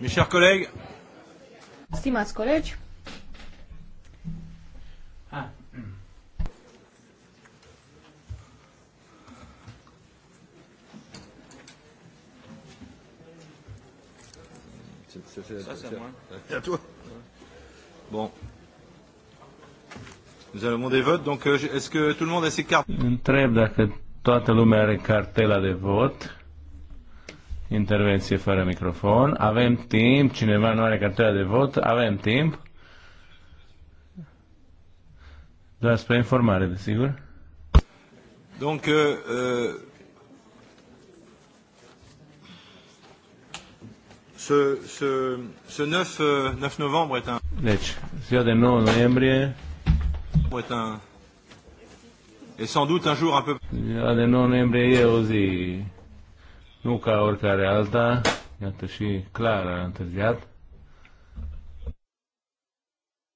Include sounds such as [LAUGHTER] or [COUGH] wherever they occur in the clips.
Mes chers collègues. Stimați colegi. Ah. Ça, c'est à moi. Bon. Nous allons des votes, donc euh, est-ce que tout le monde a ses cartes Întreb dacă toată lumea are cartela de vot. Intervenție fără microfon. Avem timp. Cineva nu are cartea de vot. Avem timp. Doar spre informare, desigur. Donc, deci, euh, ce, ce, ce 9, 9 uh, novembre est un... Deci, ziua de 9 noiembrie... Est un... Et sans doute un jour un peu... Ziua de 9 noiembrie e o zi nu ca oricare alta, iată și Clara a întârziat.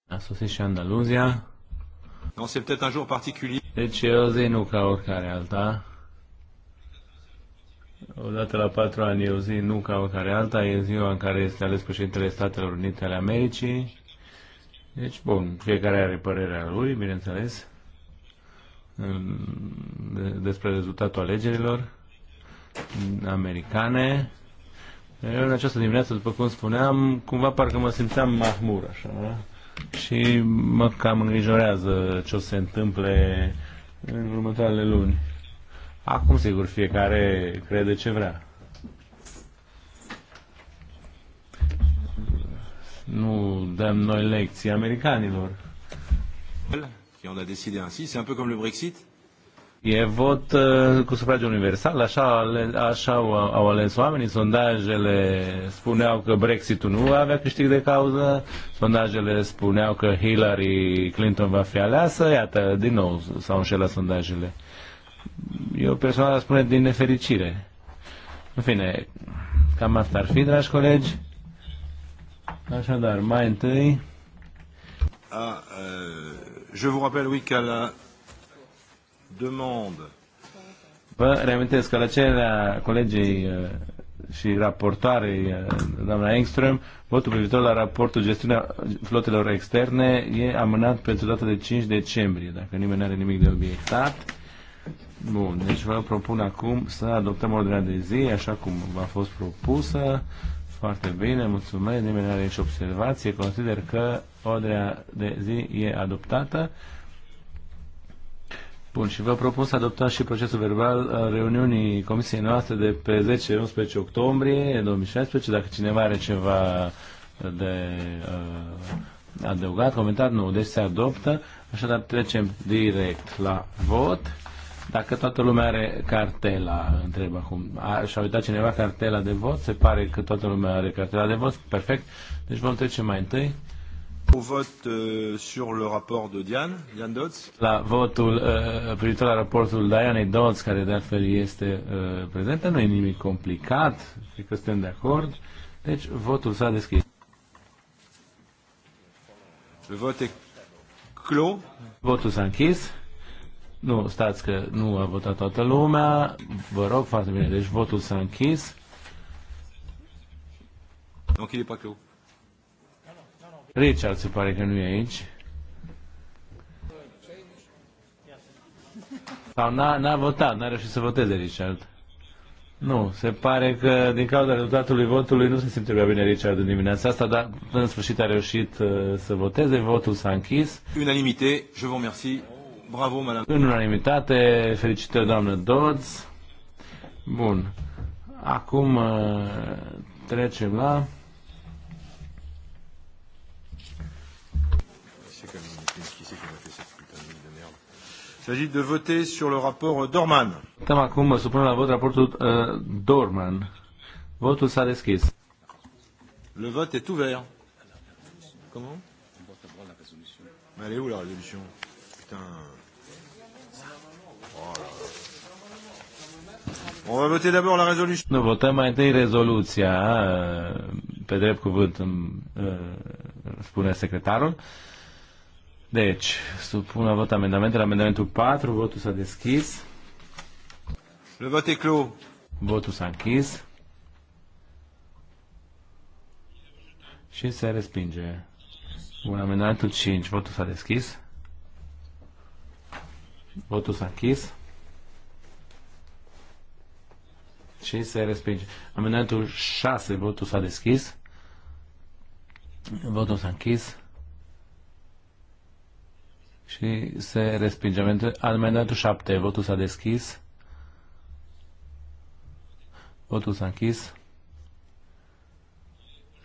A sosit și Andaluzia. Non, c'est peut-être un jour particulier. Deci e o zi nu ca oricare alta. Odată la patru ani e o zi nu ca oricare alta, e ziua în care este ales președintele Statelor Unite ale Americii. Deci, bun, fiecare are părerea lui, bineînțeles, despre rezultatul alegerilor americane. Eu în această dimineață, după cum spuneam, cumva parcă mă simțeam mahmur, așa, da? Și mă cam îngrijorează ce o se întâmple în următoarele luni. Acum, sigur, fiecare crede ce vrea. Nu dăm noi lecții americanilor. Qui on a décidé ainsi, c'est un peu comme le Brexit E vot uh, cu sufragiu universal, așa, așa au, au ales oamenii. Sondajele spuneau că Brexitul nu avea câștig de cauză, sondajele spuneau că Hillary Clinton va fi aleasă, iată, din nou s-au înșelat sondajele. Eu personal spune din nefericire. În fine, cam asta ar fi, dragi colegi. Așadar, mai întâi... Ah, uh, je vous rappelle, oui, qu'à la demande. Vă reamintesc că la cererea colegii uh, și raportoarei uh, doamna Engström, votul privitor la raportul gestiunea flotelor externe e amânat pentru data de 5 decembrie, dacă nimeni nu are nimic de obiectat. Bun, deci vă propun acum să adoptăm ordinea de zi, așa cum v-a fost propusă. Foarte bine, mulțumesc, nimeni nu are nici observație. Consider că ordinea de zi e adoptată. Bun, și vă propun să adoptați și procesul verbal a reuniunii comisiei noastre de pe 10-11 octombrie 2016. Dacă cineva are ceva de uh, adăugat, comentat, nu, deci se adoptă. Așadar trecem direct la vot. Dacă toată lumea are cartela, întreb acum, a, și-a uitat cineva cartela de vot, se pare că toată lumea are cartela de vot, perfect. Deci vom trece mai întâi au euh, sur le de Diane, Diane Dodds. La votul uh, privitor la raportul Diane Dodds, care de altfel este euh, prezentă, nu e nimic complicat, cred că suntem de acord. Deci votul s-a deschis. Le vot clos. Votul s-a închis. Nu, stați că nu a votat toată lumea. Vă rog foarte bine. Deci votul s-a închis. Donc il n'est pas clos. Richard se pare că nu e aici. Sau n-a, votat, n-a reușit să voteze Richard. Nu, se pare că din cauza rezultatului votului nu se simte prea bine Richard în dimineața asta, dar în sfârșit a reușit uh, să voteze, votul s-a închis. Unanimitate, je vous remercie. Bravo, madame. În unanimitate, felicitări, doamnă Dodds. Bun. Acum uh, trecem la s'agit de voter sur le rapport Dorman. Votăm acum, mă supun la vot raportul uh, Dorman. Votul s-a deschis. Le vote est ouvert. Comment Mais elle est où la résolution Putain. Oh On va voter d'abord la résolution. Nu, votăm mai întâi rezoluția, uh, pe drept cuvânt îmi, uh, spune secretarul. Uh, deci, supun la vot amendamentele. Amendamentul 4, votul s-a deschis. Le vot e clos. Votul s-a închis. Și se respinge. Bun, amendamentul 5, votul s-a deschis. Votul s-a închis. Și se respinge. Amendamentul 6, votul s-a deschis. Votul s-a închis și se respinge. Amendamentul 7. Votul s-a deschis. Votul s-a închis.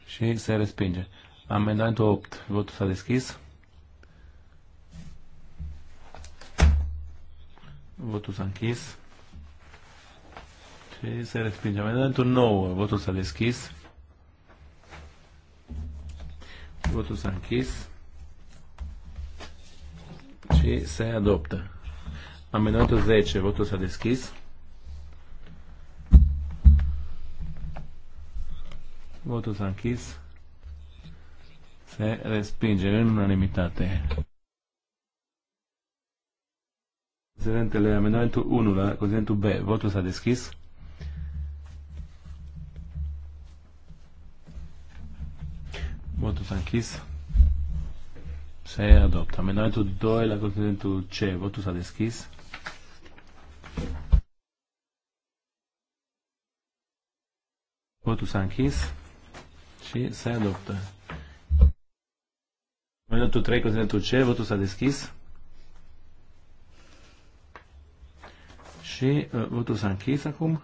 Și se respinge. Amendamentul 8. Votul s-a deschis. Votul s-a închis. Și se respinge. Amendamentul 9. Votul s-a deschis. Votul s-a închis și se adoptă. Amendamentul 10, votul s-a deschis. Votul s-a închis. Se respinge în unanimitate. Prezidentele, amendamentul 1 la prezidentul B. Votul s-a deschis. Votul s-a închis. Se adopta. Amendamentul 2 la considerentul C. Votul s-a deschis. Votul s-a închis și se adoptă. Amendamentul 3, considerentul C. Votul s-a deschis. Și uh, votul s-a închis acum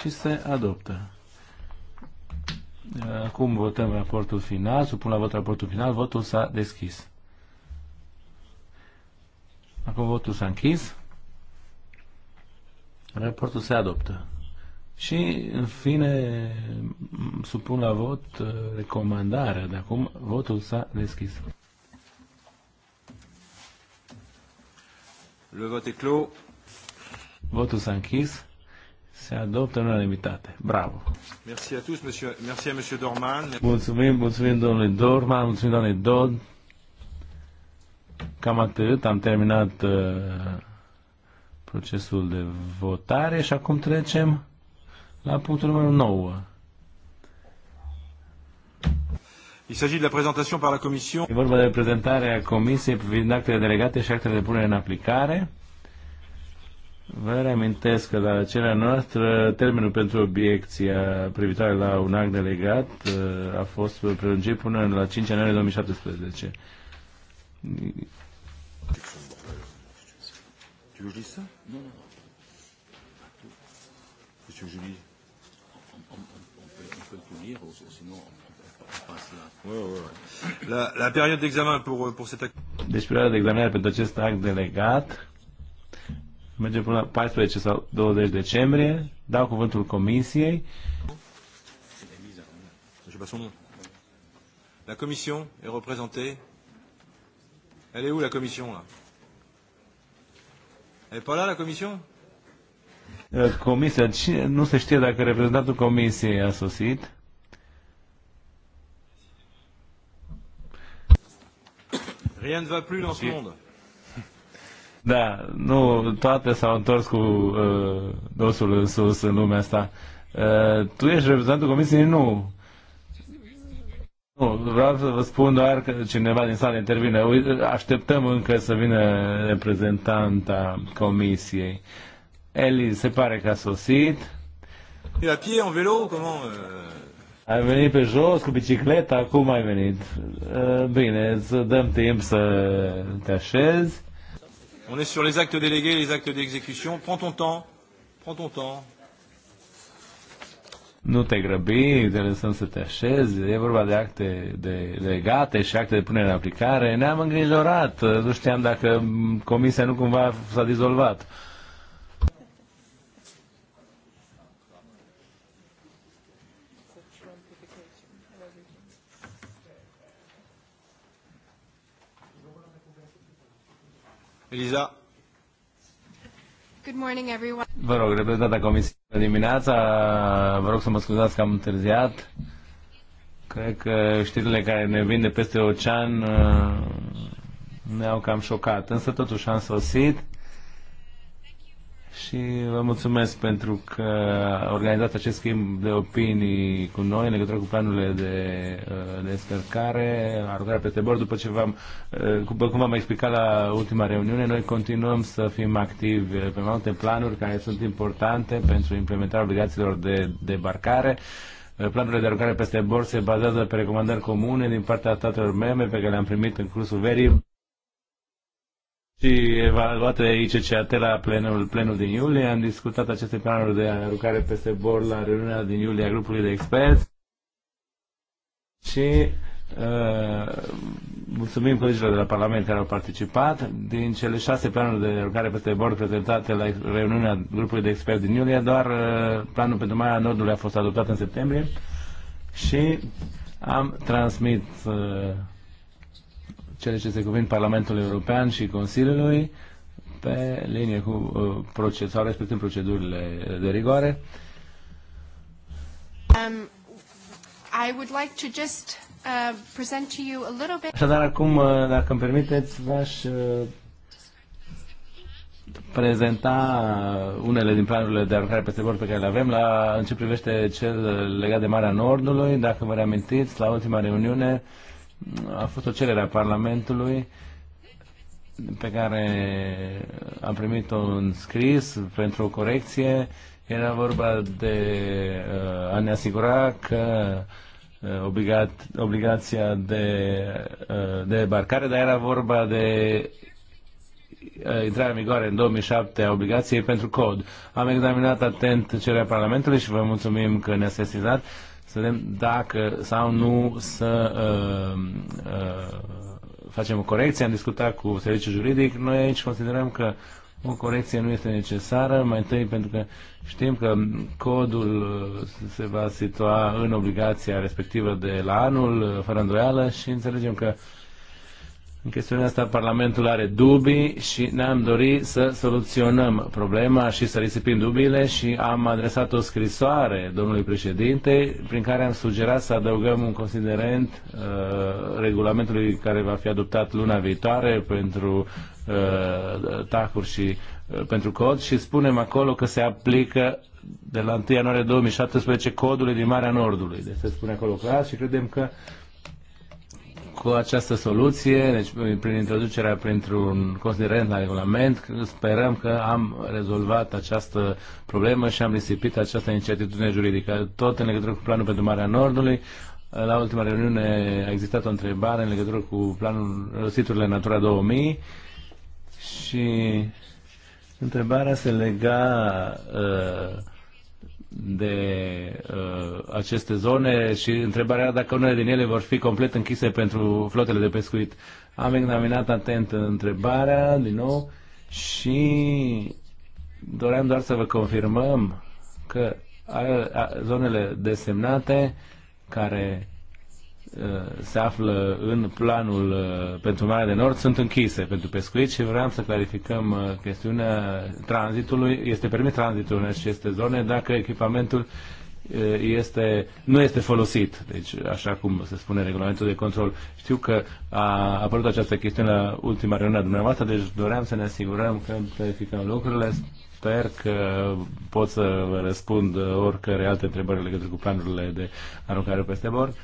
și se adoptă. Acum votăm raportul final, supun la vot raportul final, votul s-a deschis. Acum votul s-a închis, raportul se adoptă. Și, în fine, supun la vot uh, recomandarea de acum, votul s-a deschis. Le vot e clos. Votul s-a închis. Se adoptă în unanimitate. Bravo. Merci à tous, monsieur, merci à monsieur Dorman. Mulțumim, mulțumim domnului Dorman, mulțumim domnului Dod. Cam atât, am terminat uh, procesul de votare și acum trecem la punctul numărul 9. Il s'agit de la présentation par la Commission. E vorba de prezentarea Comisiei privind actele delegate și actele de punere în aplicare. Vă reamintesc că la cererea noastră termenul pentru obiecția privitoare la un act delegat uh, a fost prelungit până la 5 ianuarie 2017. Tu veux que je dise ça Non, non, non. on, on, on, peut, on peut tout lire, sinon on, on passe là. Ouais, ouais. La, la période d'examen pour, euh, pour cet acte. Deci perioada de examinare pentru acest act delegat Mergem până la 14 sau 20 decembrie. Dau cuvântul comisiei. La commission est représentée. Elle est où la commission là Elle est pas là la commission euh, Comisia, nu se știe dacă reprezentantul comisiei a sosit. Rien ne va plus dans ce monde. Da, nu, toate s-au întors cu uh, dosul în sus în lumea asta. Uh, tu ești reprezentantul comisiei? Nu. Nu, vreau să vă spun doar că cineva din sală intervine. Așteptăm încă să vină reprezentanta comisiei. Eli se pare că a sosit. La pie, în velo, comment? Euh? Ai venit pe jos cu bicicleta, cum ai venit? Uh, bine, să dăm timp să te așezi. On est sur les actes délégués et les actes d'exécution. Prends ton temps. Prends ton temps. Nu te grăbi, te lăsăm să te așezi, e vorba de acte de legate și acte de punere în aplicare. Ne-am îngrijorat, nu știam dacă comisia nu cumva s-a dizolvat. Eliza. Good morning, everyone. Vă rog, reprezentanta Comisiei dimineața, vă rog să mă scuzați că am întârziat. Cred că știrile care ne vin de peste ocean uh, ne-au cam șocat, însă totuși am sosit și vă mulțumesc pentru că a organizat acest schimb de opinii cu noi în legătură cu planurile de, uh, de descărcare, aruncarea pe tebor, După ce v-am, după uh, cum v-am explicat la ultima reuniune, noi continuăm să fim activi pe mai multe planuri care sunt importante pentru implementarea obligațiilor de debarcare. Uh, planurile de aruncare peste bord se bazează pe recomandări comune din partea statelor membre pe care le-am primit în cursul verii și evaluate ICCAT la plenul, plenul din iulie. Am discutat aceste planuri de aruncare peste bord la reuniunea din iulie a grupului de experți și uh, mulțumim colegilor de la Parlament care au participat. Din cele șase planuri de aruncare peste bord prezentate la reuniunea grupului de experți din iulie, doar uh, planul pentru Marea Nordului a fost adoptat în septembrie și am transmis uh, cele ce se cuvin Parlamentului European și Consiliului pe linie cu uh, proces, sau respectând procedurile de rigoare. Um, I would like to just uh, present to you a little bit. Așadar, acum, uh, dacă îmi permiteți, v-aș uh, prezenta uh, unele din planurile de aruncare peste bord pe care le avem la, în ce privește cel legat de Marea Nordului. Dacă vă reamintiți, la ultima reuniune uh, a fost o cerere a Parlamentului pe care am primit-o în scris pentru o corecție. Era vorba de uh, a ne asigura că uh, obligat, obligația de, uh, de barcare, dar era vorba de uh, intrarea în vigoare în 2007 a obligației pentru cod. Am examinat atent cererea Parlamentului și vă mulțumim că ne-a sesizat să vedem dacă sau nu să uh, uh, facem o corecție. Am discutat cu serviciul juridic. Noi aici considerăm că o corecție nu este necesară, mai întâi pentru că știm că codul uh, se va situa în obligația respectivă de la anul, uh, fără îndoială, și înțelegem că uh, în chestiunea asta Parlamentul are dubii și ne-am dorit să soluționăm problema și să risipim dubiile și am adresat o scrisoare domnului președinte prin care am sugerat să adăugăm un considerent uh, regulamentului care va fi adoptat luna viitoare pentru uh, tacuri și uh, pentru cod și spunem acolo că se aplică de la 1 ianuarie 2017 codului din Marea Nordului. Deci se spune acolo clar și credem că uh, cu această soluție, deci prin introducerea printr-un considerent la regulament, sperăm că am rezolvat această problemă și am risipit această incertitudine juridică. Tot în legătură cu planul pentru Marea Nordului, la ultima reuniune a existat o întrebare în legătură cu planul siturile Natura 2000 și întrebarea se lega uh, de uh, aceste zone și întrebarea dacă unele din ele vor fi complet închise pentru flotele de pescuit. Am examinat atent întrebarea din nou și doream doar să vă confirmăm că zonele desemnate care Eh, se află în planul eh, pentru Marea de Nord sunt închise pentru pescuit și vreau să clarificăm eh, chestiunea tranzitului. Este permis tranzitul în aceste zone dacă echipamentul este, nu este folosit, deci așa cum se spune regulamentul de control. Știu că a apărut această chestiune la ultima reuniune a dumneavoastră, deci doream să ne asigurăm că clarificăm lucrurile. Sper că pot să vă răspund oricare alte întrebări legate cu planurile de aruncare peste bord.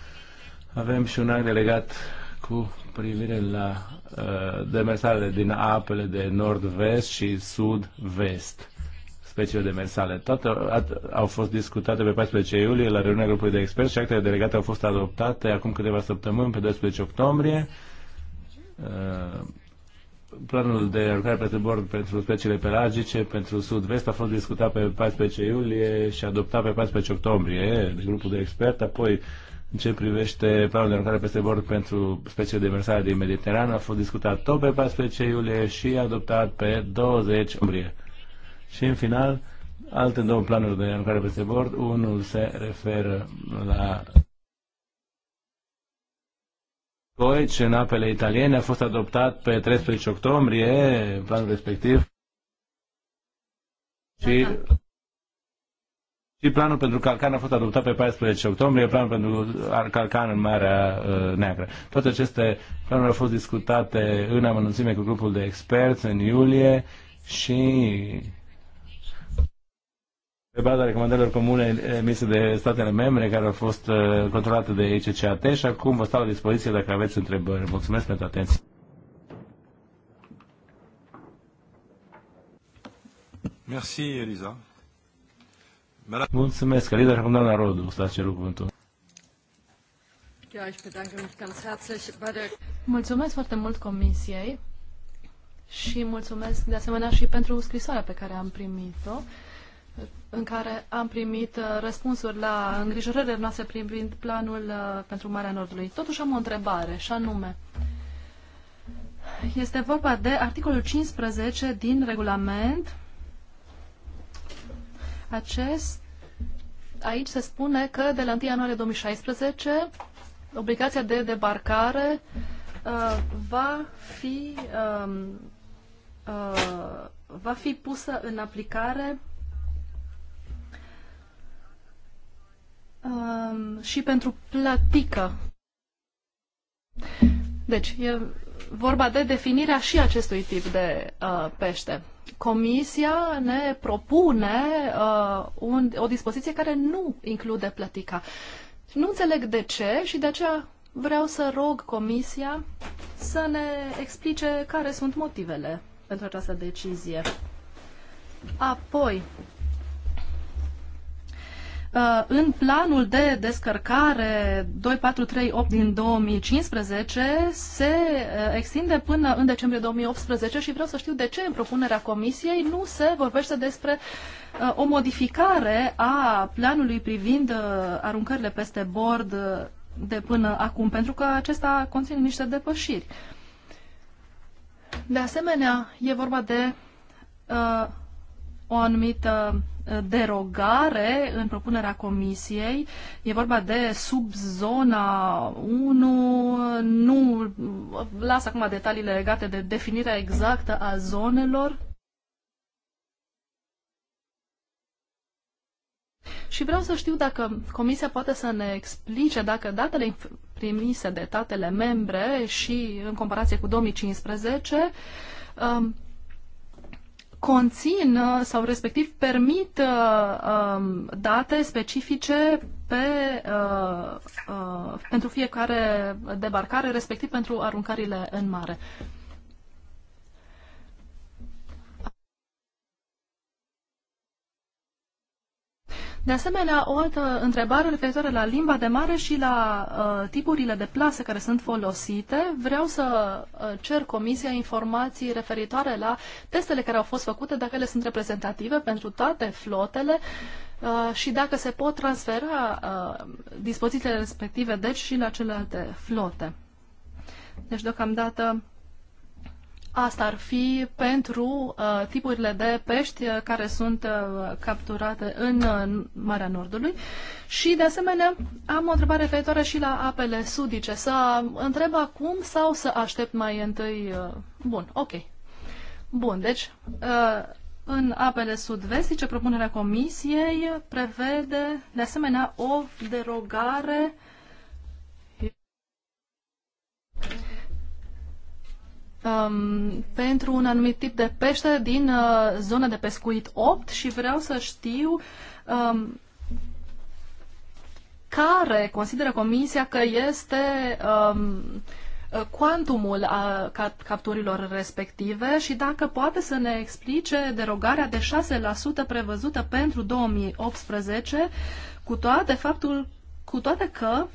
Avem și un act delegat cu privire la uh, demersale din apele de nord-vest și sud-vest specii de mersale. Toate au fost discutate pe 14 iulie la reuniunea grupului de experți și actele delegate au fost adoptate acum câteva săptămâni, pe 12 octombrie. Uh, planul de lucrare pentru bord pentru speciile pelagice pentru sud-vest a fost discutat pe 14 iulie și adoptat pe 14 octombrie de grupul de experți. apoi în ce privește planul de aruncare peste bord pentru specie de versare din Mediterană, a fost discutat tot pe 14 iulie și adoptat pe 20 ombrie. Și în final, alte două planuri de aruncare peste bord. Unul se referă la Coici în apele italiene a fost adoptat pe 13 octombrie, planul respectiv. Și și planul pentru calcan a fost adoptat pe 14 octombrie, planul pentru calcan în Marea uh, Neagră. Toate aceste planuri au fost discutate în amănunțime cu grupul de experți în iulie și pe baza recomandărilor comune emise de statele membre care au fost uh, controlate de ECCAT și acum vă stau la dispoziție dacă aveți întrebări. Mulțumesc pentru atenție. Merci, Elisa. Mulțumesc, Alida Ramdana Rodu, să cerut cuvântul. Mulțumesc foarte mult Comisiei și mulțumesc de asemenea și pentru scrisoarea pe care am primit-o, în care am primit uh, răspunsuri la îngrijorările noastre privind planul uh, pentru Marea Nordului. Totuși am o întrebare, și anume, este vorba de articolul 15 din regulament acest, aici se spune că de la 1 ianuarie 2016 obligația de debarcare uh, va fi uh, uh, va fi pusă în aplicare um, și pentru platică. Deci, e vorba de definirea și acestui tip de uh, pește. Comisia ne propune uh, un, o dispoziție care nu include plătica. Nu înțeleg de ce și de aceea vreau să rog Comisia să ne explice care sunt motivele pentru această decizie. Apoi, Uh, în planul de descărcare 2438 din 2015 se uh, extinde până în decembrie 2018 și vreau să știu de ce în propunerea comisiei nu se vorbește despre uh, o modificare a planului privind aruncările peste bord de până acum, pentru că acesta conține niște depășiri. De asemenea, e vorba de uh, o anumită Uh, derogare în propunerea comisiei. E vorba de subzona 1. Nu uh, las acum detaliile legate de definirea exactă a zonelor. Și vreau să știu dacă Comisia poate să ne explice dacă datele primise de statele membre și în comparație cu 2015 conțin uh, sau respectiv permit uh, um, date specifice pe, uh, pentru fiecare debarcare, respectiv pentru aruncările în mare. De asemenea, o altă întrebare referitoare la limba de mare și la uh, tipurile de plase care sunt folosite. Vreau să uh, cer comisia informații referitoare la testele care au fost făcute, dacă ele sunt reprezentative pentru toate flotele uh, și dacă se pot transfera uh, dispozițiile respective, deci și la celelalte flote. Deci, deocamdată, Asta ar fi pentru uh, tipurile de pești uh, care sunt uh, capturate în uh, Marea Nordului. Și, de asemenea, am o întrebare referitoare și la apele sudice. Să întreb acum sau să aștept mai întâi? Uh... Bun, ok. Bun, deci, uh, în apele sud-vestice, propunerea Comisiei prevede, de asemenea, o derogare uh, um, pentru un anumit tip de pește din uh, zona de pescuit 8 și vreau să știu um, care consideră Comisia că este um, cuantumul uh, a capturilor respective și dacă poate să ne explice derogarea de 6% prevăzută pentru 2018, cu toate faptul cu toate că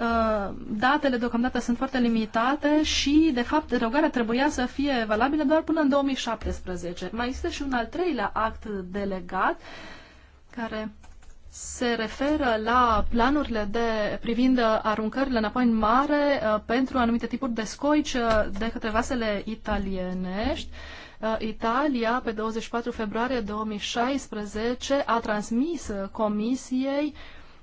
Uh, datele deocamdată sunt foarte limitate și, de fapt, derogarea trebuia să fie valabilă doar până în 2017. Mai există și un al treilea act delegat care se referă la planurile de privind aruncările înapoi în mare uh, pentru anumite tipuri de scoici uh, de către vasele italienești. Italia, pe 24 februarie 2016, a transmis Comisiei uh,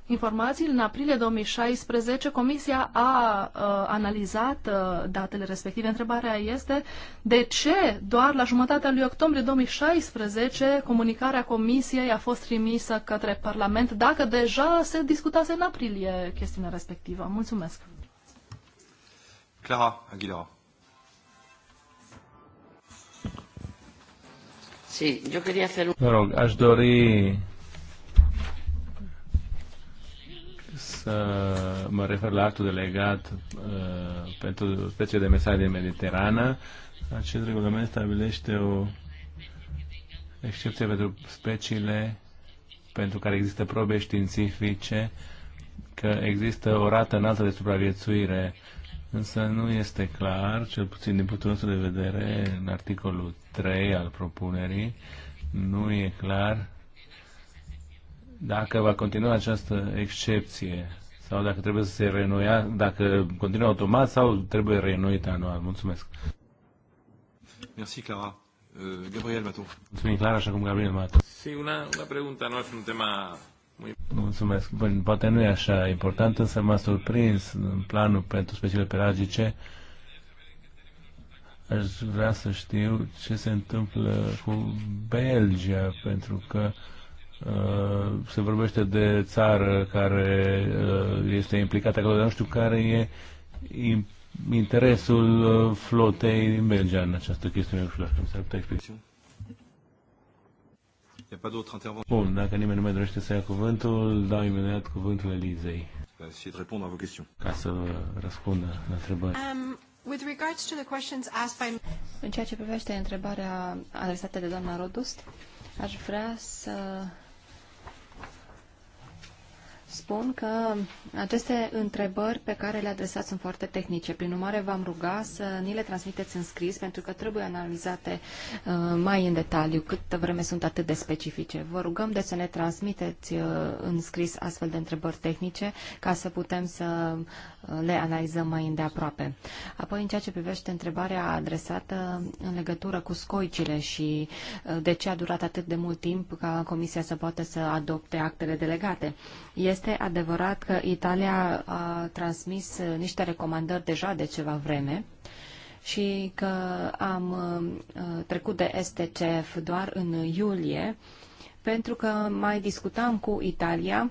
informații, în aprilie 2016 Comisia a uh, analizat uh, datele respective. Întrebarea este de ce doar la jumătatea lui octombrie 2016 comunicarea Comisiei a fost trimisă către Parlament dacă deja se discutase în aprilie chestiunea respectivă. Mulțumesc. Clara Aguilera. Vă rog, aș dori să mă refer la actul delegat uh, pentru specie de mesaj de mediterană. Acest regulament stabilește o excepție pentru speciile pentru care există probe științifice că există o rată înaltă de supraviețuire, însă nu este clar, cel puțin din punctul nostru de vedere, în articolul 3 al propunerii, nu e clar dacă va continua această excepție sau dacă trebuie să se renoia, dacă continuă automat sau trebuie renuit anual. Mulțumesc. Merci, Clara. Euh, Gabriel Mato. Mulțumim, Clara, așa cum Gabriel Mato. Si, una, una pregunta, nu este un tema Mulțumesc. Bun, poate nu e așa important, însă m-a surprins în planul pentru speciile pelagice. Aș vrea să știu ce se întâmplă cu Belgia, pentru că uh, Uh, se vorbește de țară care uh, este implicată acolo, dar nu știu care e interesul uh, flotei în Belgia în această chestiune. Nu știu dacă s-ar putea explica. Bun, dacă nimeni nu mai dorește să ia cuvântul, dau imediat cuvântul Elizei. Ca să răspundă la întrebări. Um, with regards to the questions asked by... În ceea ce privește întrebarea adresată de doamna Rodust, aș vrea să spun că aceste întrebări pe care le adresați sunt foarte tehnice. Prin urmare, v-am ruga să ni le transmiteți în scris, pentru că trebuie analizate uh, mai în detaliu câtă vreme sunt atât de specifice. Vă rugăm de să ne transmiteți uh, în scris astfel de întrebări tehnice, ca să putem să le analizăm mai îndeaproape. Apoi, în ceea ce privește întrebarea adresată în legătură cu scoicile și uh, de ce a durat atât de mult timp ca Comisia să poată să adopte actele delegate. Este adevărat că Italia a transmis uh, niște recomandări deja de ceva vreme, și că am uh, trecut de STCF doar în iulie, pentru că mai discutam cu Italia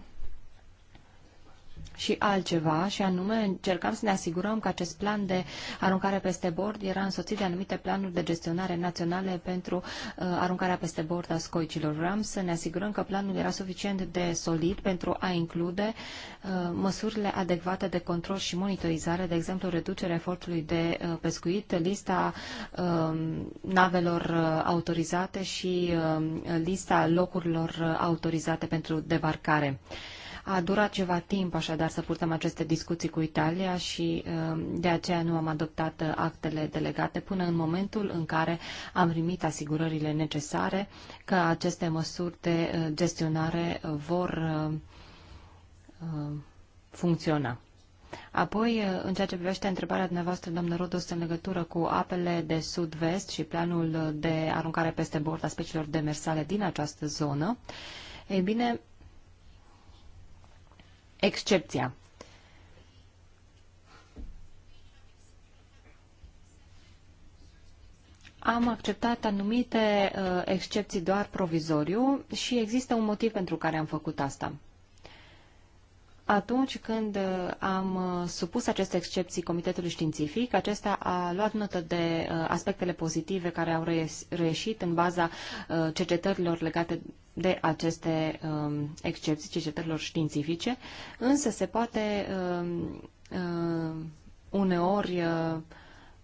și altceva, și anume încercam să ne asigurăm că acest plan de aruncare peste bord era însoțit de anumite planuri de gestionare naționale pentru uh, aruncarea peste bord a scoicilor. Vreau să ne asigurăm că planul era suficient de solid pentru a include uh, măsurile adecvate de control și monitorizare, de exemplu reducerea efortului de uh, pescuit, lista uh, navelor uh, autorizate și uh, lista locurilor uh, autorizate pentru debarcare. Uh, a durat ceva timp așadar să purtăm aceste discuții cu Italia și um, de aceea nu am adoptat uh, actele delegate până în momentul în care am primit asigurările necesare că aceste măsuri de uh, gestionare uh, vor funcționa. Apoi, în ceea ce privește întrebarea dumneavoastră, doamnă Rodos, în legătură cu apele de sud-vest și planul de aruncare peste bord a speciilor demersale din această zonă, ei bine, excepția. Am acceptat anumite uh, excepții doar provizoriu și există un motiv pentru care am făcut asta. Atunci când uh, am uh, supus aceste excepții Comitetului Științific, acesta a luat notă de uh, aspectele pozitive care au reieșit în baza cercetărilor legate de aceste um, excepții, cercetărilor științifice, însă se poate um, uneori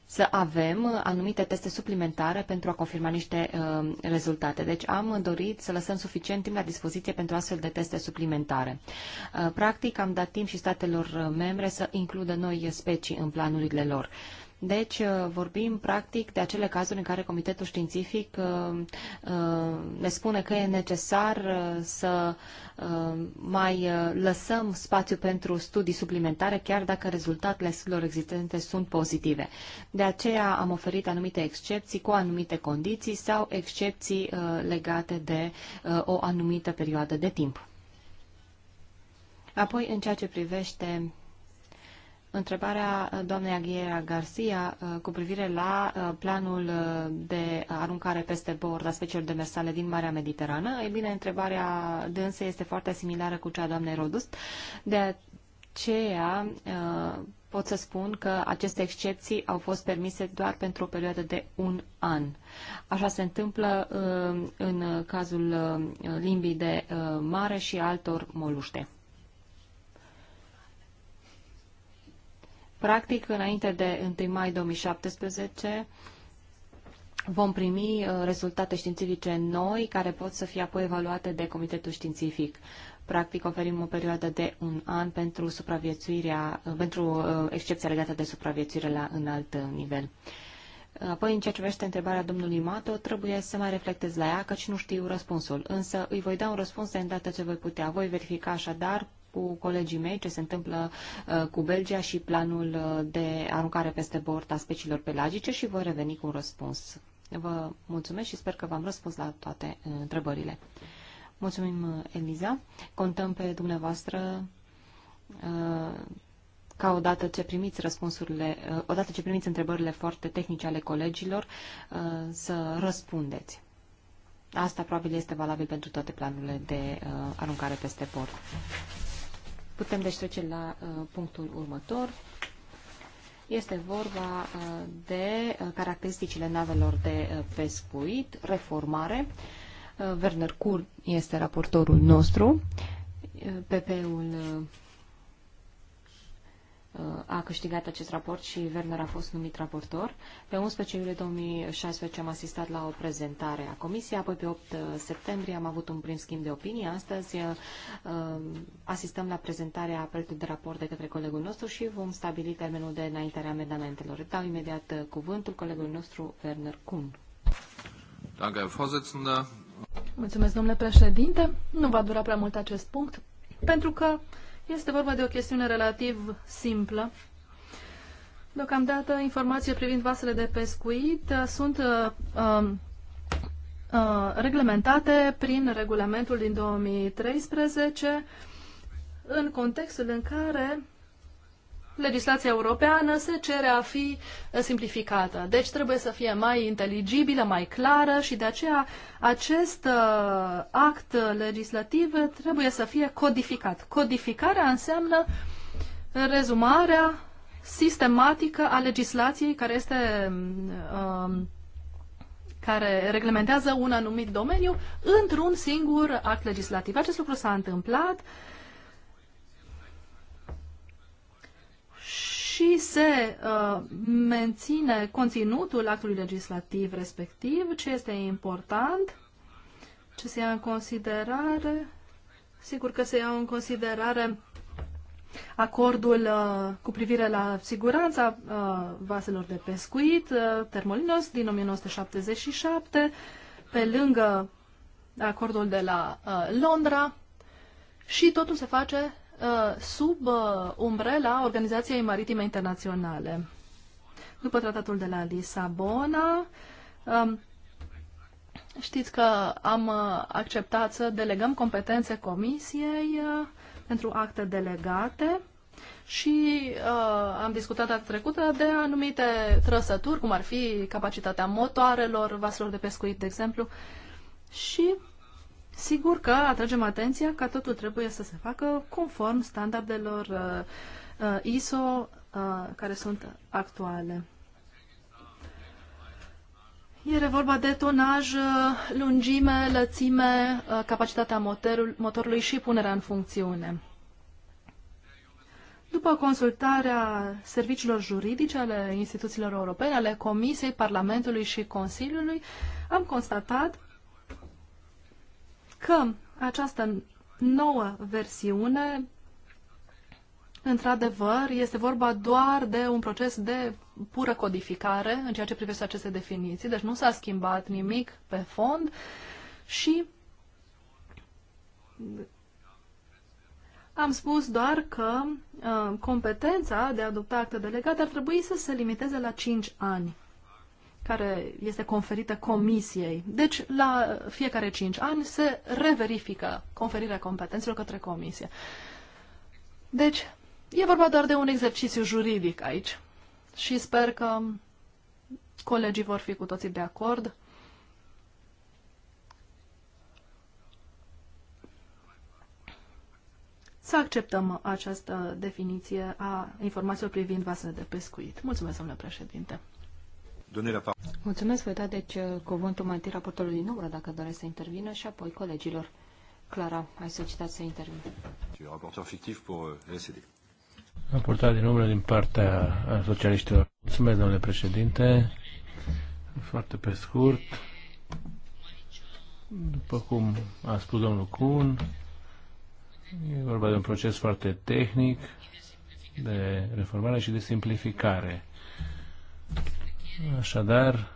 să avem uh, anumite teste suplimentare pentru a confirma niște uh, rezultate. Deci am dorit să lăsăm suficient timp la dispoziție pentru astfel de teste suplimentare. Uh, practic am dat timp și statelor uh, membre să includă noi specii în planurile lor. Uh, deci uh, vorbim practic de acele cazuri în care Comitetul Științific uh, uh, ne spune că e necesar să mai lăsăm spațiu pentru studii suplimentare, chiar dacă rezultatele studiilor existente sunt pozitive. De aceea am oferit anumite excepții cu anumite condiții sau excepții legate de o anumită perioadă de timp. Apoi, în ceea ce privește întrebarea uh, doamnei Aghiera Garcia uh, cu privire la uh, planul de aruncare peste bord a speciilor demersale din Marea Mediterană. E bine, întrebarea dânsă este foarte similară cu cea a doamnei Rodust. De aceea pot să spun că aceste excepții au fost permise doar pentru o perioadă de un an. Așa se întâmplă în cazul limbii de mare și altor moluște. Practic, înainte de 1 mai 2017, vom primi uh, rezultate științifice noi care pot să fie apoi evaluate de Comitetul Științific. Practic oferim o perioadă de un an pentru supraviețuirea, uh, pentru uh, excepția legată de supraviețuire la înalt nivel. Apoi, în ceea ce privește întrebarea domnului Mato, trebuie să mai reflectez la ea, căci nu știu răspunsul. Însă îi voi da un răspuns de îndată ce voi putea. Voi verifica așadar cu colegii mei ce se întâmplă uh, cu Belgia și planul uh, de aruncare peste bord a speciilor pelagice și voi reveni cu un răspuns. Vă mulțumesc și sper că v-am răspuns la toate uh, întrebările. Mulțumim, Eliza. Contăm pe dumneavoastră ca odată ce primiți răspunsurile, odată ce primiți întrebările foarte tehnice ale colegilor, să răspundeți. Asta probabil este valabil pentru toate planurile de aruncare peste bord. Putem deci trece la uh, punctul următor. Este vorba uh, de uh, caracteristicile navelor de pescuit, reformare. Werner Kuhn este raportorul nostru. PP-ul Uh, a câștigat acest raport și Werner a fost numit raportor. Pe 11 iulie 2016 am asistat la o prezentare a comisiei, apoi pe 8 uh, septembrie am avut un prim schimb de opinie. Astăzi uh, asistăm la prezentarea proiectului de raport de către colegul nostru și vom stabili termenul de înaintare a amendamentelor. Dau imediat cuvântul colegului nostru, Werner Kuhn. Mulțumesc, domnule președinte. Nu va dura prea mult acest punct, pentru că este vorba de o chestiune relativ simplă. Deocamdată, informații privind vasele de pescuit uh, sunt uh, um, uh, reglementate prin regulamentul din 2013 în contextul în care legislația europeană se cere a fi simplificată. Deci trebuie să fie mai inteligibilă, mai clară și de aceea acest uh, act legislativ trebuie să fie codificat. Codificarea înseamnă rezumarea sistematică a legislației care este um, care reglementează un anumit domeniu într-un singur act legislativ. Acest lucru s-a întâmplat uh, și se uh, menține conținutul actului legislativ respectiv, ce este important, ce se ia în considerare. Sigur că se iau în considerare acordul uh, cu privire la siguranța uh, vaselor de pescuit, uh, Termolinos din 1977, pe lângă acordul de la uh, Londra și totul se face Uh, sub uh, umbrela Organizației Maritime Internaționale. După tratatul de la Lisabona, um, știți că am uh, acceptat să delegăm competențe Comisiei pentru acte delegate și uh, am discutat data trecută de anumite trăsături, cum ar fi capacitatea motoarelor, vaselor de pescuit, de exemplu, și Sigur că atragem atenția că totul trebuie să se facă conform standardelor uh, uh ISO uh, care sunt actuale. Era vorba de tonaj, uh, lungime, lățime, uh, capacitatea motorul, motorului și punerea în funcțiune. După consultarea serviciilor juridice ale instituțiilor europene, ale Comisiei, Parlamentului și Consiliului, am constatat că această nouă versiune, într-adevăr, este vorba doar de un proces de pură codificare în ceea ce privește aceste definiții, deci nu s-a schimbat nimic pe fond și am spus doar că uh, competența de a adopta acte delegate ar trebui să se limiteze la 5 ani care este conferită comisiei. Deci, la fiecare cinci ani se reverifică conferirea competențelor către comisie. Deci, e vorba doar de un exercițiu juridic aici și sper că colegii vor fi cu toții de acord. Să acceptăm această definiție a informațiilor privind vasele de pescuit. Mulțumesc, domnule președinte donner la Mulțumesc, voi da deci cuvântul mai întâi raportorului din umbră, dacă doresc să intervină, și apoi colegilor. Clara, ai solicitat să intervin. Raportor fictiv pentru SD. Raportat din umbră din partea socialiștilor. Mulțumesc, domnule președinte. Foarte pe scurt. După cum a spus domnul Kuhn, e vorba de un proces foarte tehnic de reformare și de simplificare. Așadar,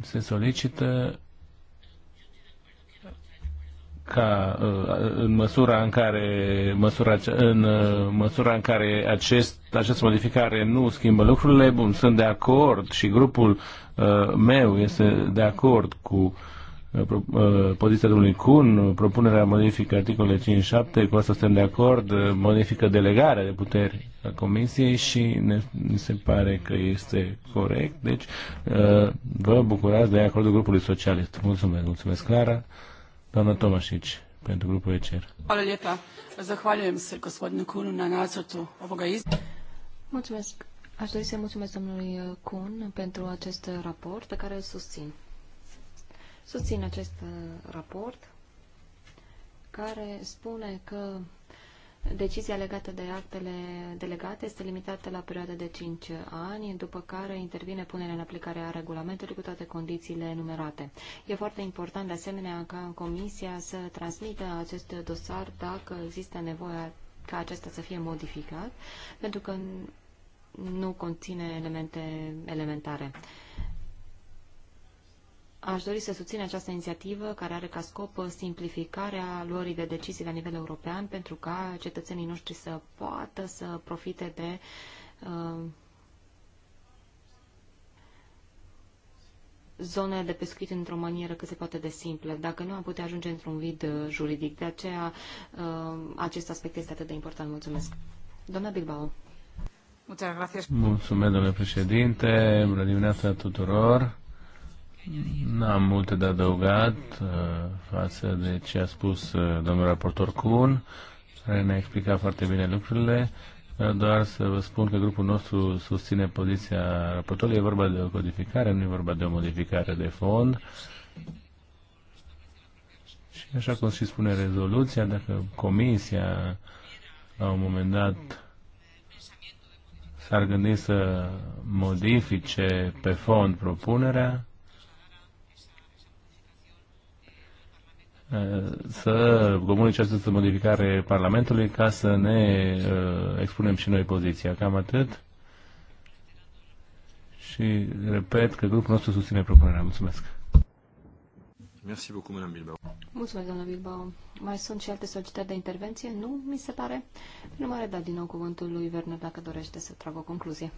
se solicită ca uh, în măsura în care măsura, în uh, măsura în care acest, această modificare nu schimbă lucrurile, bun, sunt de acord și grupul uh, meu este de acord cu Uh, uh, poziția domnului Cun, propunerea modifică articolele 5-7, cu asta suntem de acord, uh, modifică delegarea de puteri a Comisiei și ne, ne se pare că este corect. Deci, vă bucurați de acordul grupului socialist. Mulțumesc, mulțumesc, Clara. Doamna Tomașici, pentru grupul ECR. Mulțumesc. Aș dori să mulțumesc domnului Cun pentru acest raport pe care îl susțin susțin acest uh, raport care spune că Decizia legată de actele delegate este limitată la perioada de 5 ani, după care intervine punerea în aplicare a regulamentului cu toate condițiile enumerate. E foarte important, de asemenea, ca Comisia să transmită acest dosar dacă există nevoie ca acesta să fie modificat, pentru că nu conține elemente elementare. Aș dori să susțin această inițiativă care are ca scop simplificarea luării de decizii la nivel european pentru ca cetățenii noștri să poată să profite de uh, zone de pescuit într-o manieră cât se poate de simplă, dacă nu am putea ajunge într-un vid uh, juridic. De aceea uh, acest aspect este atât de important. Mulțumesc. Doamna Bilbao. Mulțumesc, domnule președinte. Bună dimineața tuturor. N-am multe de adăugat uh, față de ce a spus uh, domnul raportor Kuhn, care ne-a explicat foarte bine lucrurile. Uh, doar să vă spun că grupul nostru susține poziția raportorului. E vorba de o codificare, nu e vorba de o modificare de fond. Și așa cum și spune rezoluția, dacă comisia la un moment dat s-ar gândi să modifice pe fond propunerea, să comunice această modificare Parlamentului ca să ne uh, expunem și noi poziția. Cam atât. Și repet că grupul nostru susține propunerea. Mulțumesc. Merci beaucoup, Madame Bilbao. Mulțumesc, doamna Bilbao. Mai sunt și alte solicitări de intervenție? Nu, mi se pare. Nu mai da din nou cuvântul lui Werner dacă dorește să tragă o concluzie.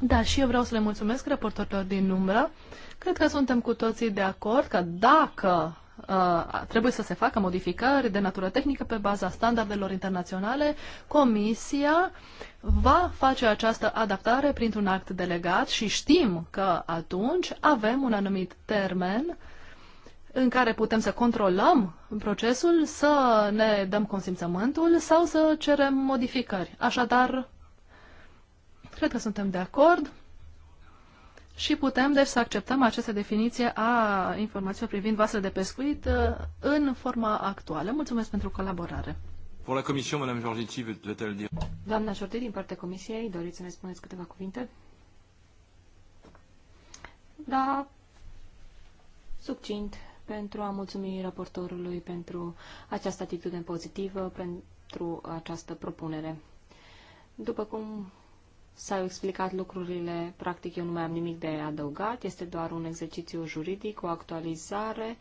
Da, și eu vreau să le mulțumesc raportorilor din umbră. Cred că suntem cu toții de acord că dacă uh, trebuie să se facă modificări de natură tehnică pe baza standardelor internaționale, Comisia va face această adaptare printr-un act delegat și știm că atunci avem un anumit termen în care putem să controlăm procesul, să ne dăm consimțământul sau să cerem modificări. Așadar, Cred că suntem de acord și putem, deci, să acceptăm această definiție a informațiilor privind vasele de pescuit uh, în forma actuală. Mulțumesc pentru colaborare. Pour la commission, Madame Georgietti, veut-elle dire Doamna Jordi, din partea Comisiei, doriți să ne spuneți câteva cuvinte? Da, succint, pentru a mulțumi raportorului pentru această atitudine pozitivă, pentru această propunere. După cum S-au explicat lucrurile, practic eu nu mai am nimic de adăugat, este doar un exercițiu juridic, o actualizare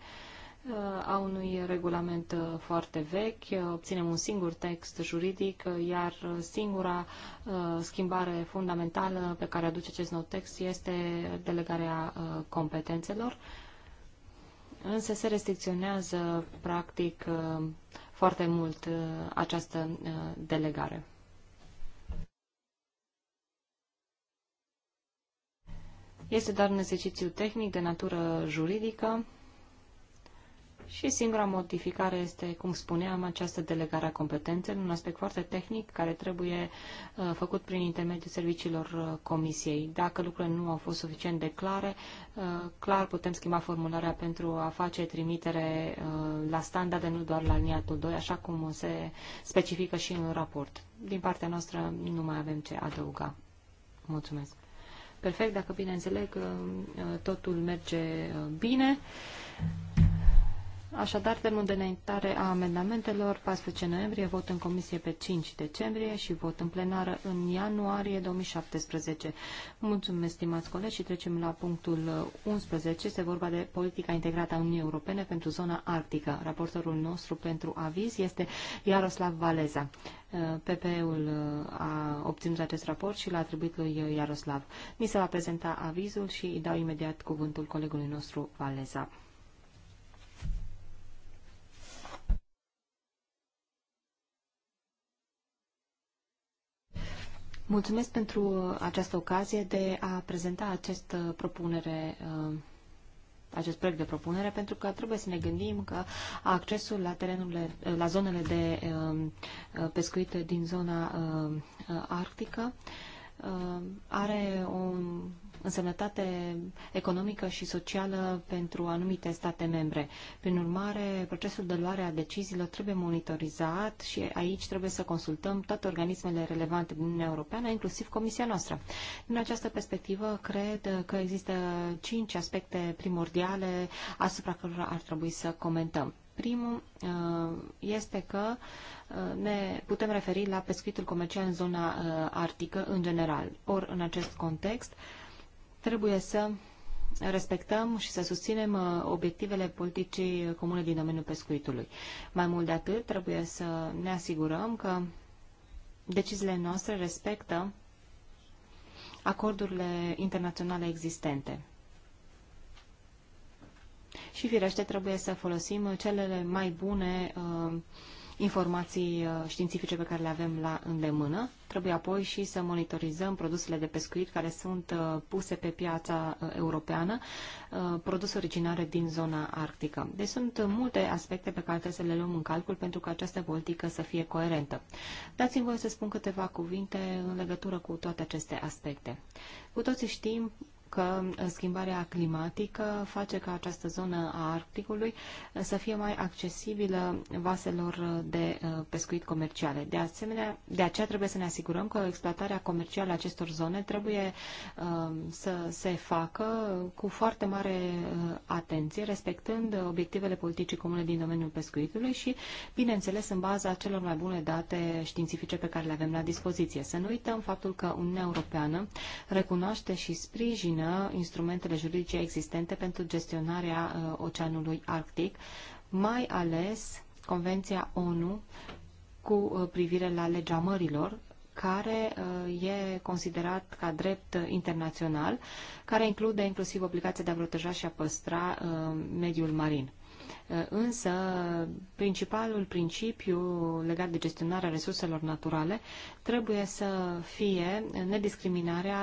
uh, a unui regulament uh, foarte vechi, uh, obținem un singur text juridic, iar singura schimbare fundamentală pe care aduce acest nou text este delegarea competențelor, însă se restricționează practic foarte mult această delegare. Este doar un exercițiu tehnic de natură juridică și singura modificare este, cum spuneam, această delegare a competențelor, un aspect foarte tehnic care trebuie uh, făcut prin intermediul serviciilor uh, comisiei. Dacă lucrurile nu au fost suficient de clare, uh, clar putem schimba formularea pentru a face trimitere la standarde, nu doar la liniatul 2, așa cum se specifică și în raport. Din partea noastră nu mai avem ce adăuga. Mulțumesc perfect, dacă bine înțeleg, uh, uh, totul merge uh, bine. Așadar, termenul de înaintare a amendamentelor, 14 noiembrie, vot în comisie pe 5 decembrie și vot în plenară în ianuarie 2017. Mulțumesc, stimați colegi, și trecem la punctul 11. Este vorba de politica integrată a Uniunii Europene pentru zona arctică. Raportorul nostru pentru aviz este Iaroslav Valeza. PPE-ul a obținut acest raport și l-a atribuit lui Iaroslav. Mi se va prezenta avizul și îi dau imediat cuvântul colegului nostru Valeza. Mulțumesc pentru această ocazie de a prezenta acest uh, propunere uh, acest proiect de propunere, pentru că trebuie să ne gândim că accesul la terenurile, uh, la zonele de um, pescuit din zona arctică are un însemnătate economică și socială pentru anumite state membre. Prin urmare, procesul de luare a deciziilor trebuie monitorizat și aici trebuie să consultăm toate organismele relevante din Uniunea Europeană, inclusiv Comisia noastră. Din această perspectivă, cred că există cinci aspecte primordiale asupra cărora ar trebui să comentăm. Primul uh, este că uh, ne putem referi la pescuitul comercial în zona uh, arctică în general. Ori, în acest context, Trebuie să respectăm și să susținem uh, obiectivele politicii comune din domeniul pescuitului. Mai mult de atât, trebuie să ne asigurăm că deciziile noastre respectă acordurile internaționale existente. Și firește, trebuie să folosim uh, celele mai bune uh, informații uh, științifice pe care le avem la îndemână. Trebuie apoi și să monitorizăm produsele de pescuit care sunt uh, puse pe piața uh, europeană, produse originare din zona arctică. Deci sunt multe aspecte pe care trebuie să le luăm în calcul pentru ca această politică să fie coerentă. Dați-mi voie să spun câteva cuvinte în legătură cu toate aceste aspecte. Cu toții știm că schimbarea climatică face ca această zonă a Arcticului uh, să fie mai accesibilă vaselor de uh, pescuit comerciale. De asemenea, de aceea trebuie să ne asigurăm că exploatarea comercială a acestor zone trebuie uh, să se facă cu foarte mare atenție, respectând obiectivele politicii comune din domeniul pescuitului și, bineînțeles, în baza celor mai bune date științifice pe care le avem la dispoziție. Să nu uităm faptul că Uniunea Europeană recunoaște și sprijină examină instrumentele juridice existente pentru gestionarea uh, Oceanului Arctic, mai ales Convenția ONU cu uh, privire la legea mărilor, care uh, e considerat ca drept internațional, care include inclusiv obligația de a proteja și a păstra mediul marin. Însă, principalul principiu legat de gestionarea resurselor naturale trebuie să fie nediscriminarea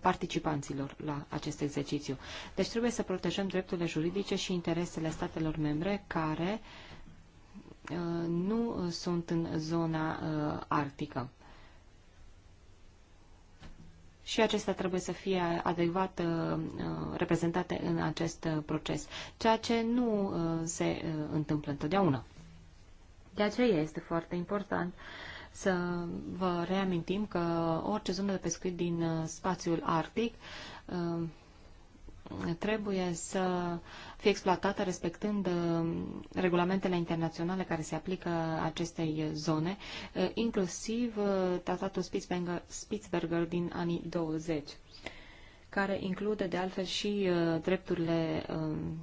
participanților la acest exercițiu. Deci trebuie să protejăm drepturile juridice și interesele statelor membre care uh, nu sunt în zona uh, arctică. Și acestea trebuie să fie adecvat uh, reprezentate în acest proces, ceea ce nu se întâmplă întotdeauna. De aceea este foarte important uh, să vă reamintim că orice zonă de pescuit din uh, spațiul arctic uh, trebuie să fie exploatată respectând uh, regulamentele internaționale care se aplică acestei zone, inclusiv tratatul Spitzberger, Spitzberger din anii 20 care include de altfel și drepturile um,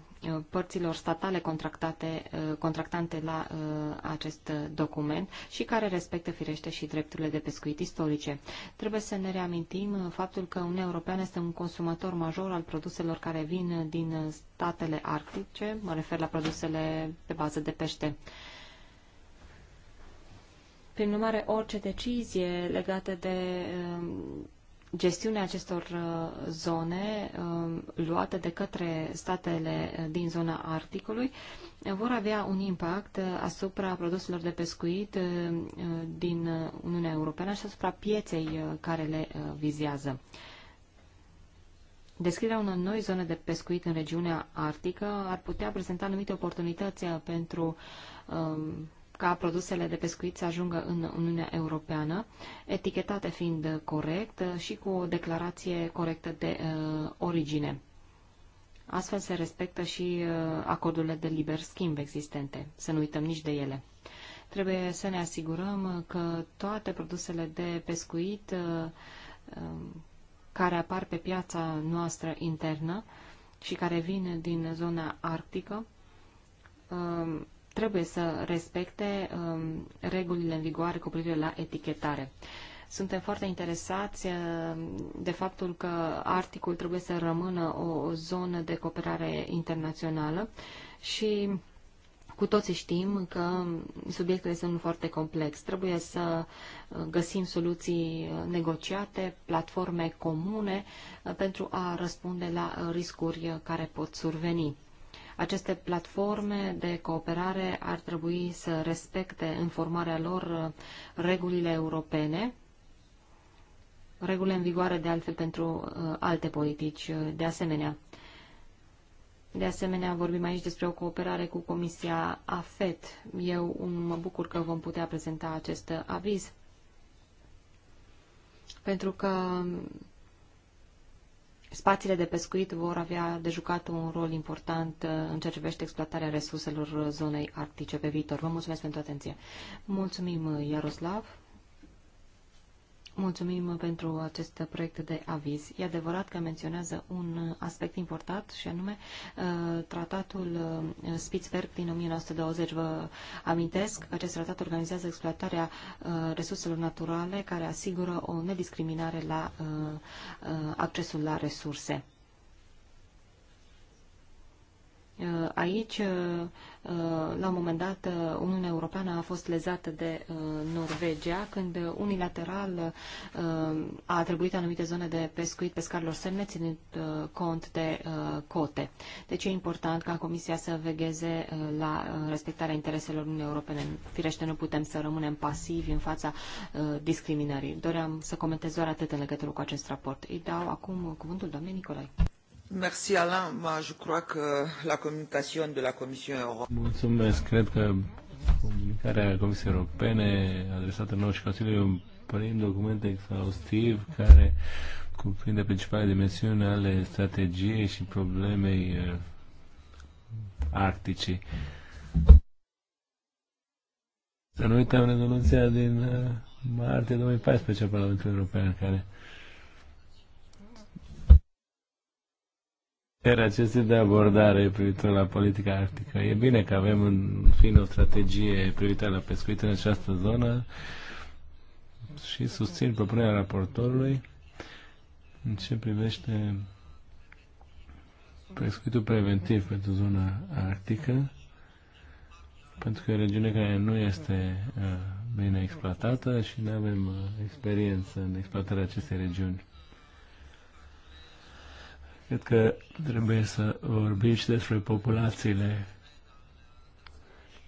părților statale contractate, uh, contractante la uh, acest document și care respectă firește și drepturile de pescuit istorice. Trebuie să ne reamintim uh, faptul că Uniunea Europeană este un consumator major al produselor care vin din statele arctice, mă refer la produsele pe bază de pește. Prin urmare, orice decizie legată de gestiunea acestor uh, zone uh, luate de către statele din zona Arcticului uh, vor avea un impact asupra produselor de pescuit din Uniunea Europeană și asupra pieței care le vizează. Deschiderea unor noi zone de pescuit în regiunea arctică ar putea prezenta anumite oportunități pentru um, ca produsele de pescuit să ajungă în Uniunea Europeană, etichetate fiind corect și cu o declarație corectă de uh, origine. Astfel se respectă și uh, acordurile de liber schimb existente, să nu uităm nici de ele. Trebuie să ne asigurăm că toate produsele de pescuit uh, um, care apar pe piața noastră internă și care vin din zona arctică um, trebuie să respecte um, regulile în vigoare cu privire la etichetare. Suntem foarte interesați uh, de faptul că articul trebuie să rămână o zonă de cooperare internațională și cu toții știm că subiectele sunt foarte complex. Trebuie să uh, găsim soluții negociate, platforme comune uh, pentru a răspunde la riscuri care pot surveni. Aceste platforme de cooperare ar trebui să respecte în formarea lor uh, regulile europene, regulile în vigoare de altfel pentru uh, alte politici uh, de asemenea. De asemenea, vorbim aici despre o cooperare cu Comisia AFET. Eu um, mă bucur că vom putea prezenta acest aviz, pentru că spațiile de pescuit vor avea de jucat un rol important uh, în ceea ce privește exploatarea resurselor zonei arctice pe viitor. Vă mulțumesc pentru atenție. Mulțumim, uh, Iaroslav. Mulțumim pentru acest proiect de aviz. E adevărat că menționează un aspect important și anume uh, tratatul uh, Spitzberg din 1920. Vă amintesc că acest tratat organizează exploatarea uh, resurselor naturale care asigură o nediscriminare la accesul la resurse. Uh, aici, uh, uh, la un moment dat, Uniunea Europeană a fost lezată de Norvegia, când unilateral a atribuit anumite zone de pescuit pescarilor semne, ținând cont de cote. Deci e important ca Comisia să vegheze la respectarea intereselor Uniunii Europene. Firește, nu putem să rămânem pasivi în fața discriminării. Doream să comentez doar atât în legătură cu acest raport. Îi dau acum cuvântul doamnei Nicolai. Merci Alain. Moi, je crois que la communication de la Commission européenne. Mulțumesc. Cred că comunicarea Comisiei Europene adresată nouă și Consiliului e un prim document exhaustiv care cuprinde principalele dimensiuni ale strategiei și problemei eh, arctice. Să nu uităm rezoluția din eh, martie 2014 a Parlamentului European care Era acest tip de abordare privitor la politica arctică. E bine că avem în fine o strategie privitoare la pescuit în această zonă și susțin propunerea raportorului în ce privește pescuitul preventiv pentru zona arctică, pentru că e o regiune care nu este uh, bine exploatată și nu avem uh, experiență în exploatarea acestei regiuni. Cred că trebuie să vorbim și despre populațiile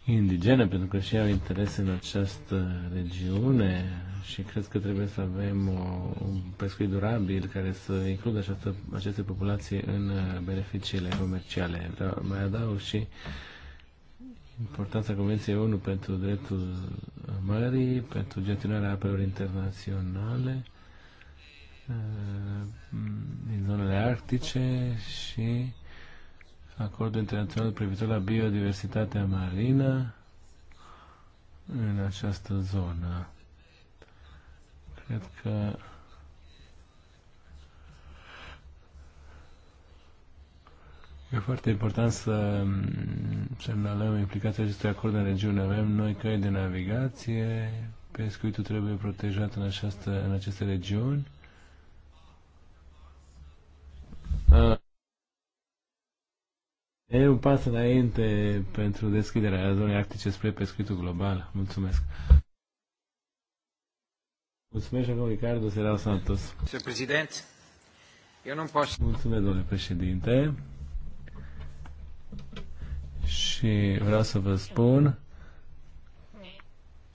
indigene, pentru că și au interes în această regiune și cred că trebuie să avem o, un pescuit durabil care să includă această, aceste populații în beneficiile comerciale. Dar mai adaug și importanța Convenției ONU pentru dreptul mării, pentru gestionarea apelor internaționale Uh, din zonele arctice și acordul internațional privitor la biodiversitatea marină în această zonă. Cred că E foarte important să semnalăm implicația acestui acord în regiune. Avem noi căi de navigație, pescuitul trebuie protejat în, această, în aceste regiuni E un pas înainte pentru deschiderea zonei arctice spre pescuitul global. Mulțumesc. Mulțumesc, domnul Ricardo Serau Santos. Domnule președinte, eu nu pot... Mulțumesc, domnule președinte. Și vreau să vă spun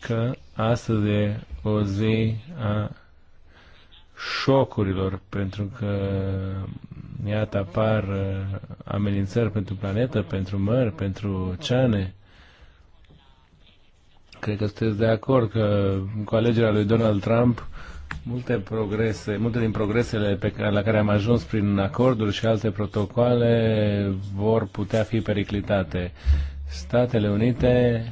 că astăzi e o zi a șocurilor, pentru că iată apar uh, amenințări pentru planetă, pentru mări, pentru oceane. Cred că sunteți de acord că cu alegerea lui Donald Trump multe progrese, multe din progresele pe care, la care am ajuns prin acorduri și alte protocoale vor putea fi periclitate. Statele Unite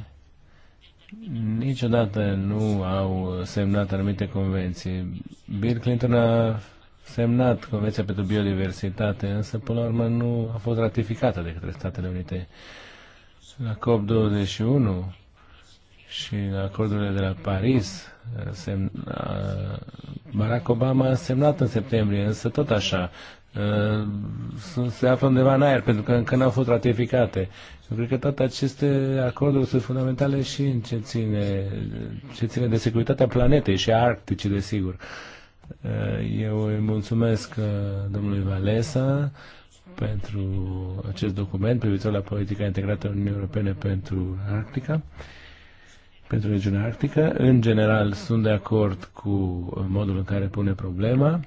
niciodată nu au semnat anumite convenții. Bill Clinton a semnat Convenția pentru Biodiversitate, însă până la urmă nu a fost ratificată de către Statele Unite. La COP21 și la acordurile de la Paris, semn, Barack Obama a semnat în septembrie, însă tot așa Uh, se află undeva în aer, pentru că încă n-au fost ratificate. Și cred că toate aceste acorduri sunt fundamentale și în ce ține, ce ține de securitatea planetei și a Arcticii, desigur. Uh, eu îi mulțumesc uh, domnului Valesa pentru acest document privitor la politica integrată a Uniunii Europene pentru Arctica pentru regiunea arctică. În general, sunt de acord cu modul în care pune problema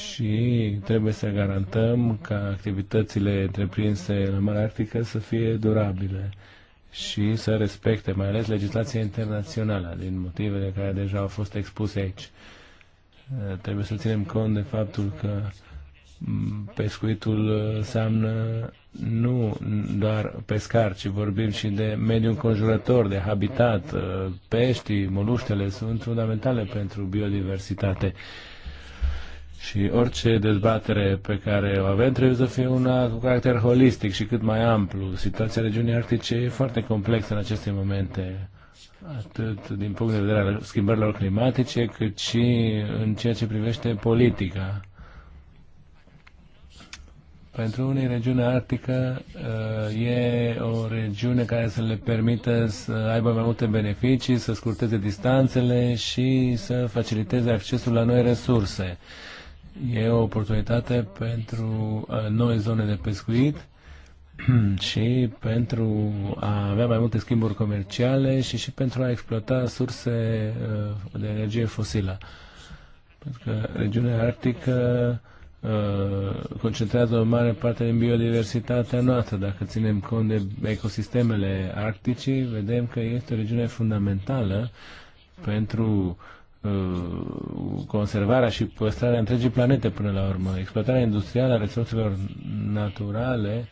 și trebuie să garantăm ca activitățile întreprinse în Marea Arctică să fie durabile și să respecte mai ales legislația internațională din motivele care deja au fost expuse aici. Uh, trebuie să ținem cont de faptul că mm, pescuitul uh, înseamnă nu doar pescar, ci vorbim și de mediul înconjurător, de habitat. Uh, peștii, moluștele sunt fundamentale pentru biodiversitate și orice dezbatere pe care o avem trebuie să fie una cu caracter holistic și cât mai amplu. Situația regiunii arctice e foarte complexă în aceste momente, atât din punct de vedere al schimbărilor climatice, cât și în ceea ce privește politica. Pentru unii, regiunea arctică uh, e o regiune care să le permită să aibă mai multe beneficii, să scurteze distanțele și să faciliteze accesul la noi resurse e o oportunitate pentru uh, noi zone de pescuit [CLEARS THROAT] și pentru a avea mai multe schimburi comerciale și și pentru a exploata surse uh, de energie fosilă. Pentru că regiunea arctică uh, concentrează o mare parte din biodiversitatea noastră. Dacă ținem cont de ecosistemele arctice, vedem că este o regiune fundamentală pentru uh, Uh, conservarea și păstrarea întregii planete până la urmă. Exploatarea industrială a resurselor naturale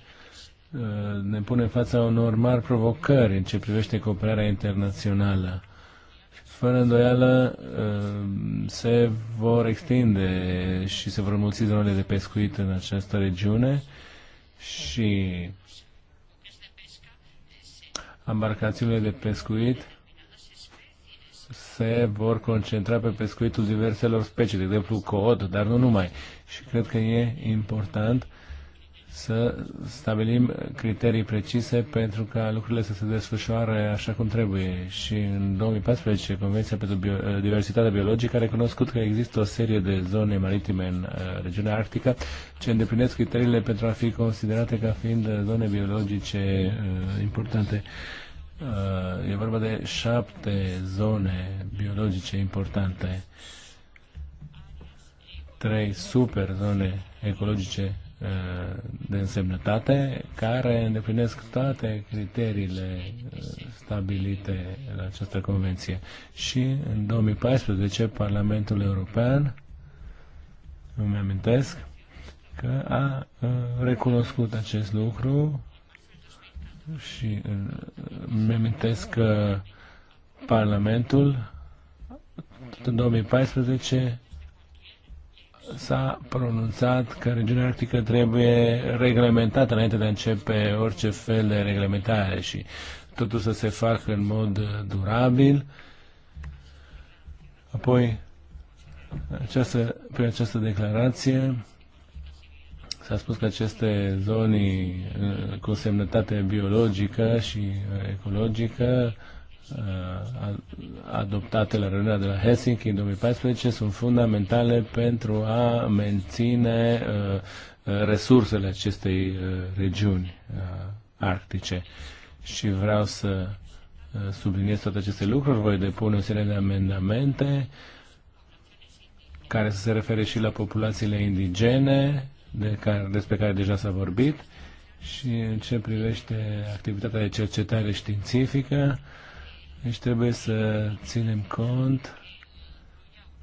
uh, ne pune în fața unor mari provocări în ce privește cooperarea internațională. Fără îndoială uh, se vor extinde și se vor mulți zonele de pescuit în această regiune și embarcațiunile de pescuit se vor concentra pe pescuitul diverselor specii, de exemplu cod, dar nu numai. Și cred că e important să stabilim criterii precise pentru ca lucrurile să se desfășoare așa cum trebuie. Și în 2014, Convenția pentru Bio- eh, Diversitatea Biologică a recunoscut că există o serie de zone maritime în uh, regiunea arctică ce îndeplinesc criteriile pentru a fi considerate ca fiind eh, zone biologice uh, importante. Uh, Uh, e vorba de șapte zone biologice importante, trei super zone ecologice uh, de însemnătate care îndeplinesc toate criteriile uh, stabilite la această convenție. Și în 2014 Parlamentul European, îmi amintesc, că a recunoscut acest lucru și îmi uh, amintesc că Parlamentul în 2014 s-a pronunțat că regiunea arctică trebuie reglementată înainte de a începe orice fel de reglementare și totul să se facă în mod durabil. Apoi, această, prin această declarație, S-a spus că aceste zone uh, cu semnătate biologică și uh, ecologică uh, adoptate la reuniunea de la Helsinki în 2014 sunt fundamentale pentru a menține resursele acestei regiuni arctice. Și vreau să subliniez toate aceste lucruri, voi depune o serie de amendamente care să se refere și la populațiile indigene de care, despre care deja s-a vorbit și în ce privește activitatea de cercetare științifică, deci trebuie să ținem cont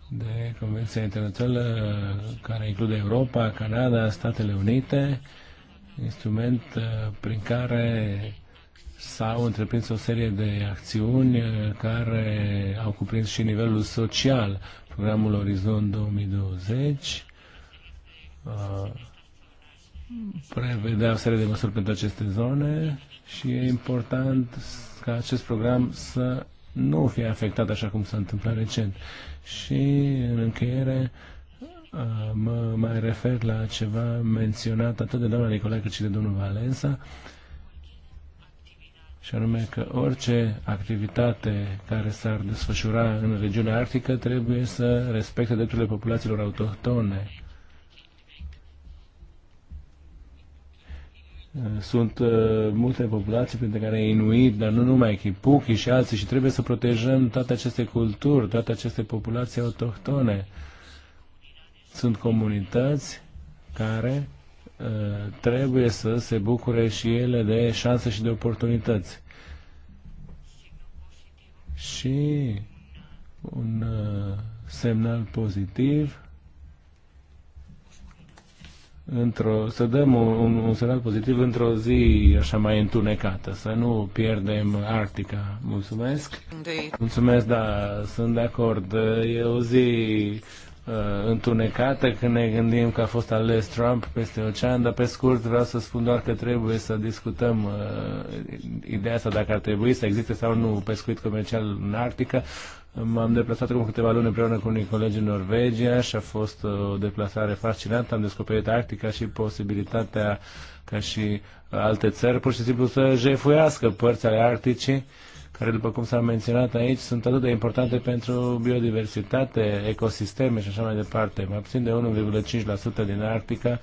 de Convenția Internațională care include Europa, Canada, Statele Unite, instrument uh, prin care s-au întreprins o serie de acțiuni uh, care au cuprins și nivelul social, programul Orizont 2020, Uh, prevedea o serie de măsuri pentru aceste zone și e important ca acest program să nu fie afectat așa cum s-a întâmplat recent. Și în încheiere uh, mă mai refer la ceva menționat atât de doamna Nicolae cât și de domnul Valensa și anume că orice activitate care s-ar desfășura în regiunea arctică trebuie să respecte drepturile populațiilor autohtone Sunt uh, multe populații, printre care Inuit, dar nu numai Kipuki și alții, și trebuie să protejăm toate aceste culturi, toate aceste populații autohtone. Sunt comunități care uh, trebuie să se bucure și ele de șanse și de oportunități. Și un uh, semnal pozitiv într-o, să dăm un, un, semnal pozitiv într-o zi așa mai întunecată, să nu pierdem Arctica. Mulțumesc! Indeed. Mulțumesc, da, sunt de acord. E o zi uh, întunecată când ne gândim că a fost ales Trump peste ocean, dar pe scurt vreau să spun doar că trebuie să discutăm uh, ideea asta dacă ar trebui să existe sau nu pescuit comercial în Arctica. M-am deplasat acum câteva luni împreună cu unii colegi în Norvegia și a fost o deplasare fascinantă. Am descoperit Arctica și posibilitatea ca și alte țări pur și simplu să jefuiască părți ale Arcticii, care, după cum s-a menționat aici, sunt atât de importante pentru biodiversitate, ecosisteme și așa mai departe. Mă abțin de 1,5% din Arctica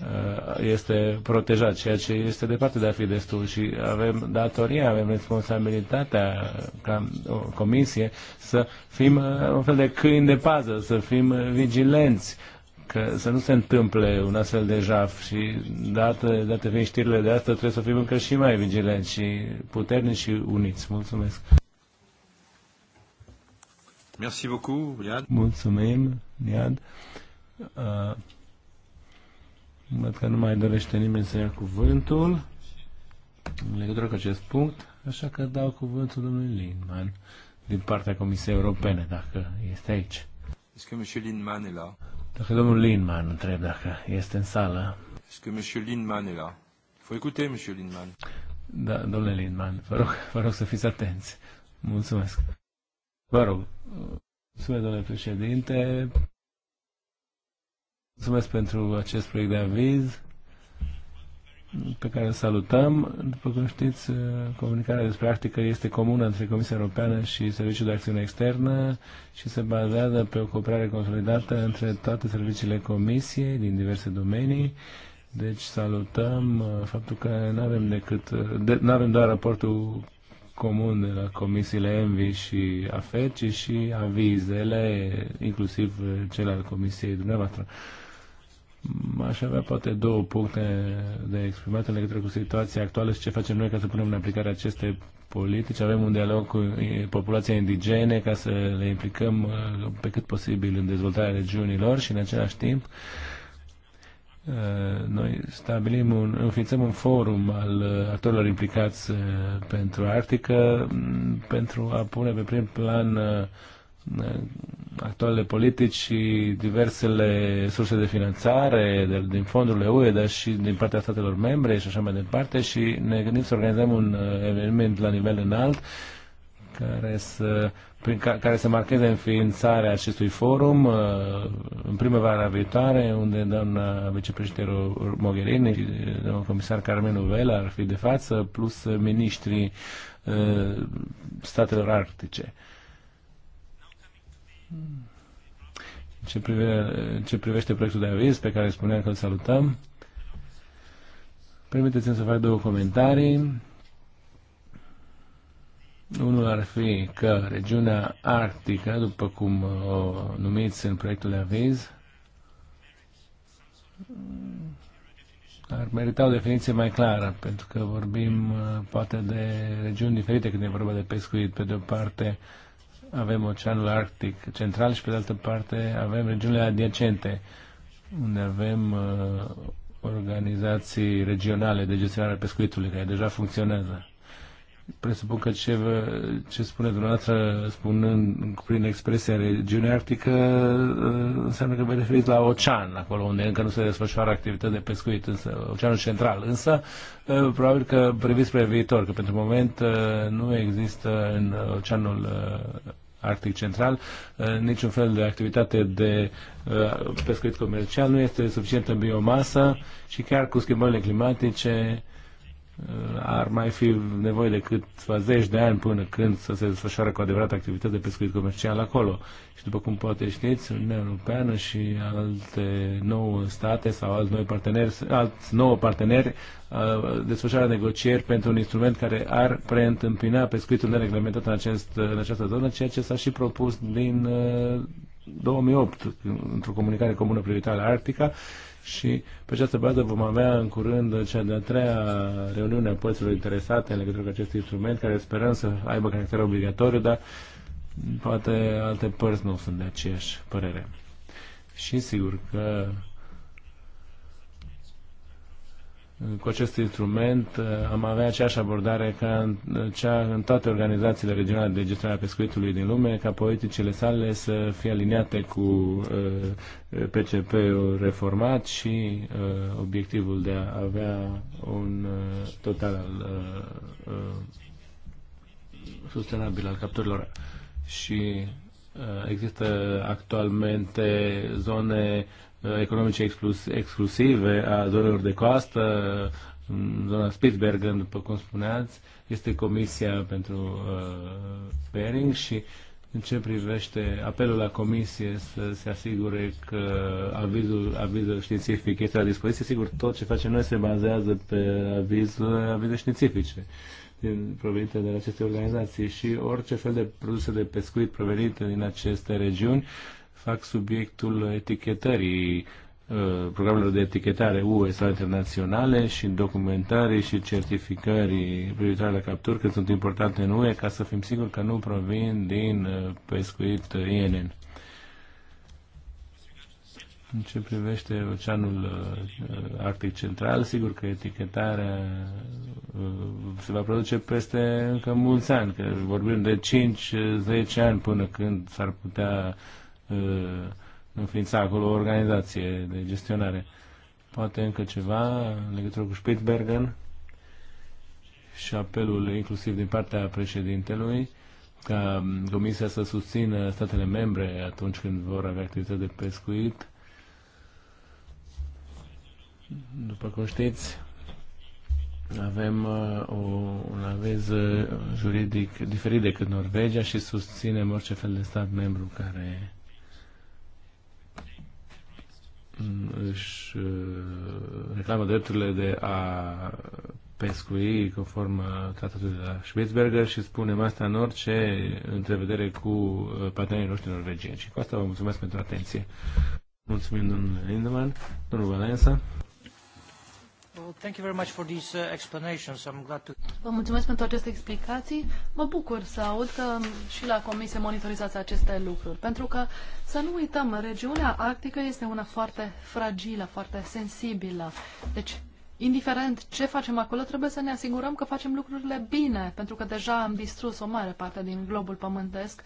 Uh, este protejat, ceea ce este departe de a fi destul și avem datoria, avem responsabilitatea ca o comisie să fim uh, un fel de câini de pază, să fim vigilenți, că să nu se întâmple un astfel de jaf și date, date fiind știrile de asta trebuie să fim încă și mai vigilenți și puternici și uniți. Mulțumesc! Merci beaucoup, Mulțumim, Iad. Uh, Văd că nu mai dorește nimeni să ia cuvântul în legătură cu acest punct, așa că dau cuvântul domnului Lindman din partea Comisiei Europene, dacă este aici. Est-ce que monsieur Lindman est là? Dacă domnul Lindman întreb dacă este în sală. Est-ce que monsieur Lindman est là? Faut écouter monsieur Lindman. Da, domnule Lindman, vă rog, vă rog să fiți atenți. Mulțumesc. Vă rog. Mulțumesc, domnule președinte. Mulțumesc pentru acest proiect de aviz pe care îl salutăm. După cum știți, comunicarea despre practică este comună între Comisia Europeană și Serviciul de Acțiune Externă și se bazează pe o cooperare consolidată între toate serviciile Comisiei din diverse domenii. Deci salutăm uh, faptul că nu avem decât, uh, de, nu avem doar raportul comun de la comisiile ENVI și AFET, ci și avizele, inclusiv uh, cele ale comisiei dumneavoastră. Aș avea poate două puncte de exprimat în legătură cu situația actuală și ce facem noi ca să punem în aplicare aceste politici. Avem un dialog cu populația indigene ca să le implicăm uh, pe cât posibil în dezvoltarea regiunilor și în același timp uh, noi stabilim un, înființăm un forum al uh, actorilor implicați pentru Arctică mm, pentru a pune pe prim plan Eh, actualele politici și diversele surse de finanțare de, din fondurile UE, dar și din partea statelor membre și așa mai departe și ne gândim să organizăm un eh, eveniment la nivel înalt care să, prin ca, care să marcheze înființarea acestui forum eh, în primăvara viitoare, unde doamna vicepreședintele Mogherini și domnul comisar Carmen Uvela ar fi de față, plus miniștrii statelor arctice. Ce, prive, ce privește proiectul de aviz pe care spuneam că îl salutăm, permiteți-mi să fac două comentarii. Unul ar fi că regiunea arctică, după cum o numiți în proiectul de aviz, ar merita o definiție mai clară, pentru că vorbim uh, poate de regiuni diferite când e vorba de pescuit. Pe de o parte, avem Oceanul Arctic Central și pe de altă parte avem regiunile adiacente, unde avem uh, organizații regionale de gestionare pescuitului care deja funcționează. Presupun că ce, vă, ce spune dumneavoastră, spunând prin expresia regiune arctică, uh, înseamnă că vă referiți la ocean, acolo unde încă nu se desfășoară activități de pescuit, însă, oceanul central. Însă, uh, probabil că priviți spre viitor, că pentru moment uh, nu există în oceanul Arctic Central, uh, niciun fel de activitate de uh, pescuit comercial nu este suficientă biomasa și chiar cu schimbările climatice Uh, ar mai fi nevoie de câțiva zeci de ani până când să se desfășoare cu adevărat activitatea de pescuit comercial acolo. Și după cum poate știți, Uniunea Europeană și alte nouă state sau alți noi parteneri, alți nouă parteneri uh, desfășoară negocieri pentru un instrument care ar preîntâmpina pescuitul nereglementat în, acest, în această zonă, ceea ce s-a și propus din 2008 uh, într-o comunicare comună la Arctica și pe această bază vom avea în curând cea de-a treia reuniune a părților interesate în legătură cu acest instrument, care sperăm să aibă caracter obligatoriu, dar poate alte părți nu sunt de aceeași părere. Și sigur că cu acest instrument uh, am avea aceeași abordare ca în, uh, cea în toate organizațiile regionale de gestionare a pescuitului din lume, ca politicile sale să fie aliniate cu uh, PCP-ul reformat și obiectivul de a avea un total sustenabil al capturilor. Și există actualmente zone Uh, economice exclus, exclusive a zonelor de coastă, în zona Spitsbergen, după cum spuneați, este Comisia pentru uh, și în ce privește apelul la Comisie să se asigure că avizul, avizul științific este la dispoziție, sigur, tot ce facem noi se bazează pe avizul avize științifice din, provenite de aceste organizații și orice fel de produse de pescuit provenite din aceste regiuni uh, fac subiectul etichetării uh, programelor de etichetare UE sau internaționale și documentare și certificării privitoare la capturi când sunt importante în UE ca să fim siguri că nu provin din uh, pescuit uh, INN. În ce privește oceanul Arctic Central, sigur că etichetarea se va produce peste încă mulți ani, că vorbim de 5-10 ani până când s-ar putea uh, Uh, înființa acolo o organizație de gestionare. Poate încă ceva în legătură cu Spitsbergen și apelul inclusiv din partea președintelui ca um, Comisia să susțină statele membre atunci când vor avea activități de pescuit. După cum știți, avem uh, o, un avez uh, juridic diferit decât Norvegia și susținem orice fel de stat membru care își uh, reclamă drepturile de a pescui conform uh, tratatului de la Schwitzberger și spunem asta în orice întrevedere cu uh, partenerii noștri norvegieni. Și cu asta vă mulțumesc pentru atenție. Mulțumim, domnule Lindemann, domnul Valensa. Vă mulțumesc pentru aceste explicații. Mă bucur să aud că și la Comisie monitorizați aceste lucruri, pentru că să nu uităm, regiunea arctică este una foarte fragilă, foarte sensibilă. Deci, indiferent ce facem acolo, trebuie să ne asigurăm că facem lucrurile bine, pentru că deja am distrus o mare parte din globul pământesc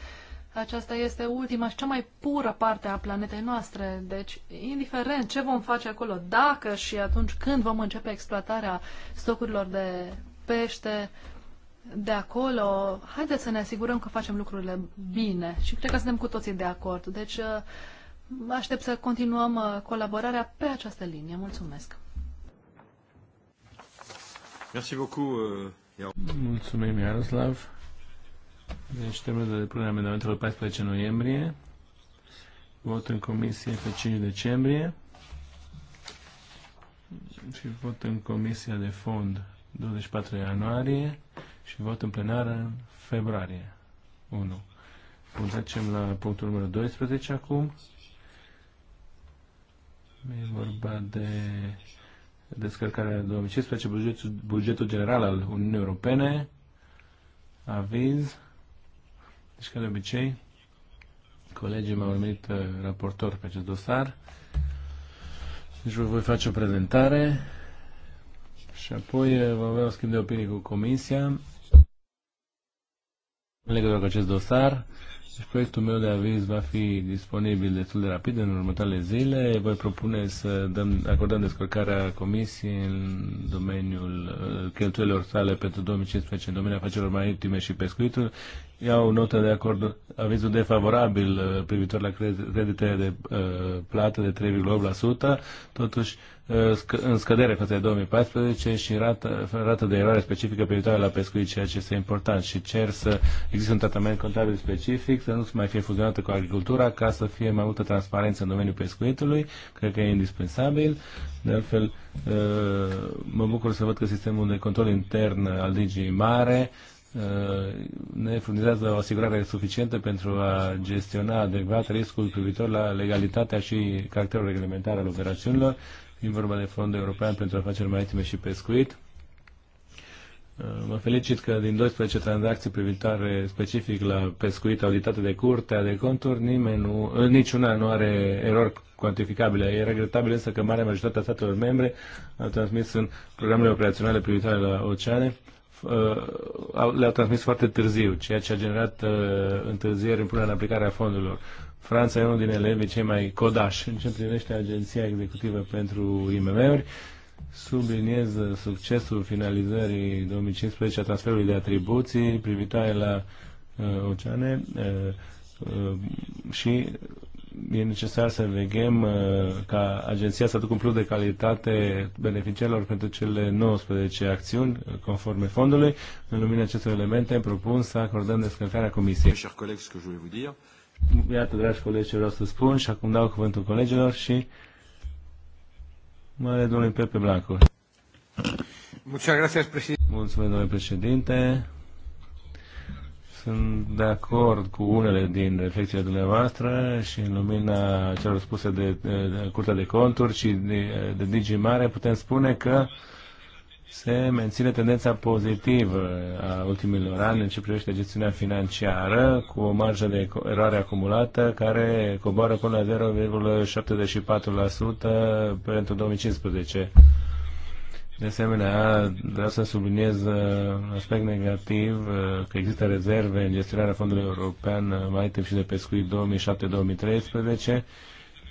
aceasta este ultima și cea mai pură parte a planetei noastre. Deci, indiferent ce vom face acolo, dacă și atunci când vom începe exploatarea stocurilor de pește de acolo, haideți să ne asigurăm că facem lucrurile bine. Și cred că suntem cu toții de acord. Deci, uh, aștept să continuăm uh, colaborarea pe această linie. Mulțumesc! Mulțumesc, uh, Mulțumim, Iaroslav. Deci termenul de depunere a amendamentelor 14 noiembrie. Vot în comisie pe 5 decembrie. Și vot în comisia de fond 24 ianuarie și vot în plenară în februarie 1. Bun, trecem la punctul numărul 12 acum. E vorba de descărcarea 2015, bugetul, bugetul general al Uniunii Europene, aviz. Deci, ca de obicei, colegii m-au numit uh, raportor pe acest dosar. Deci vă voi face o prezentare și apoi uh, vom avea o schimb de opinie cu Comisia în legătură cu acest dosar. Deci proiectul meu de aviz va fi disponibil destul de rapid în următoarele zile. Voi propune să dăm, acordăm descărcarea comisiei în domeniul uh, cheltuielor sale pentru 2015 în domeniul afacerilor maritime și pescuitul iau notă de acord avizul defavorabil uh, privitor la creditele de uh, plată de 3,8%, totuși uh, în scădere față de 2014 și rată, rată de eroare specifică privitoare la pescuit, ceea ce este important și cer să există un tratament contabil specific, să nu se mai fie fuzionată cu agricultura ca să fie mai multă transparență în domeniul pescuitului, cred că e indispensabil. De altfel, mă bucur să văd că sistemul de control intern al Digii Mare Uh, ne furnizează o asigurare suficientă pentru a gestiona adecvat riscul privitor la legalitatea și caracterul reglementar al operațiunilor. Din vorba de Fondul European pentru Afaceri Maritime și Pescuit. Uh, mă felicit că din 12 tranzacții privitoare specific la pescuit auditate de curtea de conturi, nimeni nu, uh, niciuna nu are erori cuantificabile. E regretabil însă că marea majoritate a statelor membre au transmis în programele operaționale privitoare la oceane Uh, le-au transmis foarte târziu, ceea ce a generat uh, întârzieri în punerea în aplicare a fondurilor. Franța e unul din elevii cei mai codași în ce privește Agenția Executivă pentru IMM-uri. Subliniez uh, succesul finalizării 2015 a transferului de atribuții privitoare la uh, oceane uh, uh, și e necesar să veghem uh, ca agenția să aducă un plus de calitate beneficiarilor pentru cele 19 acțiuni uh, conforme fondului. În lumina acestor elemente propun să acordăm descărcarea comisiei. Iată, dragi colegi, ce vreau să spun și acum dau cuvântul colegilor și mare domnului Pepe Blanco. Mulțumesc, domnule președinte. Sunt de acord cu unele din reflexiile dumneavoastră și în lumina celor spuse de, de Curtea de Conturi și de, de Digi Mare putem spune că se menține tendența pozitivă a ultimilor ani în ce privește gestiunea financiară, cu o marjă de eroare acumulată care coboară până la 0,74% pentru 2015. De asemenea, vreau să subliniez uh, un aspect negativ, uh, că există rezerve în gestionarea fondului european uh, mai timp și de pescuit 2007-2013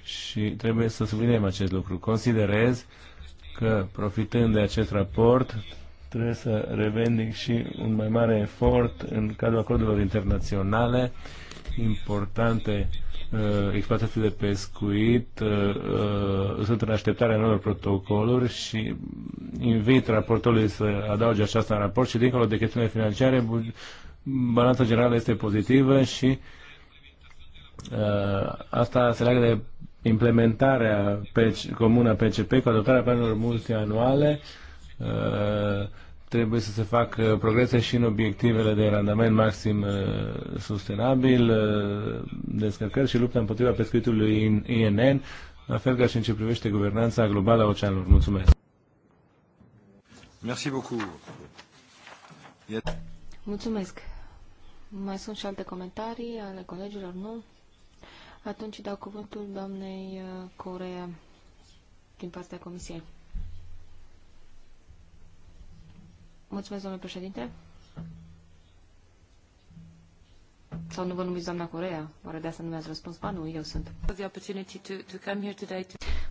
și trebuie să subliniem acest lucru. Considerez că, profitând de acest raport, trebuie să revendic și un mai mare efort în cadrul acordurilor internaționale importante uh, exploatații de pescuit uh, uh, sunt în așteptarea noilor protocoluri și invit raportorului să adauge aceasta în raport și dincolo de chestiunile financiare balanța generală este pozitivă și asta se leagă de implementarea comună PCP cu adoptarea planurilor multianuale uh, trebuie să se facă progrese și în obiectivele de randament maxim uh, sustenabil, uh, descărcări și lupta împotriva pescuitului INN, la fel ca și în ce privește guvernanța globală a oceanului. Mulțumesc! Merci beaucoup. Mulțumesc! Mai sunt și alte comentarii ale colegilor, nu? Atunci dau cuvântul doamnei uh, Corea din partea Comisiei. Mulțumesc, domnule președinte. Sau nu vă numiți doamna Corea? Oare de asta nu mi-ați răspuns? Ba nu, eu sunt.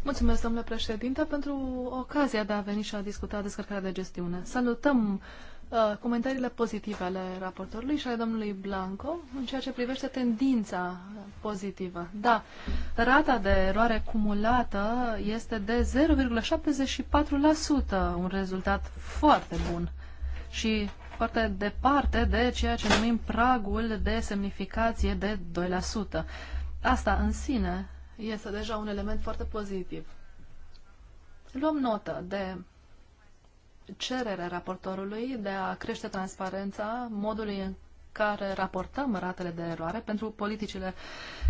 Mulțumesc, domnule președinte, pentru ocazia de a veni și a discuta descărcarea de gestiune. Salutăm uh, comentariile pozitive ale raportorului și ale domnului Blanco în ceea ce privește tendința pozitivă. Da, rata de eroare cumulată este de 0,74%, un rezultat foarte bun și foarte departe de ceea ce numim pragul de semnificație de 2%. Asta în sine este deja un element foarte pozitiv. Luăm notă de cerere raportorului de a crește transparența modului în care raportăm ratele de eroare pentru politicile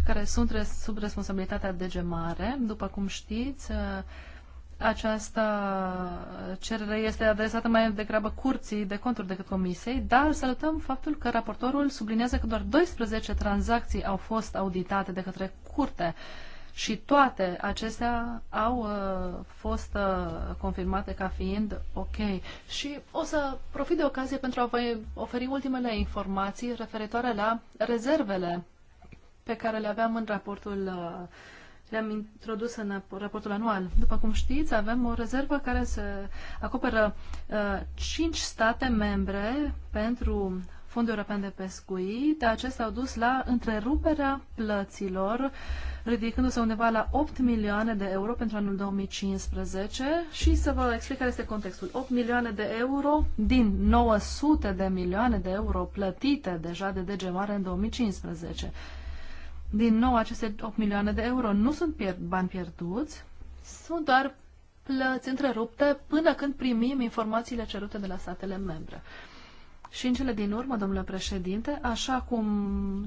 care sunt sub responsabilitatea DG Mare. După cum știți, această cerere este adresată mai degrabă curții de conturi decât comisiei, dar salutăm faptul că raportorul sublinează că doar 12 tranzacții au fost auditate de către curte și toate acestea au uh, fost uh, confirmate ca fiind ok. Și o să profit de ocazie pentru a vă oferi ultimele informații referitoare la rezervele pe care le aveam în raportul uh, le-am introdus în raportul anual. După cum știți, avem o rezervă care se acoperă uh, state membre pentru Fondul European de Pescuit. Acestea au dus la întreruperea plăților, ridicându-se undeva la 8 milioane de euro pentru anul 2015 și să vă explic care este contextul. 8 milioane de euro din 900 de milioane de euro plătite deja de DG Mare în 2015 din nou aceste 8 milioane de euro nu sunt pier- bani pierduți, sunt doar plăți întrerupte până când primim informațiile cerute de la statele membre. Și în cele din urmă, domnule președinte, așa cum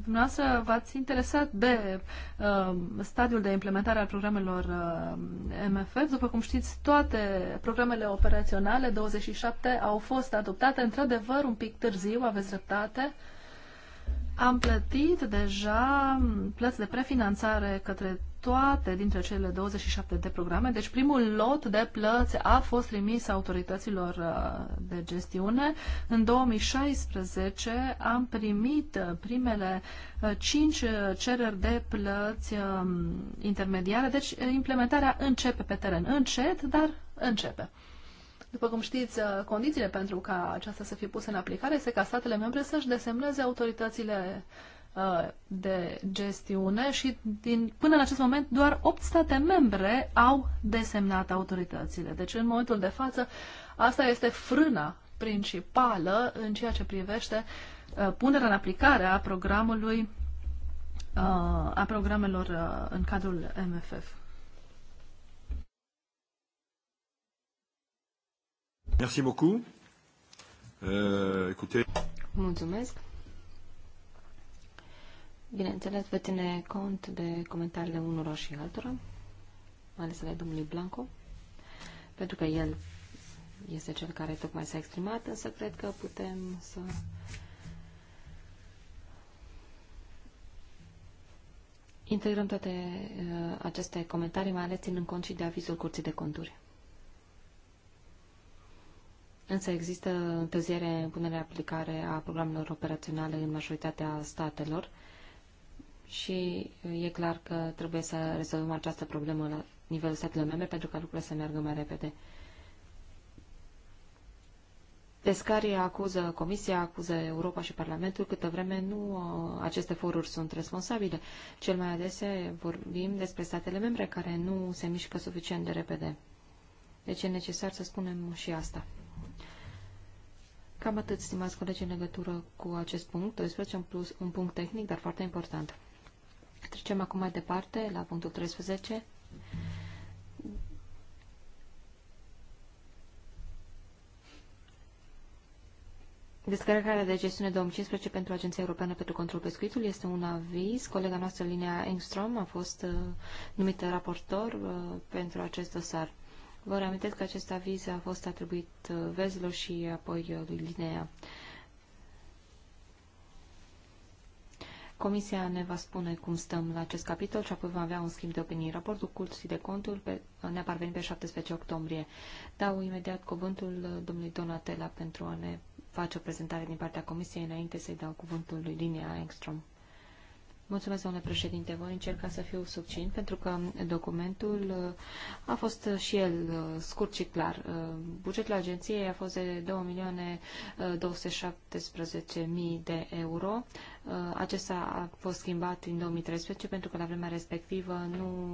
dumneavoastră v-ați interesat de uh, stadiul de implementare al programelor uh, MFF, după cum știți, toate programele operaționale, 27, au fost adoptate într-adevăr un pic târziu, aveți dreptate, uh, am plătit deja plăți de prefinanțare către toate dintre cele 27 de programe, deci primul lot de plăți a fost trimis autorităților uh, de gestiune. În 2016 am primit primele 5 uh, uh, cereri de plăți um, intermediare, deci implementarea începe pe teren, încet, dar începe. După cum știți, uh, condițiile pentru ca aceasta să fie pusă în aplicare este ca statele membre să-și desemneze autoritățile uh, de gestiune și din, până în acest moment doar 8 state membre au desemnat autoritățile. Deci în momentul de față asta este frâna principală în ceea ce privește uh, punerea în aplicare a programului a programelor în cadrul MFF. Merci beaucoup. Uh, écoutez... Mulțumesc. Bineînțeles, vă ține cont de comentariile unora și altora, mai ales ale domnului Blanco, pentru că el este cel care tocmai s-a exprimat, însă cred că putem să integrăm toate uh, aceste comentarii, mai ales ținând cont și de avizul Curții de Conturi. Însă există întârziere în punerea aplicare a programelor operaționale în majoritatea statelor și e clar că trebuie să rezolvăm această problemă la nivelul statelor membre pentru ca lucrurile să meargă mai repede. Pescarii acuză Comisia, acuză Europa și Parlamentul, câtă vreme nu aceste foruri sunt responsabile. Cel mai adesea vorbim despre statele membre care nu se mișcă suficient de repede. Deci e necesar să spunem și asta. Cam atât, stimați colegi, în legătură cu acest punct 12, un, plus, un punct tehnic, dar foarte important. Trecem acum mai departe la punctul 13. Descărcarea de gestiune 2015 pentru Agenția Europeană pentru Control Pescuitului este un aviz. Colega noastră, Linia Engstrom, a fost uh, numită raportor uh, pentru acest dosar. Vă reamintesc că acest aviz a fost atribuit uh, Vezlo și apoi uh, lui Linea. Comisia ne va spune cum stăm la acest capitol și apoi vom avea un schimb de opinii. Raportul Curții de Conturi ne-a parvenit pe 17 octombrie. Dau imediat cuvântul uh, domnului Donatella pentru a ne face o prezentare din partea Comisiei înainte să-i dau cuvântul lui Linia Engstrom. Mulțumesc, domnule președinte. Voi încerca să fiu succint, pentru că documentul uh, a fost uh, și el uh, scurt și clar. Bugetul agenției a fost de 2.217.000 de euro Uh, acesta a fost schimbat în 2013 pentru că la vremea respectivă nu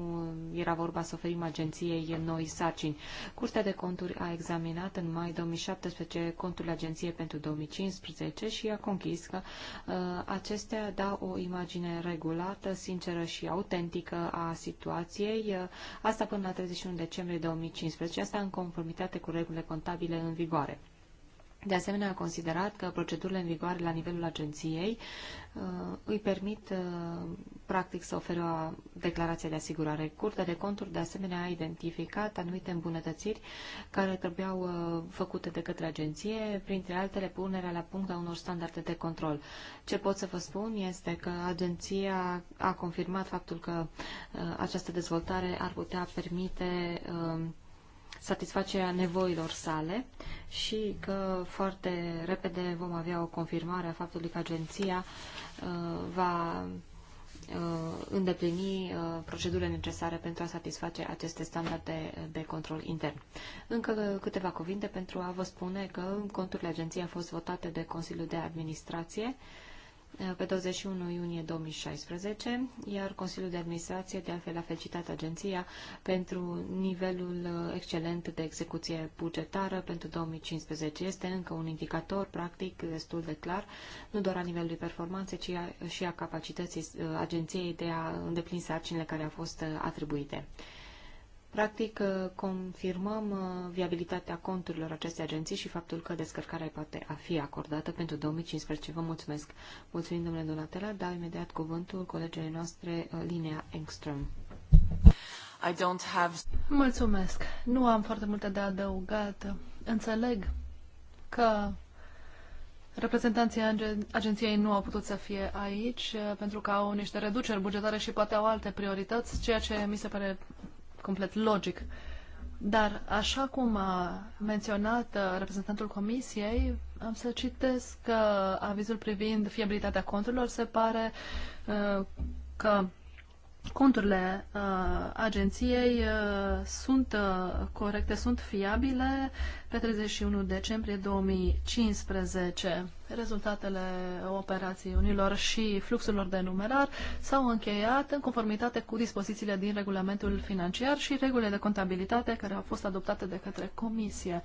era vorba să oferim agenției noi sarcini. Curtea de conturi a examinat în mai 2017 conturile agenției pentru 2015 și a conchis că uh, acestea dau o imagine regulată, sinceră și autentică a situației, uh, asta până la 31 decembrie 2015, asta în conformitate cu regulile contabile în vigoare. De asemenea, a considerat că procedurile în vigoare la nivelul agenției uh, îi permit uh, practic să ofere o declarație de asigurare. Curtea de conturi, de asemenea, a identificat anumite îmbunătățiri care trebuiau uh, făcute de către agenție, printre altele punerea la punct a unor standarde de control. Ce pot să vă spun este că agenția a confirmat faptul că această dezvoltare ar putea permite satisfacerea nevoilor sale și că foarte repede vom avea o confirmare a faptului că agenția uh, va uh, îndeplini uh, procedurile necesare pentru a satisface aceste standarde de control intern. Încă câteva cuvinte pentru a vă spune că conturile agenției au fost votate de Consiliul de Administrație Eh, pe 21 iunie 2016, iar Consiliul de Administrație de altfel a felicitat agenția pentru nivelul eh, excelent de execuție bugetară pentru 2015. Este încă un indicator, practic, destul de clar, nu doar a nivelului performanței, ci a, și a capacității eh, agenției de a îndeplini sarcinile care au fost atribuite. Practic, uh, confirmăm uh, viabilitatea conturilor acestei agenții și faptul că descărcarea poate a fi acordată pentru 2015. Vă mulțumesc. Mulțumim, domnule Donatela, Dau imediat cuvântul colegii noastre, uh, Linea Engström. I don't have... Mulțumesc. Nu am foarte multe de adăugat. Înțeleg că Reprezentanții agenției nu au putut să fie aici pentru că au niște reduceri bugetare și poate au alte priorități, ceea ce mi se pare complet logic. Dar, așa cum a menționat uh, reprezentantul Comisiei, am să citesc că uh, avizul privind fiabilitatea conturilor se pare uh, că conturile uh, agenției uh, sunt uh, corecte, sunt fiabile pe 31 decembrie 2015. Rezultatele operațiunilor și fluxurilor de numerar s-au încheiat în conformitate cu dispozițiile din regulamentul financiar și regulile de contabilitate care au fost adoptate de către Comisie.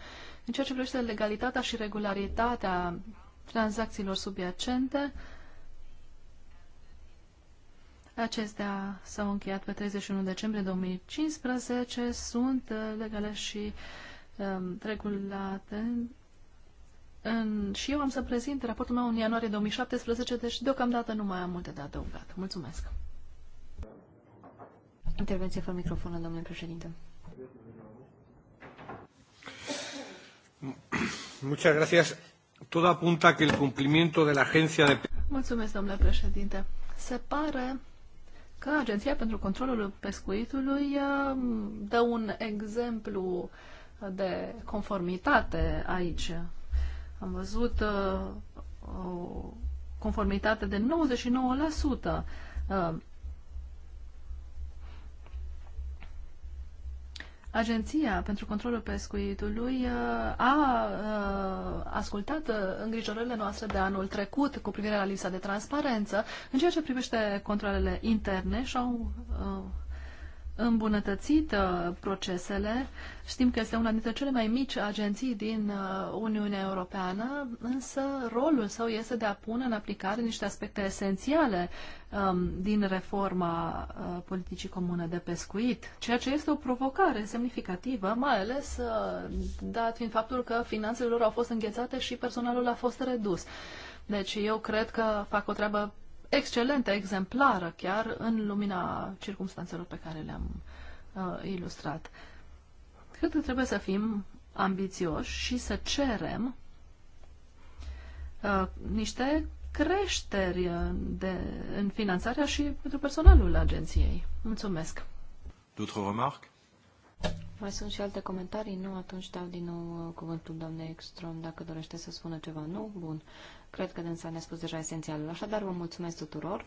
În ceea ce privește legalitatea și regularitatea tranzacțiilor subiacente, uh, Acestea s-au încheiat pe 31 decembrie 2015, sunt uh, legale și um, regulate. În, și eu am să prezint raportul meu în ianuarie 2017, deci deocamdată nu mai am multe de adăugat. Mulțumesc! Intervenție fără microfon, domnule președinte. Muchas gracias. Todo apunta que el cumplimiento de la agencia de... Mulțumesc, domnule președinte. Se pare că Agenția pentru Controlul Pescuitului um, dă un exemplu de conformitate aici. Am văzut uh, o conformitate de 99%. Agenția pentru controlul pescuitului uh, a uh, ascultat uh, îngrijorările noastre de anul trecut cu privire la lipsa de transparență în ceea ce privește controlele interne și au îmbunătățit uh, procesele. Știm că este una dintre cele mai mici agenții din uh, Uniunea Europeană, însă rolul său este de a pune în aplicare niște aspecte esențiale um, din reforma uh, politicii comune de pescuit, ceea ce este o provocare semnificativă, mai ales uh, dat fiind faptul că finanțele lor au fost înghețate și personalul a fost redus. Deci eu cred că fac o treabă excelentă, exemplară chiar, în lumina circumstanțelor pe care le-am uh, ilustrat. Cred că trebuie să fim ambițioși și să cerem uh, niște creșteri uh, de, în finanțarea și pentru personalul agenției. Mulțumesc! D'autres remarques? Mai sunt și alte comentarii? Nu? Atunci dau din nou uh, cuvântul doamnei Ekstrom dacă dorește să spună ceva nou. Bun. Cred că dânsa ne-a spus deja esențialul. Așadar, vă mulțumesc tuturor.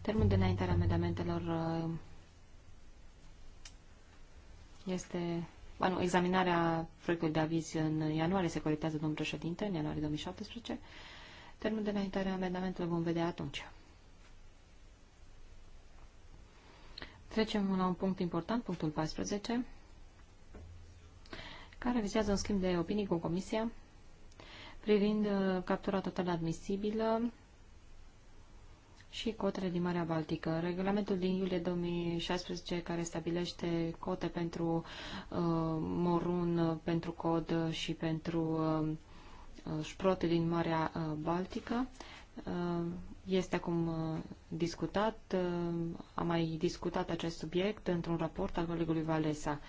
Termenul de înaintare a amendamentelor uh, este... Bueno, examinarea proiectului de aviz în ianuarie se corectează, domnul președinte, în ianuarie 2017. Termenul de înaintare a amendamentelor vom vedea atunci. Trecem la un punct important, punctul 14, care vizează un schimb de opinii cu Comisia privind uh, captura total admisibilă și cotele din Marea Baltică. Regulamentul din iulie 2016 care stabilește cote pentru uh, morun, uh, pentru cod și pentru uh, uh, șprote din Marea uh, Baltică uh, este acum discutat. Am mai discutat acest subiect într-un raport al colegului Valesa.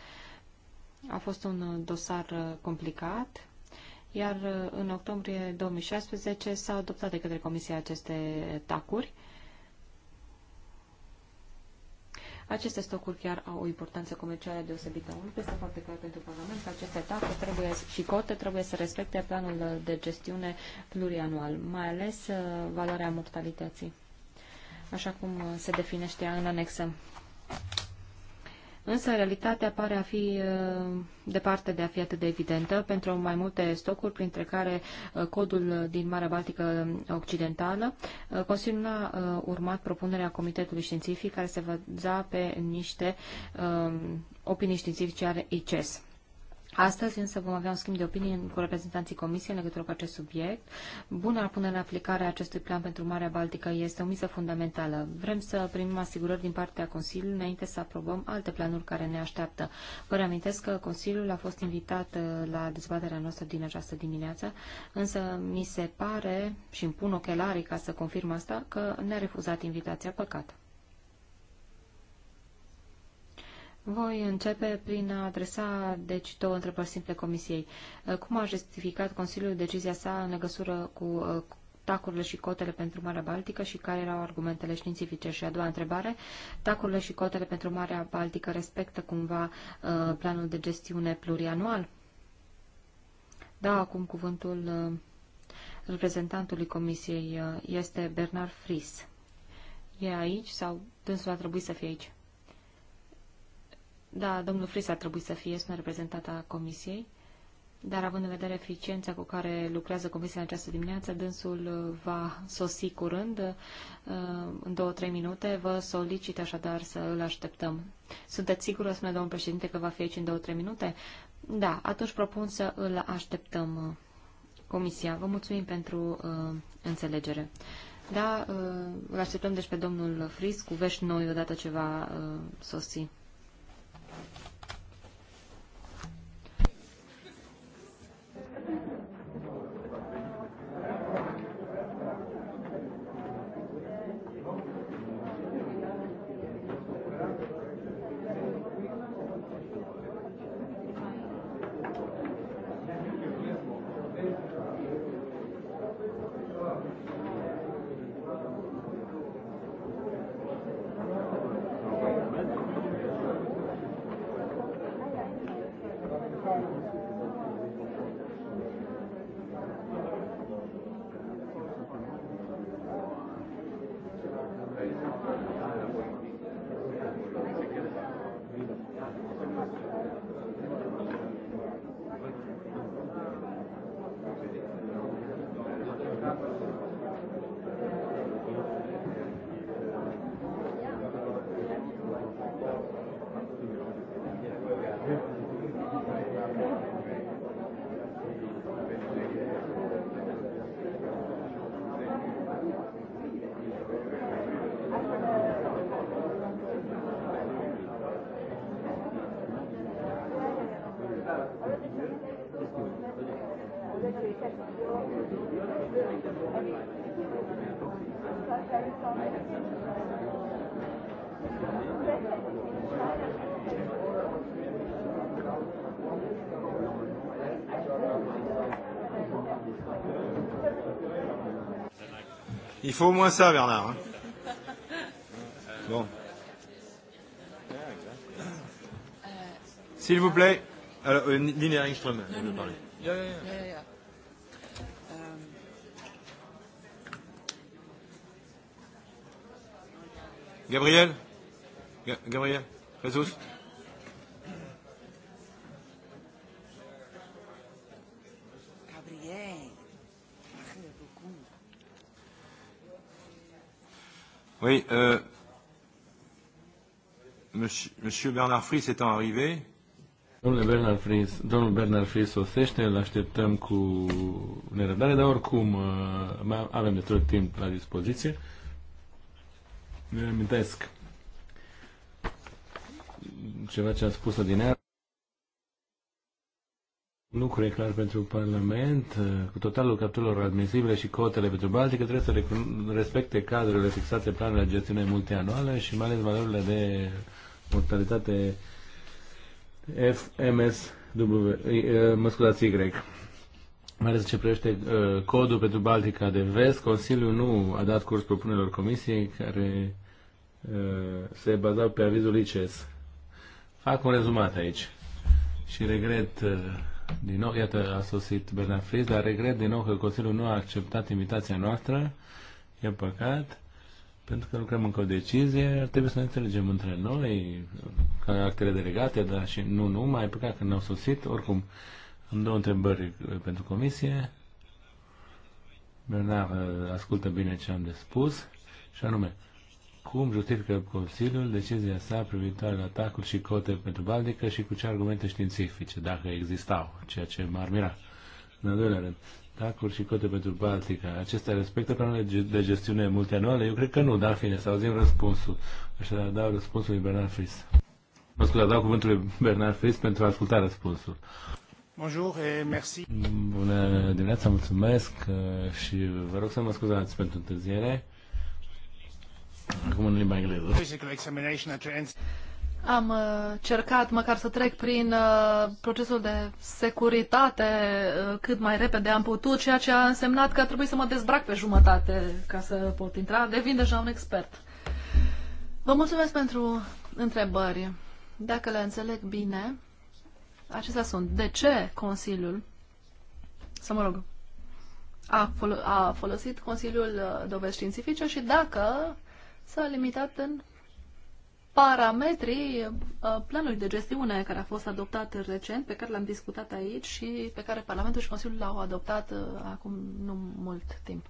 A fost un dosar complicat iar uh, în octombrie 2016 s-au adoptat de către comisia aceste tacuri. Aceste stocuri chiar au o importanță comercială deosebită. Un lucru este foarte clar pentru Parlament că aceste tacuri trebuie, și cote trebuie să respecte planul de gestiune plurianual, mai ales uh, valoarea mortalității, așa cum uh, se definește în anexă însă realitatea pare a fi uh, departe de a fi atât de evidentă pentru mai multe stocuri, printre care uh, codul din Marea Baltică Occidentală. Uh, Consiliul a urmat propunerea Comitetului Științific, care se văza pe niște um, opinii științifice ale ICES. Astăzi însă vom avea un schimb de opinie cu reprezentanții Comisiei în legătură cu acest subiect. Buna punere în aplicare a acestui plan pentru Marea Baltică este o misă fundamentală. Vrem să primim asigurări din partea Consiliului înainte să aprobăm alte planuri care ne așteaptă. Vă reamintesc că Consiliul a fost invitat uh, la dezbaterea noastră din această dimineață, însă mi se pare, și îmi pun ochelarii ca să confirm asta, că ne-a refuzat invitația, păcat. Voi începe prin a adresa deci două întrebări simple Comisiei. Uh, cum a justificat Consiliul decizia sa în legătură cu uh, tacurile și cotele pentru Marea Baltică și care erau argumentele științifice? Și a doua întrebare, tacurile și cotele pentru Marea Baltică respectă cumva uh, planul de gestiune plurianual? Da, acum cuvântul reprezentantului Comisiei este Bernard Fris. E aici sau dânsul a trebuit să fie aici? Da, domnul Fris ar trebui să fie, reprezentată a comisiei, dar având în vedere eficiența cu care lucrează comisia în această dimineață, dânsul uh, va sosi curând, uh, în două-trei minute. Vă solicit așadar să îl așteptăm. Sunteți sigură, spune domnul președinte, că va fi aici în două-trei minute? Da, atunci propun să îl așteptăm uh, comisia. Vă mulțumim pentru uh, înțelegere. Da, uh, îl așteptăm deci pe domnul Fris cu vești noi odată ce va uh, sosi. Il faut au moins ça, Bernard. Hein. Bon. S'il vous plaît. Alors, euh, Lina vous voulez parler. Yeah, yeah, yeah. Euh. Gabriel Gabriel Jesus Oui, euh, monsieur, monsieur Bernard Fries étant arrivé. Domnule Bernard Fries, domnul Bernard Fries sosește, îl așteptăm cu nerăbdare, dar oricum uh, avem de tot timp la dispoziție. Ne amintesc ceva ce am spus adineară lucru e clar pentru Parlament, uh, cu totalul capturilor admisibile și cotele pentru Baltică, trebuie să respecte cadrele fixate planurile de gestiune multianuală și mai ales valorile de mortalitate FMS uh, mă scuzați, Y. Mai ales ce privește uh, codul pentru Baltica de vest, Consiliul nu a dat curs propunerilor comisiei care se bazau pe avizul ICES. Fac un rezumat aici și regret din nou, iată, a sosit Bernard Fries, dar regret din nou că Consiliul nu a acceptat invitația noastră. E păcat, pentru că lucrăm încă o decizie. Ar trebui să ne înțelegem între noi, ca actele delegate, dar și nu numai, păcat că ne au sosit. Oricum, am două întrebări uh, pentru comisie. Bernard uh, ascultă bine ce am de spus, și anume, cum justifică Consiliul decizia sa privitoare la atacul și cote pentru Baltică și cu ce argumente științifice, dacă existau, ceea ce m-ar mira. În al doilea rând, atacul și cote pentru Baltica, acestea respectă planurile de gestiune multianuale? Eu cred că nu, dar fine, să auzim răspunsul. Așadar, dau răspunsul lui Bernard Fris. Mă scuze, dau cuvântul lui Bernard Fris pentru a asculta răspunsul. Bonjour et merci. Bună dimineața, mulțumesc uh, și vă rog să mă scuzați pentru întârziere. Acum în limba engleză. Am uh, cercat măcar să trec prin uh, procesul de securitate uh, cât mai repede am putut, ceea ce a însemnat că a trebuit să mă dezbrac pe jumătate ca să pot intra. Devin deja un expert. Vă mulțumesc pentru întrebări. Dacă le înțeleg bine, acestea sunt. De ce Consiliul, să mă rog, a, fol- a folosit Consiliul uh, dovezi științifice și dacă s-a limitat în parametrii uh, planului de gestiune care a fost adoptat recent, pe care l-am discutat aici și pe care Parlamentul și Consiliul l-au adoptat uh, acum nu mult timp.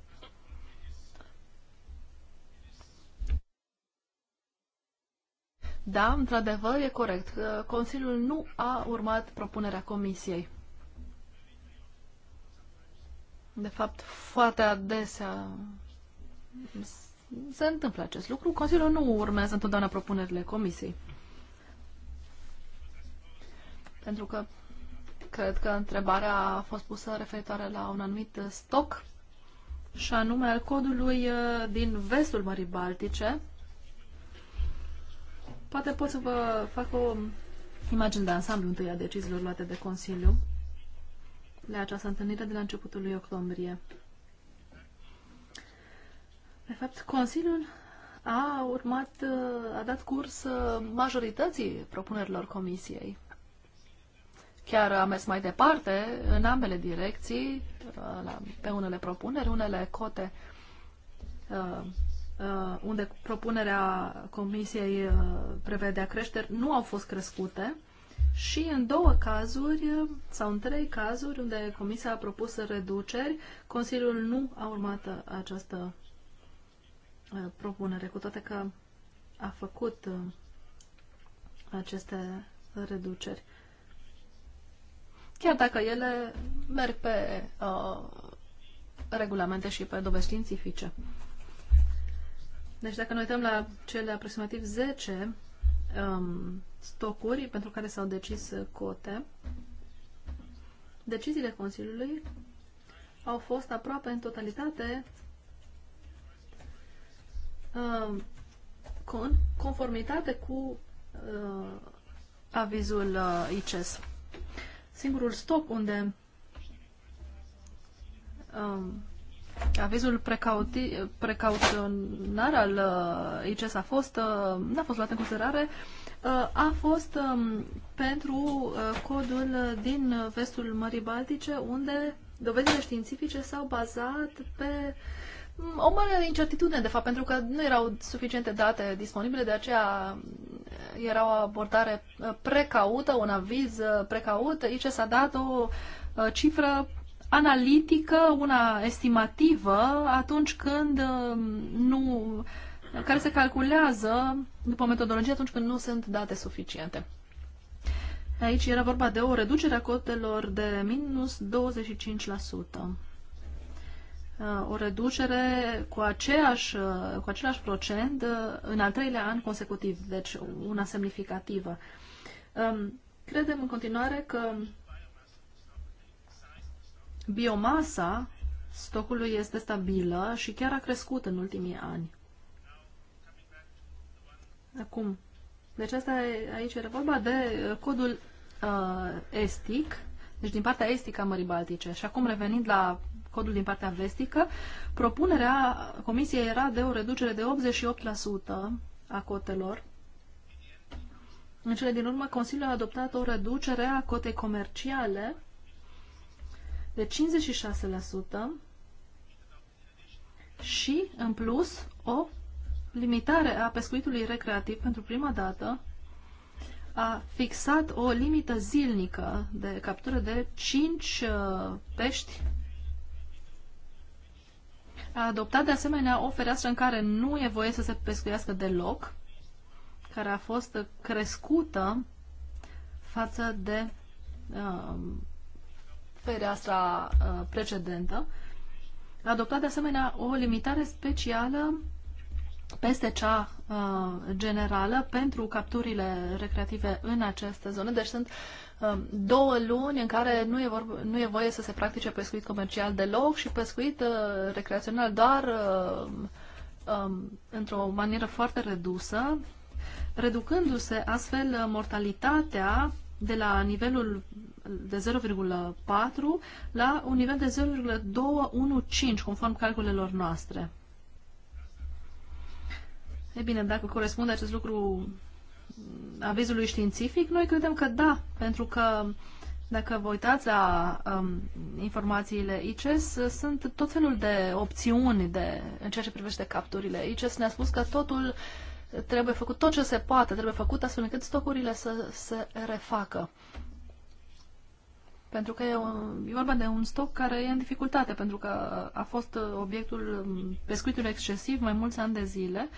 Da, într-adevăr, e corect. Uh, Consiliul nu a urmat propunerea Comisiei. De fapt, foarte adesea se întâmplă acest lucru. Consiliul nu urmează întotdeauna propunerile comisiei. Pentru că cred că întrebarea a fost pusă referitoare la un anumit stoc și anume al codului uh, din vestul Mării Baltice. Poate pot să vă fac o imagine de ansamblu întâi a deciziilor luate de Consiliu la această întâlnire de la începutul lui octombrie. De fapt, Consiliul a urmat, a dat curs uh, majorității propunerilor Comisiei. Chiar a mers mai departe în ambele direcții, uh, pe unele propuneri, unele cote uh, unde propunerea Comisiei prevedea creșteri, nu au fost crescute și în două cazuri sau în trei cazuri unde Comisia a propus reduceri, Consiliul nu a urmat această Uh, propunere, cu toate că a făcut uh, aceste reduceri. Chiar dacă ele merg pe uh, regulamente și pe dovezi științifice. Deci dacă ne uităm la cele aproximativ 10 um, stocuri pentru care s-au decis cote, deciziile Consiliului au fost aproape în totalitate Um, con, conformitate cu uh, avizul uh, ICES. Singurul stop unde um, avizul precauționar al uh, ICES a fost, n-a fost luat în considerare, a fost um, pentru codul din vestul Mării Baltice, unde dovezile științifice s-au bazat pe uh, o mare incertitudine, de fapt, pentru că nu erau suficiente date disponibile, de aceea eh, era o abordare eh, precaută, un aviz eh, precaut. Aici s-a dat o cifră analitică, una estimativă, atunci când nu care se calculează după metodologie atunci când nu sunt date suficiente. Aici era vorba de o reducere a cotelor de minus 25% o reducere cu, aceeași, cu același procent uh, în al treilea an consecutiv, deci una semnificativă. Um, credem în continuare că biomasa stocului este stabilă și chiar a crescut în ultimii ani. Acum, deci asta aici era vorba de uh, codul uh, estic, deci din partea estică a Mării Baltice. Și acum revenind la codul din partea vestică, propunerea Comisiei era de o reducere de 88% a cotelor. În cele din urmă, Consiliul a adoptat o reducere a cotei comerciale de 56% și, în plus, o limitare a pescuitului recreativ pentru prima dată a fixat o limită zilnică de captură de 5 uh, pești a adoptat de asemenea o fereastră în care nu e voie să se pescuiască deloc, care a fost crescută față de uh, fereastra uh, precedentă. A adoptat de asemenea o limitare specială peste cea uh, generală pentru capturile recreative în această zonă. Deci sunt două luni în care nu e, vorb- nu e voie să se practice pescuit comercial deloc și pescuit uh, recreațional doar uh, um, într-o manieră foarte redusă, reducându-se astfel uh, mortalitatea de la nivelul de 0,4 la un nivel de 0,215 conform calculelor noastre. E bine, dacă corespunde acest lucru avizului științific? Noi credem că da, pentru că dacă vă uitați la um, informațiile ICES, sunt tot felul de opțiuni de, în ceea ce privește capturile. ICES ne-a spus că totul trebuie făcut, tot ce se poate, trebuie făcut astfel încât stocurile să se refacă. Pentru că e, o, e vorba de un stoc care e în dificultate, pentru că a fost obiectul pescuitului excesiv mai mulți ani de zile. Uh,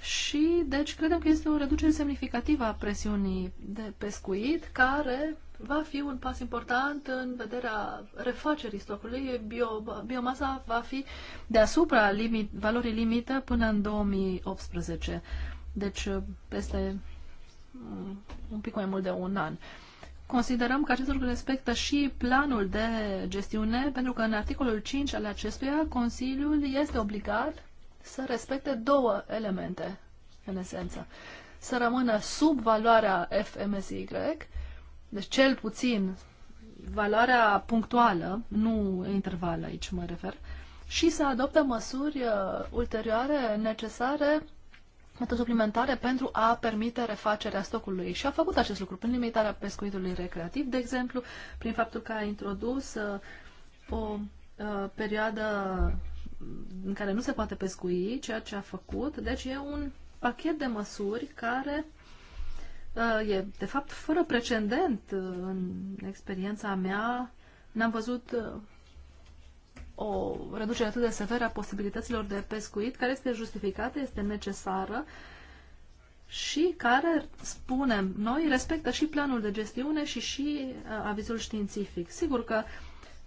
și, deci, credem că este o reducere semnificativă a presiunii de pescuit, care va fi un pas important în vederea refacerii stocului. Bio, biomasa va fi deasupra limit, valorii limită până în 2018, deci peste un pic mai mult de un an. Considerăm că acest lucru respectă și planul de gestiune, pentru că în articolul 5 al acestuia, Consiliul este obligat să respecte două elemente, în esență. Să rămână sub valoarea FMSY, deci cel puțin valoarea punctuală, nu interval aici mă refer, și să adopte măsuri uh, ulterioare necesare, măsuri suplimentare pentru a permite refacerea stocului. Și a făcut acest lucru prin limitarea pescuitului recreativ, de exemplu, prin faptul că a introdus uh, o uh, perioadă în care nu se poate pescui, ceea ce a făcut. Deci e un pachet de măsuri care uh, e, de fapt, fără precedent uh, în experiența mea. N-am văzut uh, o reducere atât de severă a posibilităților de pescuit, care este justificată, este necesară și care, spunem noi, respectă și planul de gestiune și și avizul științific. Sigur că uh,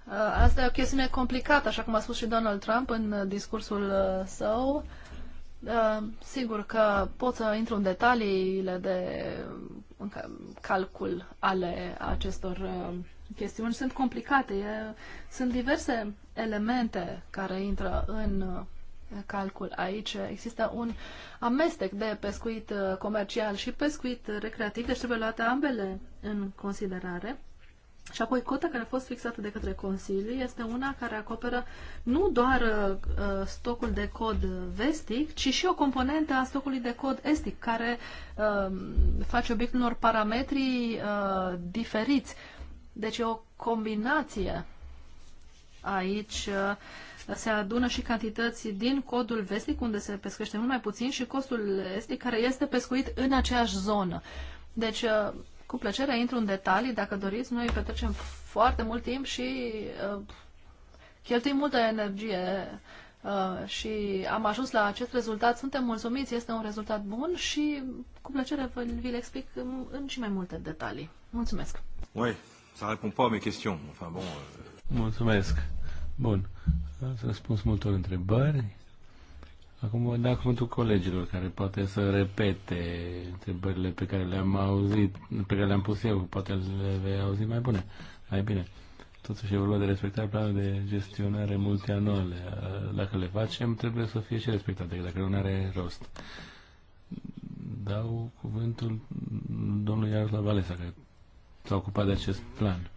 Uh, asta e o chestiune complicată, așa cum a spus și Donald Trump în uh, discursul uh, său. Sigur că pot să intru în detaliile de calcul ale acestor chestiuni. Sunt complicate, sunt diverse elemente care intră în calcul aici. Există un amestec de pescuit comercial și pescuit recreativ, deci trebuie luate ambele în considerare. Și apoi cota care a fost fixată de către Consiliu este una care acoperă nu doar uh, uh stocul de cod vestic, ci și o componentă a stocului de cod estic, care uh, face obiectul unor parametri uh, diferiți. Deci e o combinație aici. Uh, se adună și cantități din codul vestic, unde se pescăște mult mai puțin, și costul estic, care este pescuit în aceeași zonă. Deci, uh, cu plăcere intru în detalii. Dacă doriți, noi petrecem foarte mult timp și uh, cheltuim multă energie uh, și am ajuns la acest rezultat. Suntem mulțumiți, este un rezultat bun și cu plăcere vă, vi le explic în, în și mai multe detalii. Mulțumesc! Oui, ça répond pas à mes questions. Enfin, bon, euh... Mulțumesc! Bun, ați răspuns multor întrebări. Acum voi da cuvântul colegilor care poate să repete întrebările pe care le-am auzit, pe care le-am pus eu, poate le vei auzi mai bune, mai bine. Totuși e vorba de respectarea planului de gestionare multianuale. Dacă le facem, trebuie să fie și respectate, dacă nu are rost. Dau cuvântul domnului Iaroslav Valesa, care s-a ocupat de acest plan.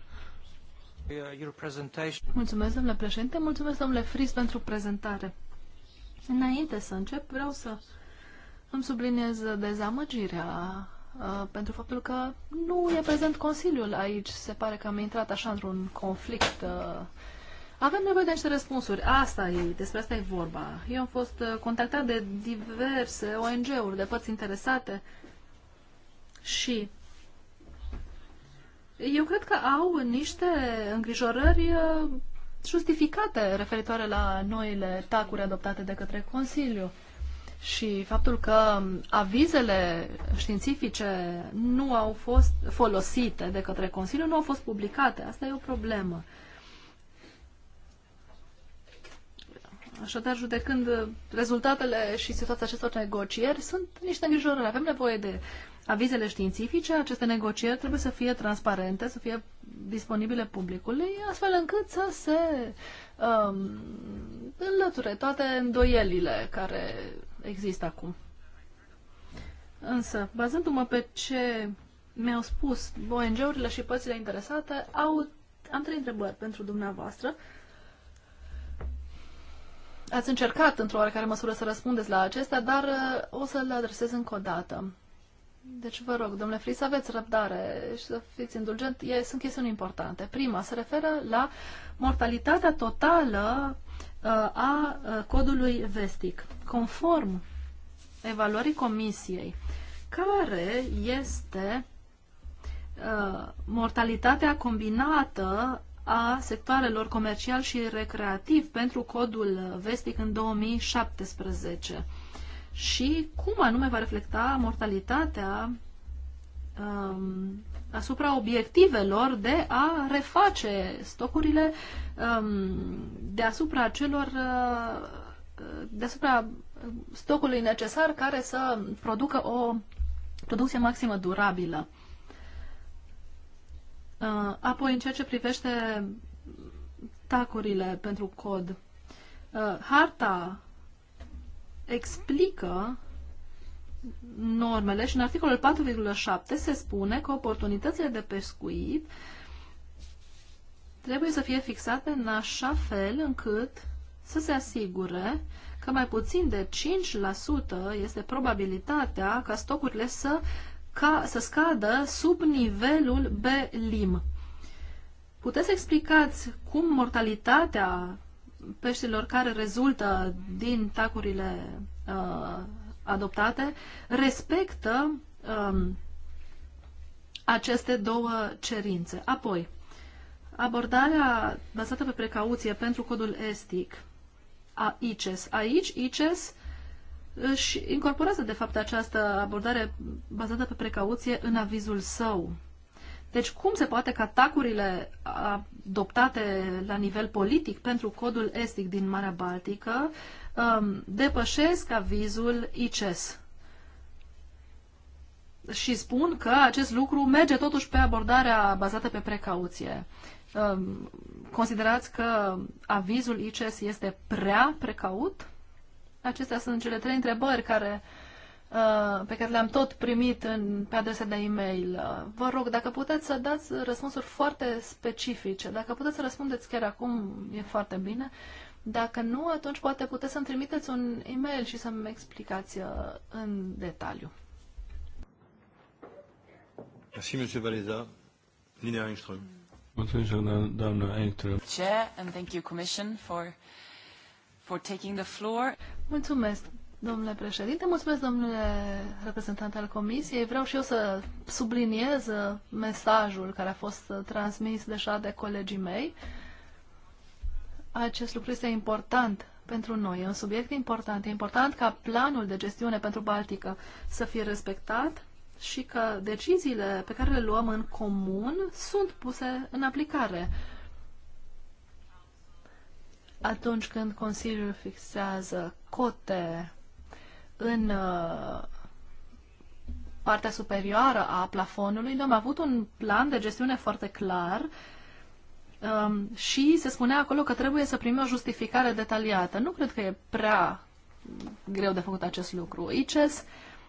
Mulțumesc, domnule președinte, mulțumesc, domnule Fris, pentru prezentare. Înainte să încep, vreau să îmi subliniez dezamăgirea uh, pentru faptul că nu e prezent Consiliul aici. Se pare că am intrat așa într-un conflict. Uh. Avem nevoie de niște răspunsuri. Asta e, despre asta e vorba. Eu am fost uh, contactat de diverse ONG-uri, de părți interesate și eu cred că au niște îngrijorări justificate referitoare la noile tacuri adoptate de către Consiliu și faptul că avizele științifice nu au fost folosite de către Consiliu, nu au fost publicate. Asta e o problemă. Așadar, judecând rezultatele și situația acestor negocieri, sunt niște îngrijorări. Avem nevoie de avizele științifice, aceste negocieri trebuie să fie transparente, să fie disponibile publicului, astfel încât să se um, înlăture toate îndoielile care există acum. Însă, bazându-mă pe ce mi-au spus ONG-urile și părțile interesate, au, am trei întrebări pentru dumneavoastră. Ați încercat într-o oarecare măsură să răspundeți la acestea, dar uh, o să le adresez încă o dată. Deci vă rog, domnule Fris, să aveți răbdare și să fiți indulgent. E, sunt chestiuni importante. Prima se referă la mortalitatea totală uh, a uh, codului vestic, conform evaluării comisiei, care este uh, mortalitatea combinată a sectoarelor comercial și recreativ pentru codul vestic în 2017 și cum anume va reflecta mortalitatea um, asupra obiectivelor de a reface stocurile um, deasupra celor uh, deasupra stocului necesar care să producă o producție maximă durabilă. Uh, apoi, în ceea ce privește tacurile pentru cod, uh, harta explică normele și în articolul 4,7 se spune că oportunitățile de pescuit trebuie să fie fixate în așa fel încât să se asigure că mai puțin de 5% este probabilitatea ca stocurile să, ca, să scadă sub nivelul B-lim. Puteți explicați cum mortalitatea peștilor care rezultă din tacurile uh, adoptate respectă um, aceste două cerințe. Apoi, abordarea bazată pe precauție pentru codul estic a ICES. Aici, ICES își incorporează, de fapt, această abordare bazată pe precauție în avizul său deci cum se poate ca atacurile adoptate la nivel politic pentru codul estic din Marea Baltică um, depășesc avizul ICES? Și spun că acest lucru merge totuși pe abordarea bazată pe precauție. Um, considerați că avizul ICES este prea precaut? Acestea sunt cele trei întrebări care uh, Uh, pe care le-am tot primit în, pe adrese de e-mail. Uh, vă rog, dacă puteți să dați răspunsuri foarte specifice, dacă puteți să răspundeți chiar acum, e foarte bine. Dacă nu, atunci poate puteți să-mi trimiteți un e-mail și să-mi explicați uh, în detaliu. Merci, Monsieur Valeza. Linea Engström. Mulțumesc, doamna Engström. Chair, and thank you, Commission, for, for taking the floor. Mulțumesc, Domnule președinte, mulțumesc, domnule reprezentant al Comisiei. Vreau și eu să subliniez uh, mesajul care a fost uh, transmis deja de colegii mei. Acest lucru este important pentru noi, e un subiect important. E important ca planul de gestiune pentru Baltică să fie respectat și că deciziile pe care le luăm în comun sunt puse în aplicare atunci când Consiliul fixează cote în uh, partea superioară a plafonului, noi am avut un plan de gestiune foarte clar um, și se spunea acolo că trebuie să primim o justificare detaliată. Nu cred că e prea greu de făcut acest lucru. ICES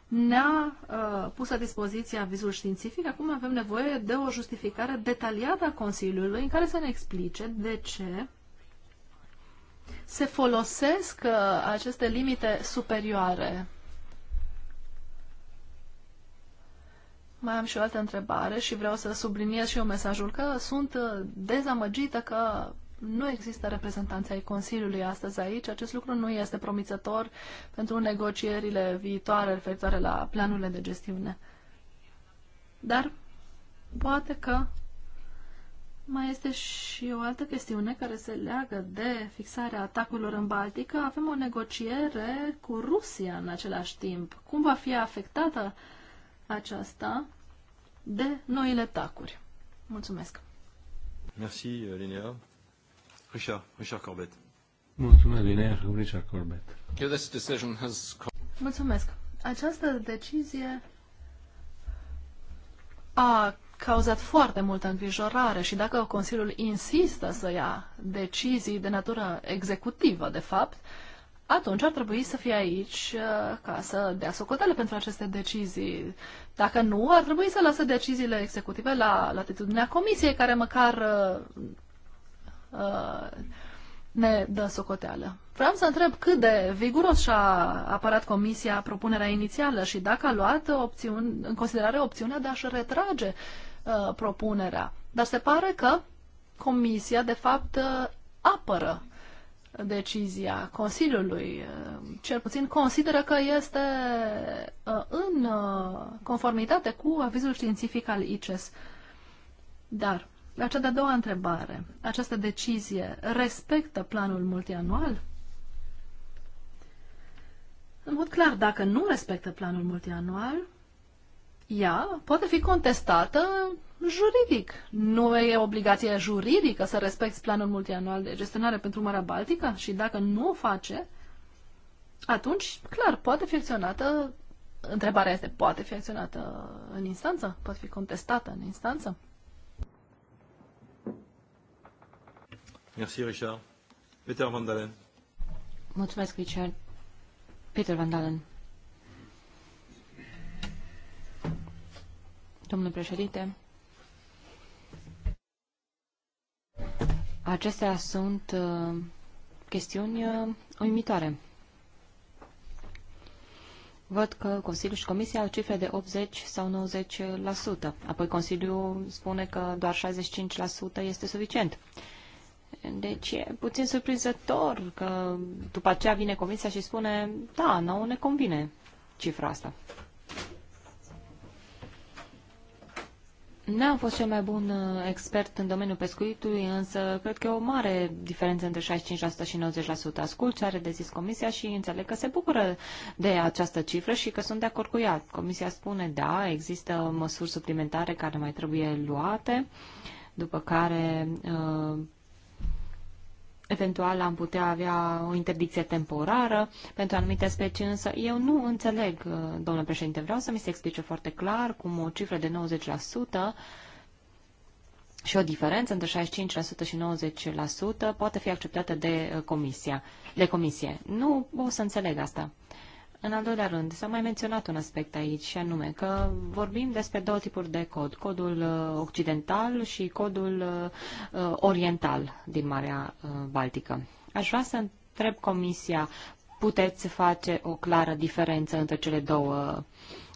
ne-a uh, pus la dispoziție avizul științific, acum avem nevoie de o justificare detaliată a Consiliului în care să ne explice de ce se folosesc uh, aceste limite superioare? Mai am și o altă întrebare și vreau să subliniez și eu mesajul că sunt uh, dezamăgită că nu există reprezentanța ai Consiliului astăzi aici. Acest lucru nu este promițător pentru negocierile viitoare referitoare la planurile de gestiune. Dar poate că mai este și o altă chestiune care se leagă de fixarea atacurilor în Baltică. Avem o negociere cu Rusia în același timp. Cum va fi afectată aceasta de noile atacuri? Mulțumesc! Merci, Linea. Richard, Richard Corbett. Mulțumesc, Linea. Richard Corbett. This decision has... Mulțumesc. Această decizie a cauzat foarte multă îngrijorare și dacă Consiliul insistă să ia decizii de natură executivă, de fapt, atunci ar trebui să fie aici uh, ca să dea socotele pentru aceste decizii. Dacă nu, ar trebui să lasă deciziile executive la latitudinea comisiei, care măcar uh, uh, ne dă socoteală. Vreau să întreb cât de viguros și-a apărat comisia propunerea inițială și dacă a luat opțiuni, în considerare opțiunea de a-și retrage uh, Uh, propunerea. Dar se pare că Comisia, de fapt, uh, apără decizia Consiliului, uh, cel puțin consideră că este în conformitate cu avizul științific al ICES. Dar, la cea de-a doua întrebare, această decizie respectă planul multianual? În mod clar, dacă nu respectă planul multianual, ea poate fi contestată juridic. Nu e obligația juridică să respecti planul multianual de gestionare pentru Marea Baltică și dacă nu o face, atunci, clar, poate fi acționată, întrebarea este, poate fi acționată în instanță? Poate fi contestată în instanță? Merci, Richard. Peter Van Dalen. Mulțumesc, Richard. Peter Van Dalen. Domnule președinte, acestea sunt uh, chestiuni uh, uimitoare. Văd că Consiliul și Comisia au cifre de 80 sau 90%. Apoi Consiliul spune că doar 65% este suficient. Deci e puțin surprinzător că după aceea vine Comisia și spune, da, nouă ne convine cifra asta. N-am fost cel mai bun uh, expert în domeniul pescuitului, însă cred că e o mare diferență între 65% și 90%. Ascult ce are de zis Comisia și înțeleg că se bucură de această cifră și că sunt de acord cu ea. Comisia spune, da, există măsuri suplimentare care mai trebuie luate, după care uh, Eventual am putea avea o interdicție temporară pentru anumite specii, însă eu nu înțeleg, uh, domnule președinte, vreau să mi se explice foarte clar cum o cifră de 90% și o diferență între 65% și 90% poate fi acceptată de, uh, comisia, de comisie. Nu o să înțeleg asta. În al doilea rând, s-a mai menționat un aspect aici, și anume că vorbim despre două tipuri de cod, codul uh, occidental și codul uh, oriental din Marea uh, Baltică. Aș vrea să întreb Comisia, puteți face o clară diferență între cele două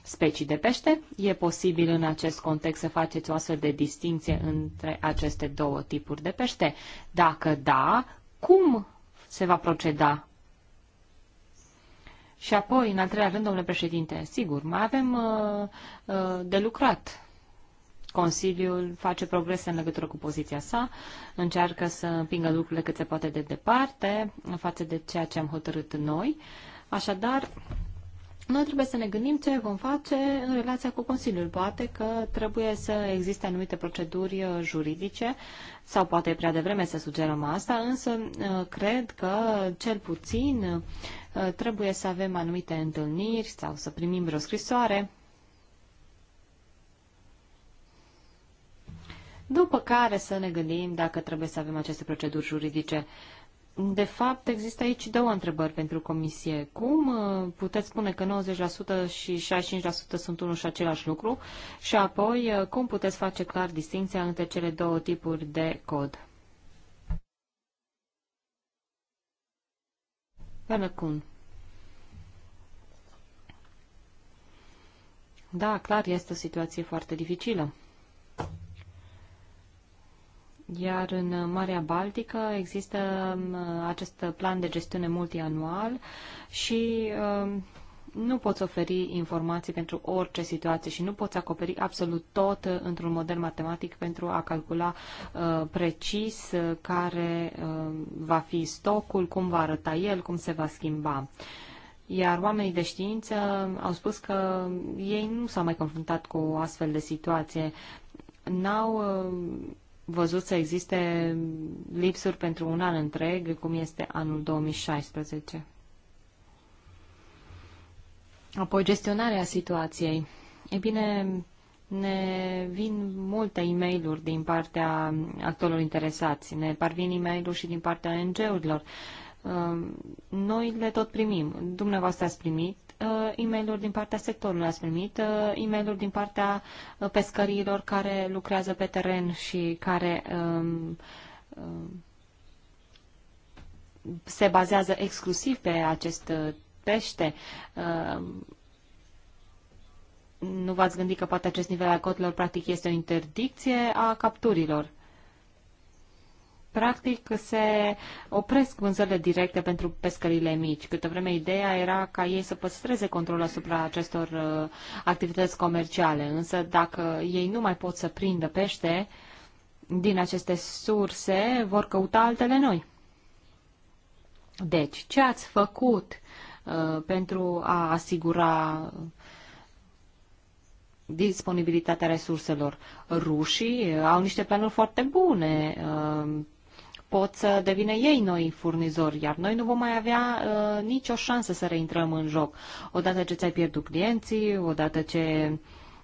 specii de pește? E posibil în acest context să faceți o astfel de distinție între aceste două tipuri de pește? Dacă da, cum se va proceda și apoi, în al treilea rând, domnule președinte, sigur, mai avem uh, uh, de lucrat. Consiliul face progrese în legătură cu poziția sa, încearcă să împingă lucrurile cât se poate de departe în față de ceea ce am hotărât noi. Așadar, noi trebuie să ne gândim ce vom face în relația cu Consiliul. Poate că trebuie să existe anumite proceduri uh, juridice sau poate prea devreme să sugerăm asta, însă uh, cred că cel puțin uh, trebuie să avem anumite întâlniri sau să primim vreo scrisoare. După care să ne gândim dacă trebuie să avem aceste proceduri juridice uh, de fapt, există aici două întrebări pentru comisie. Cum uh, puteți spune că 90% și 65% sunt unul și același lucru? Și apoi, uh, cum puteți face clar distinția între cele două tipuri de cod? Doamnă Cun. Da, clar, este o situație foarte dificilă. Iar în Marea Baltică există um, acest plan de gestiune multianual și um, nu poți oferi informații pentru orice situație și nu poți acoperi absolut tot într-un model matematic pentru a calcula uh, precis care um, va fi stocul, cum va arăta el, cum se va schimba. Iar oamenii de știință au spus că ei nu s-au mai confruntat cu o astfel de situație. N-au uh, văzut să existe lipsuri pentru un an întreg, cum este anul 2016. Apoi, gestionarea situației. E bine, ne vin multe e mail din partea actorilor interesați, ne parvin e mail și din partea ONG-urilor. Noi le tot primim. Dumneavoastră ați primit Uh, e mail din partea sectorului, ați primit uh, e mail din partea uh, pescărilor care lucrează pe teren și care um, um, se bazează exclusiv pe acest pește. Um, nu v-ați gândit că poate acest nivel al cotelor practic este o interdicție a capturilor? practic se opresc vânzările directe pentru pescările mici. Câte vreme ideea era ca ei să păstreze controlul asupra acestor uh, activități comerciale, însă dacă ei nu mai pot să prindă pește din aceste surse, vor căuta altele noi. Deci, ce ați făcut uh, pentru a asigura disponibilitatea resurselor? Rușii au niște planuri foarte bune uh, pot să devină ei noi furnizori, iar noi nu vom mai avea uh, nicio șansă să reintrăm în joc. Odată ce ți-ai pierdut clienții, odată ce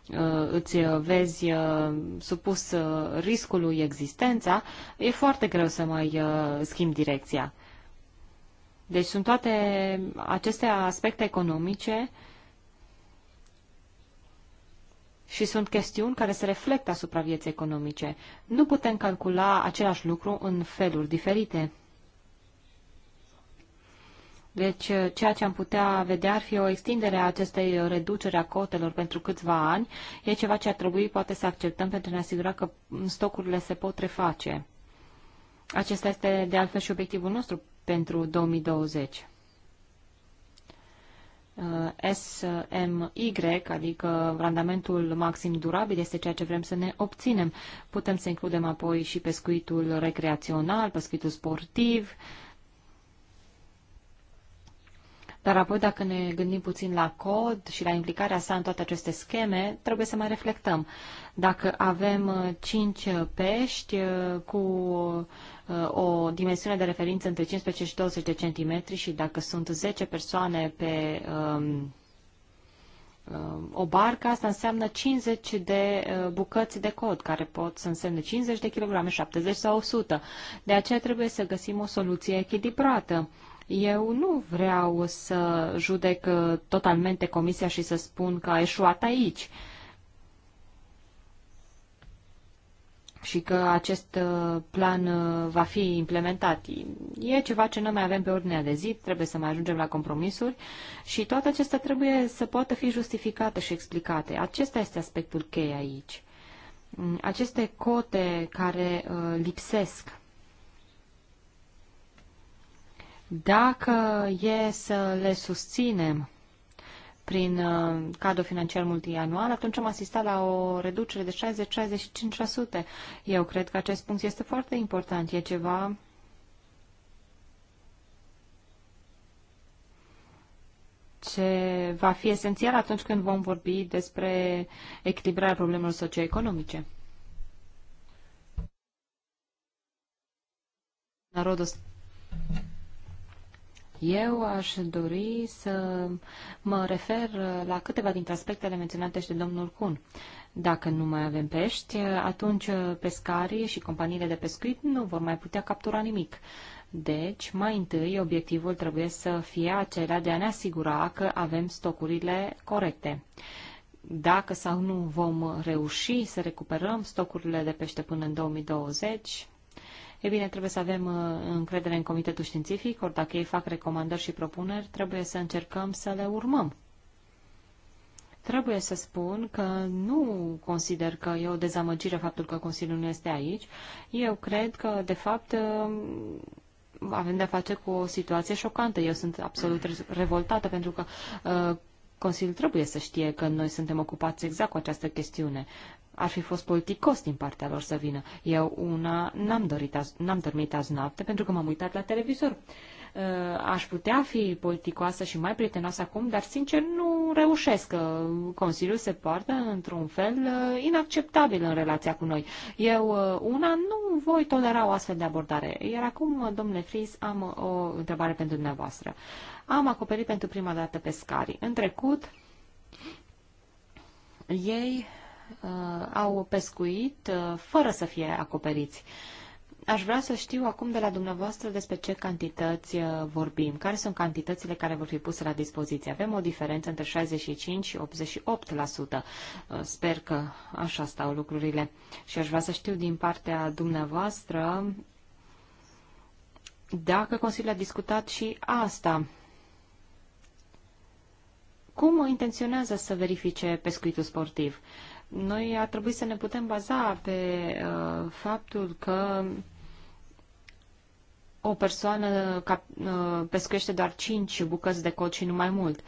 uh, îți vezi uh, supus uh, riscului existența, e foarte greu să mai uh, schimbi direcția. Deci sunt toate aceste aspecte economice uh, și sunt chestiuni care se reflectă asupra vieții economice. Nu putem calcula același lucru în feluri diferite. Deci, uh, ceea ce am putea vedea ar fi o extindere a acestei reduceri a cotelor pentru câțiva ani. E ceva ce ar trebui poate să acceptăm pentru a ne asigura că stocurile se pot reface. Acesta este de altfel și obiectivul nostru pentru 2020. Uh, SMY, adică randamentul maxim durabil, este ceea ce vrem să ne obținem. Putem să includem apoi și pescuitul recreațional, pescuitul sportiv, dar apoi, dacă ne gândim puțin la cod și la implicarea sa în toate aceste scheme, trebuie să mai reflectăm. Dacă avem 5 uh, pești uh, cu o dimensiune de referință între 15 și 20 de centimetri și dacă sunt 10 persoane pe um, um, o barcă, asta înseamnă 50 de uh, bucăți de cod, care pot să însemne 50 de kilograme, 70 sau 100. De aceea trebuie să găsim o soluție echilibrată. Eu nu vreau să judec uh, totalmente comisia și să spun că a eșuat aici. și că acest uh, plan uh, va fi implementat. E ceva ce nu mai avem pe ordinea de zi, trebuie să mai ajungem la compromisuri și toate acestea trebuie să poată fi justificate și explicate. Acesta este aspectul cheie aici. Mm, aceste cote care uh, lipsesc dacă e să le susținem prin uh, cadrul financiar multianual, atunci am asistat la o reducere de 60-65%. Eu cred că acest punct este foarte important. E ceva ce va fi esențial atunci când vom vorbi despre echilibrarea problemelor socioeconomice. Narodos eu aș dori să mă refer la câteva dintre aspectele menționate și de domnul Cun. Dacă nu mai avem pești, atunci pescarii și companiile de pescuit nu vor mai putea captura nimic. Deci, mai întâi, obiectivul trebuie să fie acela de a ne asigura că avem stocurile corecte. Dacă sau nu vom reuși să recuperăm stocurile de pește până în 2020, E bine, trebuie să avem uh, încredere în comitetul științific, ori dacă ei fac recomandări și propuneri, trebuie să încercăm să le urmăm. Trebuie să spun că nu consider că e o dezamăgire faptul că Consiliul nu este aici. Eu cred că, de fapt, um, avem de-a face cu o situație șocantă. Eu sunt absolut revoltată pentru că uh, Consiliul trebuie să știe că noi suntem ocupați exact cu această chestiune. Ar fi fost politicos din partea lor să vină. Eu una n-am, dorit azi, n-am dormit azi noapte pentru că m-am uitat la televizor. Uh, aș putea fi politicoasă și mai prietenoasă acum, dar sincer nu reușesc. Consiliul se poartă într-un fel uh, inacceptabil în relația cu noi. Eu uh, una nu voi tolera o astfel de abordare. Iar acum, domnule Fris, am o întrebare pentru dumneavoastră am acoperit pentru prima dată pescarii. În trecut, ei uh, au pescuit uh, fără să fie acoperiți. Aș vrea să știu acum de la dumneavoastră despre ce cantități uh, vorbim, care sunt cantitățile care vor fi puse la dispoziție. Avem o diferență între 65 și 88%. Uh, sper că așa stau lucrurile. Și aș vrea să știu din partea dumneavoastră dacă Consiliul a discutat și asta cum intenționează să verifice pescuitul sportiv? Noi ar trebui să ne putem baza pe uh, faptul că o persoană uh, pescuiește doar 5 bucăți de cod și nu mai mult.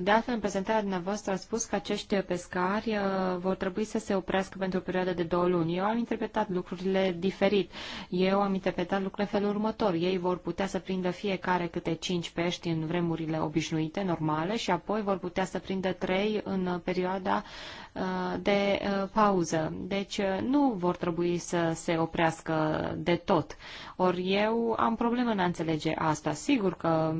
De altfel, în prezentarea dumneavoastră a spus că acești pescari uh, vor trebui să se oprească pentru o perioadă de două luni. Eu am interpretat lucrurile diferit. Eu am interpretat lucrurile în felul următor. Ei vor putea să prindă fiecare câte 5 pești în vremurile obișnuite, normale, și apoi vor putea să prindă 3 în perioada Uh, de uh, pauză. Deci uh, nu vor trebui să se oprească de tot. Ori eu am probleme în a înțelege asta. Sigur că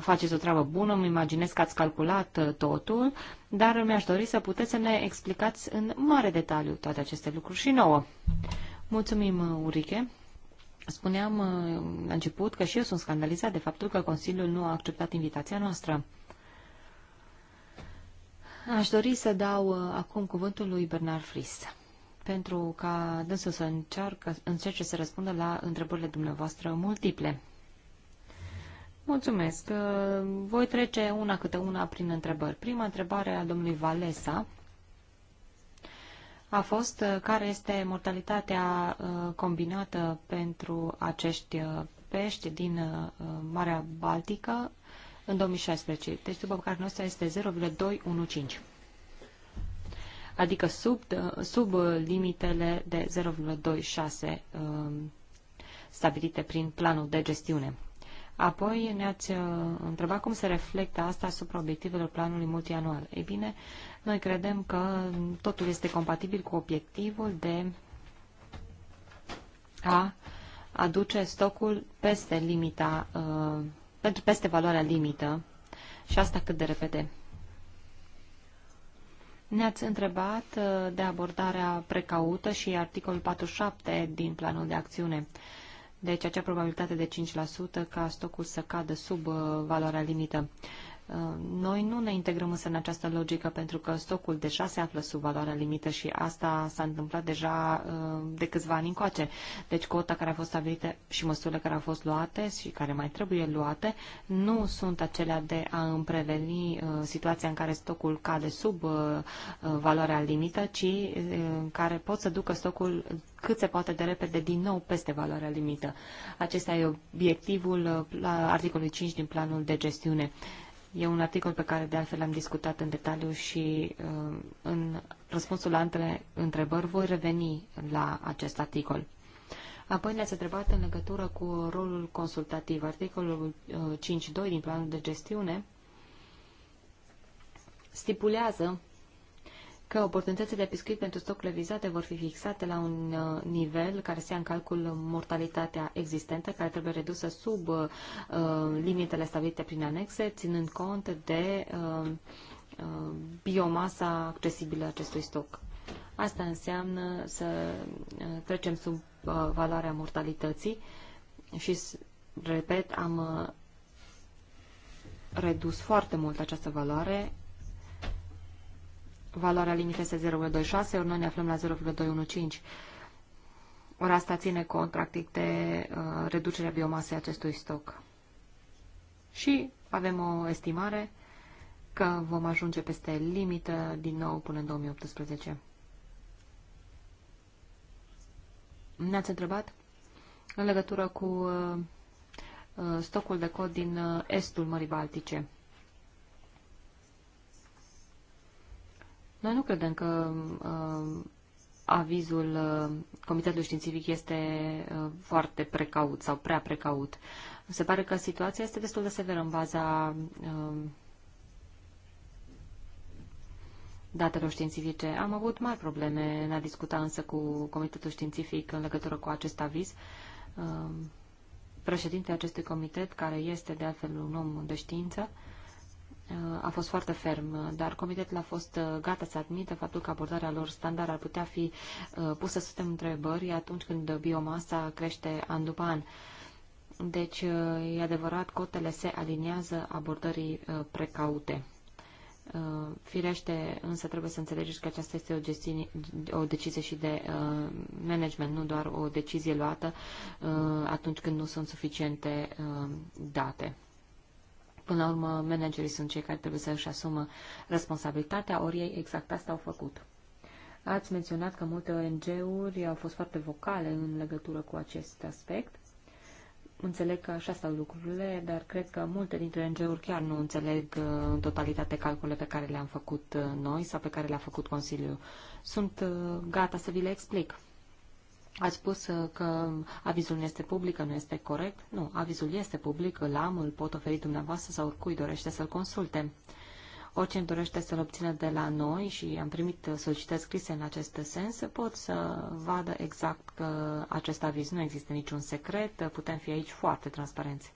faceți o treabă bună, îmi imaginez că ați calculat totul, dar mi-aș dori să puteți să ne explicați în mare detaliu toate aceste lucruri și nouă. Mulțumim, Urike. Spuneam la început că și eu sunt scandalizat de faptul că Consiliul nu a acceptat invitația noastră. Aș dori să dau uh, acum cuvântul lui Bernard Fris pentru ca dânsul să încearcă, încerce să răspundă la întrebările dumneavoastră multiple. Mulțumesc. Uh, voi trece una câte una prin întrebări. Prima întrebare a domnului Valesa a fost uh, care este mortalitatea combinată pentru acești pești din Marea Baltică în 2016. Deci după care noastră este 0,215 adică sub, sub uh, limitele de 0,26 um, stabilite prin planul de gestiune. Apoi ne-ați uh, întrebat cum se reflectă asta asupra obiectivelor planului multianual. Ei bine, noi credem că totul este compatibil cu obiectivul de a aduce stocul peste limita uh, pentru peste valoarea limită și asta cât de repede. Ne-ați întrebat uh, de abordarea precaută și articolul 47 din planul de acțiune. Deci acea probabilitate de 5% ca stocul să cadă sub uh, valoarea limită. Uh, noi nu ne integrăm însă în această logică pentru că stocul deja se află sub valoarea limită și asta s-a întâmplat deja uh, de câțiva ani încoace. Deci cota care a fost stabilită și măsurile care au fost luate și care mai trebuie luate nu sunt acelea de a împreveni uh, situația în care stocul cade sub valoarea limită, ci care pot să ducă stocul cât se poate de repede din nou peste valoarea limită. Acesta e obiectivul articolului 5 din planul de gestiune. E un articol pe care de altfel l-am discutat în detaliu și uh, în răspunsul la între întrebări voi reveni la acest articol. Apoi ne-ați întrebat în legătură cu rolul consultativ. Articolul 5.2 uh, din planul de gestiune stipulează că oportunitățile de pescuit pentru stocurile vizate vor fi fixate la un uh, nivel care se ia în calcul mortalitatea existentă, care trebuie redusă sub uh, limitele stabilite prin anexe, ținând cont de uh, uh, biomasa accesibilă acestui stoc. Asta înseamnă să uh, trecem sub uh, valoarea mortalității și, repet, am redus foarte mult această valoare valoarea limită este 0,26, ori noi ne aflăm la 0,215. Ori asta ține cont, practic, de uh, reducerea biomasei acestui stoc. Și avem o estimare că vom ajunge peste limită din nou până în 2018. Ne-ați întrebat în legătură cu uh, uh stocul de cod din uh, estul Mării Baltice. Noi nu credem că uh, avizul uh, Comitetului Științific este uh, foarte precaut sau prea precaut. Se pare că situația este destul de severă în baza uh, datelor științifice. Am avut mari probleme în a discuta însă cu Comitetul Științific în legătură cu acest aviz. Uh, președintele acestui comitet, care este de altfel un om de știință, uh, a fost foarte ferm, dar comitetul a fost uh, gata să admită faptul că abordarea lor standard ar putea fi uh, pusă sub întrebări atunci când biomasa crește an după an. Deci, uh, e adevărat, cotele se aliniază abordării precaute. Firește, însă trebuie să înțelegeți că aceasta este o, gestie, o decizie și de uh, management, nu doar o decizie luată uh, atunci când nu sunt suficiente uh, date. Până la urmă, managerii sunt cei care trebuie să își asumă responsabilitatea, ori ei exact asta au făcut. Ați menționat că multe ONG-uri au fost foarte vocale în legătură cu acest aspect. Înțeleg că așa stau lucrurile, dar cred că multe dintre ONG-uri chiar nu înțeleg uh, în totalitate calculele pe care le-am făcut uh, noi sau pe care le-a făcut Consiliul. Sunt uh, gata să vi le explic. Ați spus uh, că avizul nu este public, că nu este corect. Nu, avizul este public, îl am, îl pot oferi dumneavoastră sau oricui dorește să-l consulte. Orice îmi dorește să-l obțină de la noi și am primit uh, solicitări scrise în acest sens, pot să vadă exact că uh, acest aviz nu există niciun secret, putem fi aici foarte transparenți.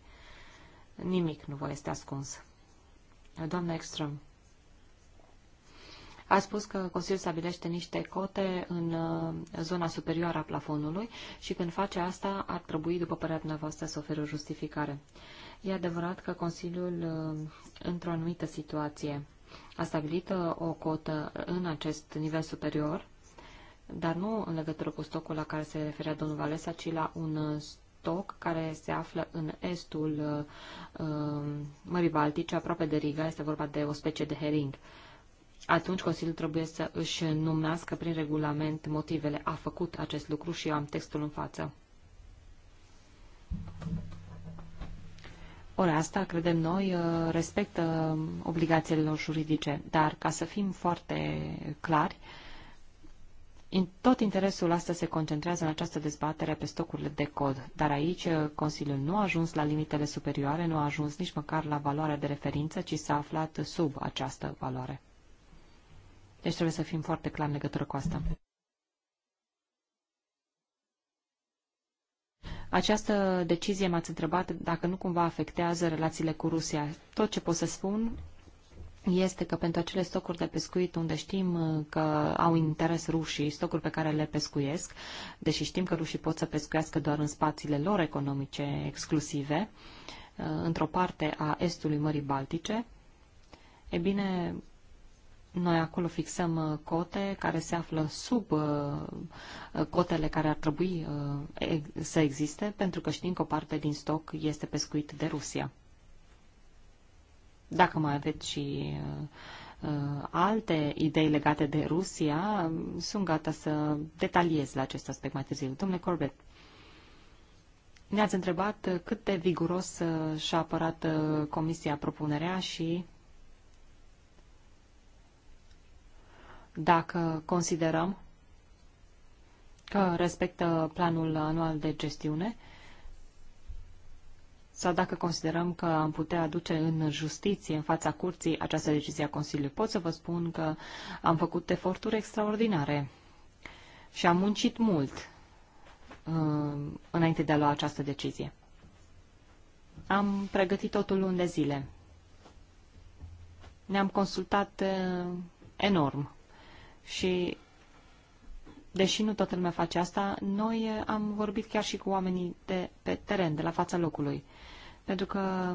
Nimic nu vă este ascuns. Doamna Ekström, a spus că Consiliul stabilește niște cote în uh, zona superioară a plafonului și când face asta ar trebui, după părerea dumneavoastră, să ofere o justificare. E adevărat că Consiliul, uh, într-o anumită situație, a stabilit uh, o cotă în acest nivel superior, dar nu în legătură cu stocul la care se referea domnul Valesa, ci la un stoc care se află în estul uh, Mării Baltice, aproape de Riga, este vorba de o specie de hering. Uh, atunci Consiliul trebuie să își numească prin regulament motivele. A făcut acest lucru și eu am textul în față. Ori asta, credem noi, uh, respectă obligațiile juridice, dar ca să fim foarte clari, tot interesul asta se concentrează în această dezbatere pe stocurile de cod, dar aici uh, Consiliul nu a ajuns la limitele superioare, nu a ajuns nici măcar la valoarea de referință, ci s-a aflat sub această valoare. Deci trebuie să fim foarte clar în legătură cu asta. Această decizie m-ați întrebat dacă nu cumva afectează relațiile cu Rusia. Tot ce pot să spun este că pentru acele stocuri de pescuit unde știm uh, că au interes rușii, stocuri pe care le pescuiesc, deși știm că rușii pot să pescuiască doar în spațiile lor economice exclusive, uh, într-o parte a estului Mării Baltice, e bine, noi acolo fixăm uh, cote care se află sub uh, uh, cotele care ar trebui să existe, pentru că știm că o parte din stoc este pescuit de Rusia. Dacă mai aveți și alte idei legate de Rusia, sunt gata să detaliez la acest aspect mai târziu. Domnule Corbett, ne-ați întrebat cât de viguros și-a apărat Comisia propunerea și dacă considerăm că respectă planul anual de gestiune sau dacă considerăm că am putea aduce în justiție, în fața curții, această decizie a Consiliului. Pot să vă spun că am făcut eforturi extraordinare și am muncit mult uh, înainte de a lua această decizie. Am pregătit totul luni de zile. Ne-am consultat uh, enorm. Și deși nu toată lumea face asta, noi am vorbit chiar și cu oamenii de pe teren, de la fața locului. Pentru că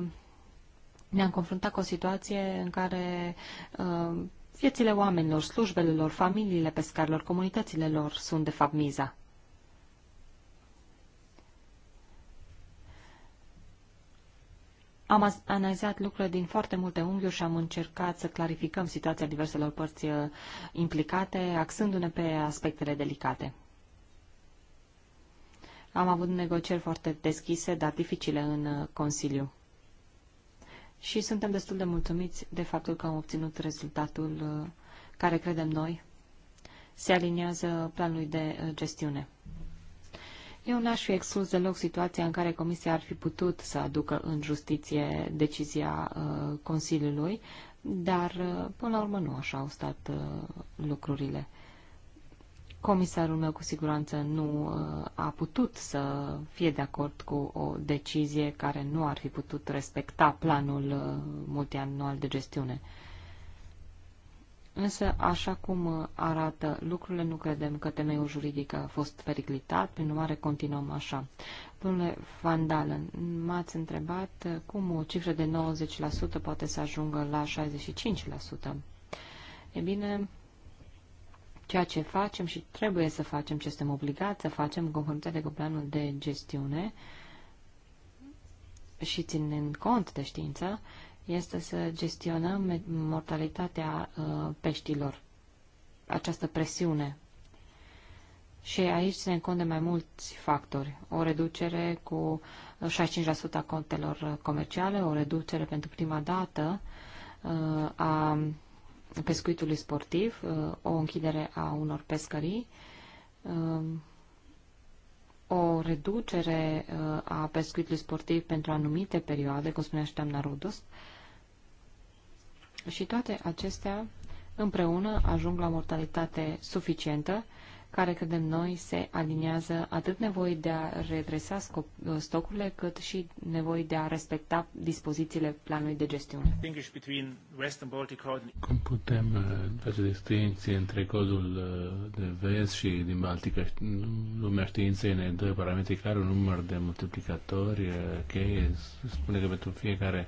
ne-am confruntat cu o situație în care uh, viețile oamenilor, slujbele lor, familiile pescarilor, comunitățile lor sunt de fapt miza. Am analizat lucrurile din foarte multe unghiuri și am încercat să clarificăm situația diverselor părți uh, implicate, axându-ne pe aspectele delicate. Am avut negocieri foarte deschise, dar dificile în uh, Consiliu. Și suntem destul de mulțumiți de faptul că am obținut rezultatul uh, care credem noi se aliniază planului de gestiune. Eu n-aș fi exclus deloc situația în care Comisia ar fi putut să aducă în justiție decizia uh, Consiliului, dar uh, până la urmă nu așa au stat uh, lucrurile. Comisarul meu cu siguranță nu uh, a putut să fie de acord cu o decizie care nu ar fi putut respecta planul uh, multianual de gestiune. Uh, Însă, așa cum uh, arată lucrurile, nu credem că temeiul juridic a fost periclitat, prin urmare continuăm așa. Domnule Van Dalen, m-ați întrebat uh, cum o cifră de 90% poate să ajungă la 65%. E bine, ceea ce facem și trebuie să facem, ce suntem obligați să facem în conformitate cu planul de gestiune și ținând cont de știință, este să gestionăm mortalitatea uh, peștilor, această presiune. Și aici se înconde mai mulți factori. O reducere cu 65% a contelor comerciale, o reducere pentru prima dată uh, a pescuitului sportiv, uh, o închidere a unor pescării, o reducere a pescuitului sportiv pentru anumite perioade, cum spunea și doamna Rudos, și toate acestea împreună ajung la mortalitate suficientă, care credem noi se aliniază atât nevoi de a redresa stocurile, cât și nevoi de a respecta dispozițiile planului de gestiune. Cum putem uh, face distinție între codul uh, de vest și din Baltică? Lumea științei ne dă parametri care un număr de multiplicatori uh, cheie, spune că pentru fiecare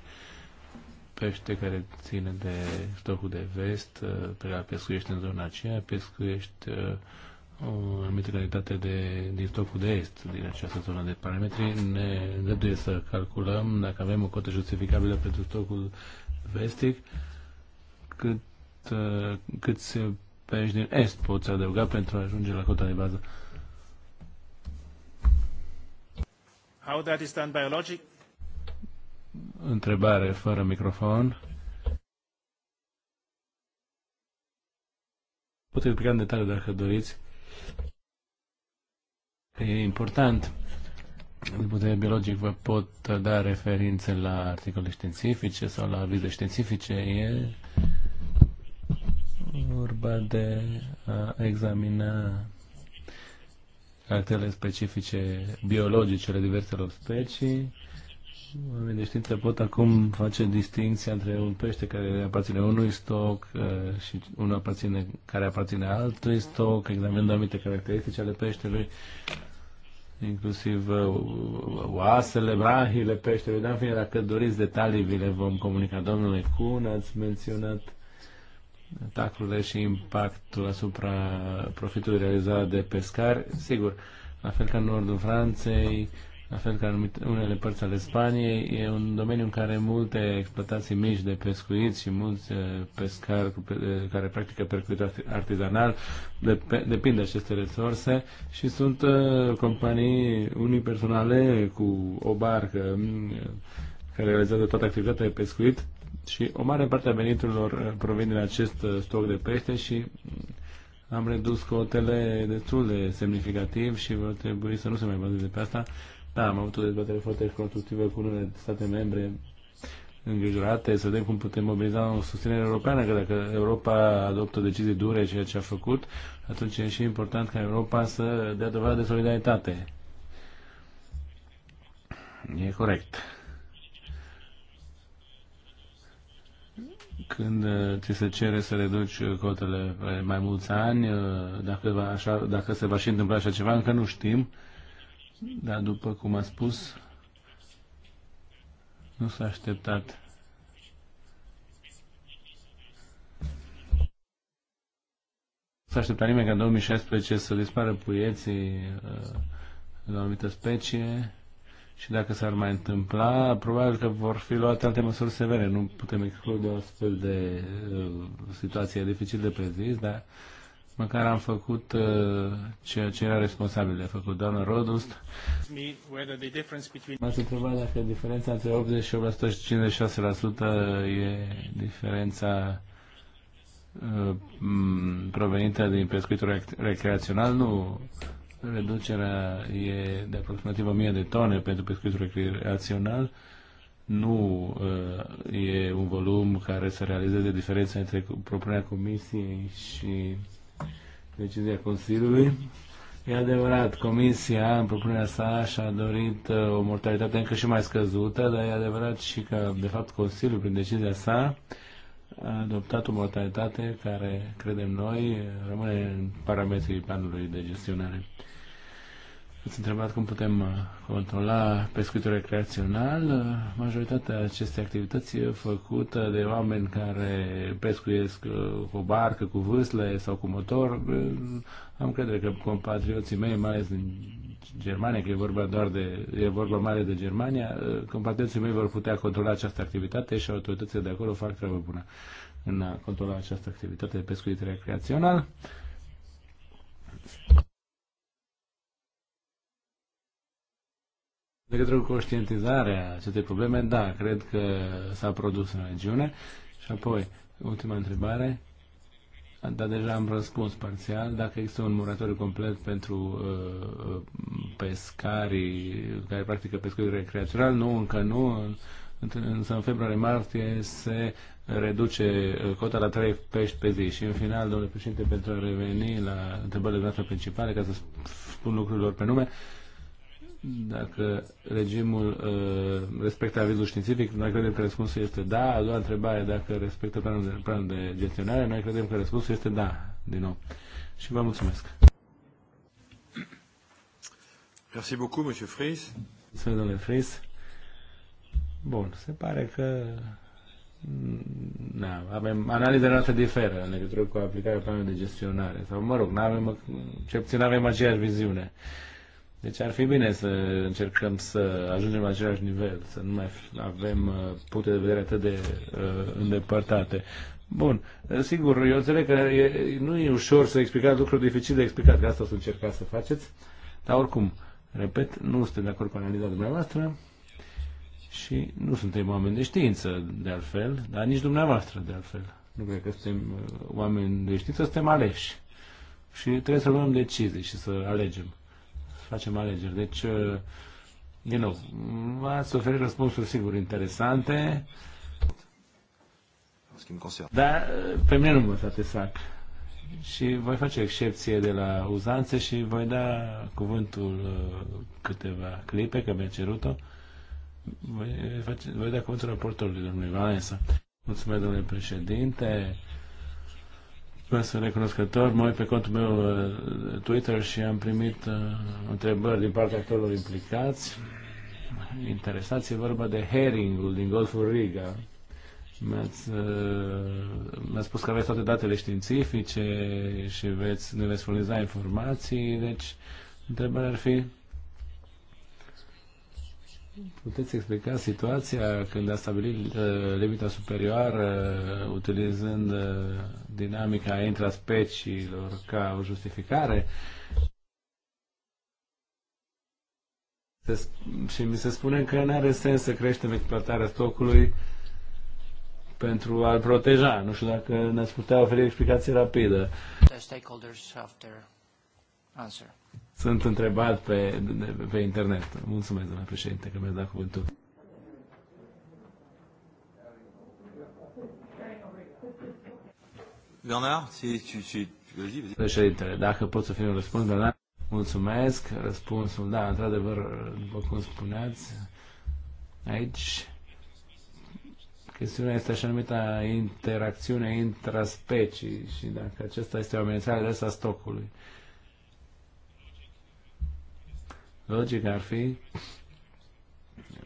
pește care ține de stocul de vest, uh, pe care pescuiește în zona aceea, pescuiește uh, o anumită calitate de, din stocul de est, din această zonă de parametri. Ne dăduie să calculăm dacă avem o cotă justificabilă pentru stocul vestic, cât, uh, cât se pești din est poți adăuga pentru a ajunge la cota de bază. How that is done biologic, întrebare fără microfon. Puteți explica în detaliu dacă doriți. E important. Din punct de vedere biologic vă pot da referințe la articole științifice sau la vize științifice. E vorba de a examina caracterele specifice biologice ale diverselor specii oamenii de știință pot acum face distinția între un pește care aparține unui stoc uh, și unul aparține, care aparține altui stoc, examinând exact, anumite caracteristici ale peștelui, inclusiv uh, oasele, brahile peștelui. Dar, în fine, dacă doriți detalii, vi le vom comunica. Domnule Cun, ați menționat atacurile și impactul asupra profitului realizat de pescari. Sigur, la fel ca în nordul Franței, la fel ca unele părți ale Spaniei. E un domeniu în care multe exploatații mici de pescuit și mulți uh, pescari uh, care practică pescuit artizanal depind de aceste resurse și sunt uh, companii unipersonale cu o barcă care realizează toată activitatea de pescuit și o mare parte a veniturilor provine din acest stoc de pește și mm, am redus cotele destul de semnificativ și vor trebui să nu se mai bazeze pe asta da, am avut o dezbatere foarte constructivă cu unele state membre îngrijorate, să vedem cum putem mobiliza o susținere europeană, că dacă Europa adoptă decizii dure, ceea ce a făcut, atunci e și important ca Europa să dea dovadă de solidaritate. E corect. Când uh, ți se cere să reduci uh, cotele mai mulți ani, uh, dacă, va așa, dacă se va și întâmpla așa ceva, încă nu știm dar după cum a spus, nu s-a așteptat. Nu s-a așteptat nimeni ca în 2016 să dispară puieții la uh, o anumită specie și dacă s-ar mai întâmpla, probabil că vor fi luate alte măsuri severe. Nu putem exclude o astfel de uh, situație dificil de prezis, dar măcar am făcut uh, ceea ce era responsabil de făcut. Doamna Rodust, m-ați întrebat dacă diferența între 88% și 56% e diferența uh, provenită din pescuitul recreațional. Nu, reducerea e de aproximativ 1000 de tone pentru pescuitul recreațional. Nu uh, e un volum care să realizeze diferența între propunerea comisiei și decizia Consiliului. E adevărat, Comisia, în propunerea sa, și-a dorit uh, o mortalitate încă și mai scăzută, dar e adevărat și că, de fapt, Consiliul, prin decizia sa, a adoptat o mortalitate care, credem noi, rămâne în parametrii planului de gestionare. Ați întrebat cum putem uh, controla pescuitul recreațional. Uh, majoritatea acestei activități e făcută de oameni care pescuiesc uh, cu barcă, cu vâsle sau cu motor. Am credere că compatrioții mei, mai ales din Germania, că e vorba doar de, e vorba mare de Germania, compatrioții mei vor putea controla această activitate și autoritățile de acolo fac treabă bună în a controla această activitate de pescuit recreațional. legătură trebuie conștientizarea acestei probleme, da, cred că s-a produs în regiune. Și apoi, ultima întrebare, dar deja am răspuns parțial, dacă există un moratoriu complet pentru uh, pescarii care practică pescuit recreațional, nu, încă nu, însă în februarie-martie se reduce uh, cota la 3 pești pe zi. Și în final, domnule președinte, pentru a reveni la întrebările noastre principale, ca să spun lucrurilor pe nume, uh, dacă regimul uh, respectă avizul științific, noi credem că răspunsul este da. A doua întrebare, dacă respectă planul de, planul de gestionare, noi credem că răspunsul este da, din nou. Și vă mulțumesc. Merci beaucoup, M. Fries. Mulțumesc, domnule Fries. Bun, se pare că mm, na, avem, analizele noastre diferă în legătură cu aplicarea planului de gestionare. Sau, mă rog, nu avem cel puțin nu avem aceeași viziune. Deci ar fi bine să încercăm să ajungem la același nivel, să nu mai avem uh, puncte de vedere atât de uh, îndepărtate. Bun, uh, sigur, eu înțeleg că e, nu e ușor să explicați lucruri dificil de explicat, că asta o să încercați să faceți, dar oricum, repet, nu suntem de acord cu analiza dumneavoastră și nu suntem oameni de știință, de altfel, dar nici dumneavoastră, de altfel. Nu cred că suntem uh, oameni de știință, suntem aleși. Și trebuie să luăm decizii și să alegem facem alegeri. Deci, uh, din nou, ați oferit răspunsuri, sigur, interesante. Dar uh, pe mine nu mă satisfac. Și voi face excepție de la uzanțe și voi da cuvântul uh, câteva clipe, că mi-a cerut-o. Voi, face, voi da cuvântul raportorului domnului Valensa. Mulțumesc, domnule președinte răspuns recunoscător. Mă uit pe contul meu uh, Twitter și am primit uh, întrebări din partea actorilor implicați. Interesați, e vorba de herringul din Golful Riga. Mi-ați, uh, mi spus că aveți toate datele științifice și veți, ne veți furniza informații, deci întrebarea ar fi puteți explica situația când a stabilit uh, limita superioară utilizând uh, dinamica intraspeciilor ca o justificare? Se, și mi se spune că nu are sens să creștem exploatarea stocului pentru a-l proteja. Nu știu dacă ne-ați putea oferi explicație rapidă. The stakeholders after answer sunt întrebat pe, pe internet. Mulțumesc, domnule președinte, că mi ați dat cuvântul. Bernard, Președintele, dacă pot să fiu un răspuns, Bernard, mulțumesc. Răspunsul, da, într-adevăr, după cum spuneați, aici chestiunea este așa numită interacțiune intraspecii și dacă acesta este o amenințare adresa stocului. Logic ar fi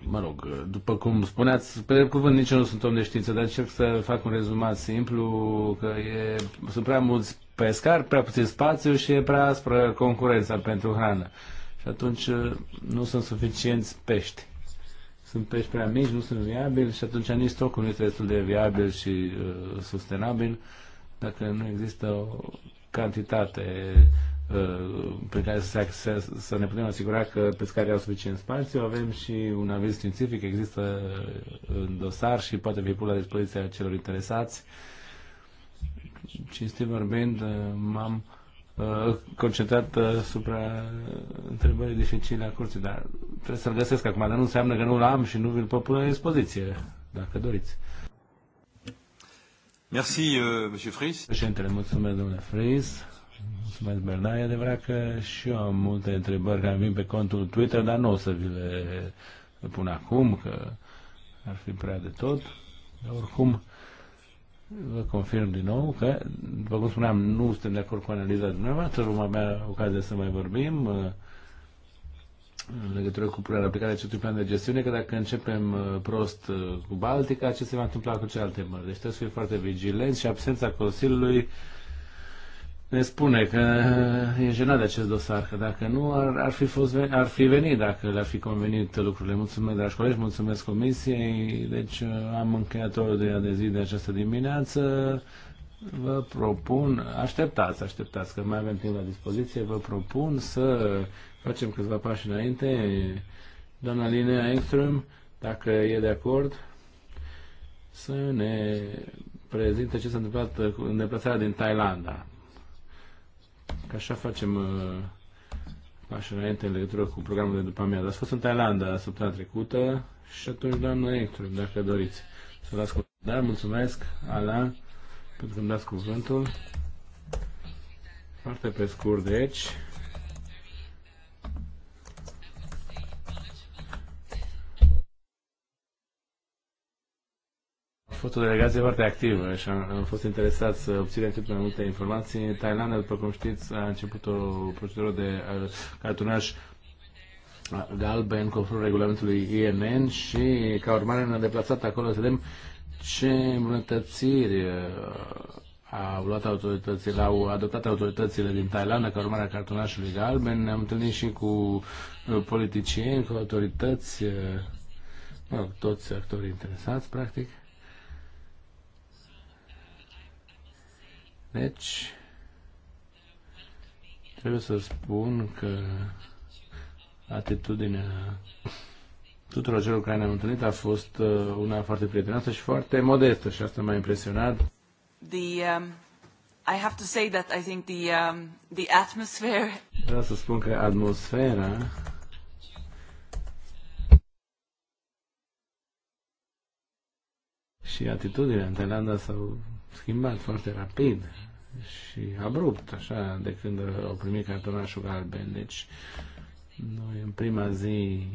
mă rog, după cum spuneați, pe cuvânt nici eu nu sunt om de știință, dar încerc să fac un rezumat simplu, că e, sunt prea mulți pescari, prea puțin spațiu și e prea aspră concurența pentru hrană. Și atunci uh, nu sunt suficienți pești. Sunt pești prea mici, nu sunt viabili și atunci nici stocul nu este destul de viabil și uh, sustenabil dacă nu există o cantitate Uh, prin care să, să, să ne putem asigura că pescarii au suficient spațiu. Avem și un aviz științific, există uh, în dosar și poate fi pus la dispoziția celor interesați. Cinstit vorbind, uh, m-am concentrat asupra întrebării dificile a curții, dar trebuie să-l găsesc acum, dar nu înseamnă că nu-l am și nu vi-l pot pune la dispoziție, dacă doriți. Merci, uh, Monsieur Fris. Președintele, mulțumesc, domnule Fris. Mulțumesc, Berna. Da, e adevărat că și eu am multe întrebări care vin pe contul Twitter, dar nu o să vi le pun acum, că ar fi prea de tot. Dar oricum, vă confirm din nou că, după cum spuneam, nu suntem de acord cu analiza dumneavoastră, vom avea ocazia să mai vorbim uh, în legătură cu punerea aplicarea acestui plan de gestiune, că dacă începem uh, prost uh, cu Baltica, ce se va întâmpla cu celelalte mări? Deci trebuie să fie foarte vigilenți și absența Consiliului ne spune că e jenat de acest dosar, că dacă nu ar, ar, fi, fost, ar fi venit, dacă le-ar fi convenit lucrurile. Mulțumesc, dragi colegi, mulțumesc comisiei. Deci uh, am încheiat ordinea de zi de această dimineață. Vă propun, așteptați, așteptați, că mai avem timp la dispoziție, vă propun să facem câțiva pași înainte. Doamna Linea Engström, dacă e de acord, să ne prezinte ce s-a întâmplat în deplasarea din Thailanda. Că așa facem uh, înainte în legătură cu programul de după amiază. Ați fost în Thailanda săptămâna trecută și atunci, doamnă Ector, dacă doriți să las cu... Da, mulțumesc, Ala, pentru că îmi dați cuvântul. Foarte pe scurt, deci, fost o delegație foarte activă și am, am fost interesat să obținem cât mai multe informații. Thailanda, după cum știți, a început o procedură de uh, cartonaj galben conform regulamentului INN și ca urmare ne a deplasat acolo să vedem ce îmbunătățiri au luat autoritățile, au adoptat autoritățile din Thailanda ca urmare a cartonașului galben. Ne-am întâlnit și cu uh, politicieni, cu autorități, uh, mă rog, toți actorii interesați, practic. Deci, trebuie să spun că atitudinea tuturor celor care ne-am întâlnit a fost uh, una foarte prietenoasă și foarte modestă și asta m-a impresionat. The, um, I have to say that I think the, um, the atmosphere... [LAUGHS] Vreau să spun că atmosfera și atitudinea în Thailanda s-au schimbat foarte rapid și abrupt, așa, de când au primit cartonașul galben. Deci, noi în prima zi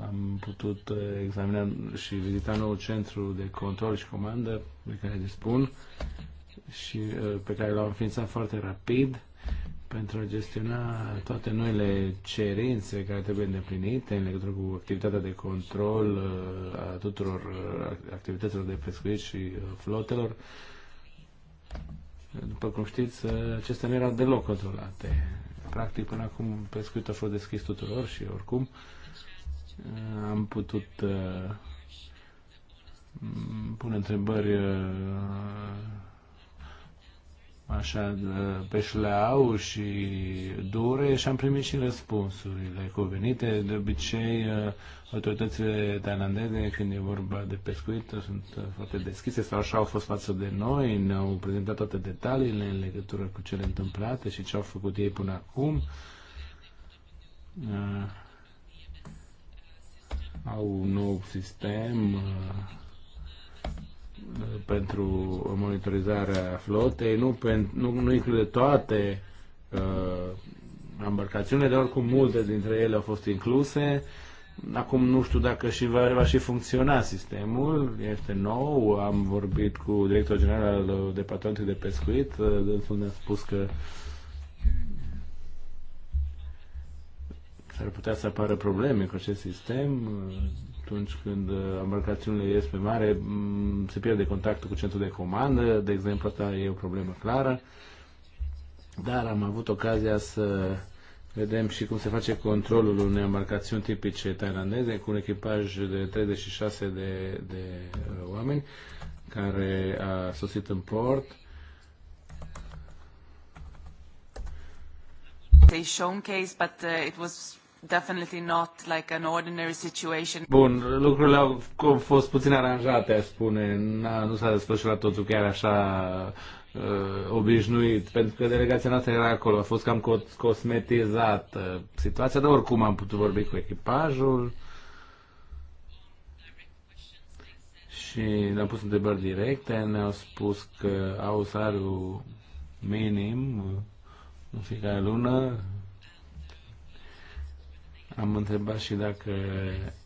am putut examina și vizita noul centru de control și comandă de care dispun și uh, pe care l-am înființat foarte rapid pentru a gestiona toate noile cerințe care trebuie îndeplinite în legătură cu activitatea de control uh, a tuturor uh, activităților de pescuit și uh, flotelor. După cum știți, acestea nu erau deloc controlate. Practic, până acum, pescuitul a fost deschis tuturor și oricum am putut pune întrebări așa pe șleau și dure și am primit și răspunsurile cuvenite. De obicei, uh, autoritățile tailandeze, când e vorba de pescuit, sunt uh, foarte deschise sau așa au fost față de noi, ne-au prezentat toate detaliile în legătură cu cele întâmplate și ce au făcut ei până acum. Uh, au un nou sistem pentru monitorizarea flotei, nu, nu, nu include toate uh, embarcațiunile, dar oricum multe dintre ele au fost incluse. Acum nu știu dacă și va, va și funcționa sistemul, este nou, am vorbit cu directorul general al Departamentului de Pescuit, uh, dânsul ne-a spus că s-ar putea să apară probleme cu acest sistem, uh, atunci când uh, embarcațiunile ies pe mare, mm, se pierde contactul cu centrul de comandă, de exemplu, asta e o problemă clară, dar am avut ocazia să vedem și cum se face controlul unei embarcațiuni tipice tailandeze cu un echipaj de 36 de, de uh, oameni care a sosit în port showcase, but uh, it was definitely not like an ordinary situation. Bun, lucrurile au fost puțin aranjate, aș spune. nu s-a desfășurat totul chiar așa uh, obișnuit, pentru că delegația noastră era acolo, a fost cam cosmetizată situația, dar oricum am putut vorbi cu echipajul și ne am pus întrebări directe, ne-au spus că au salariu minim în fiecare lună, am întrebat și dacă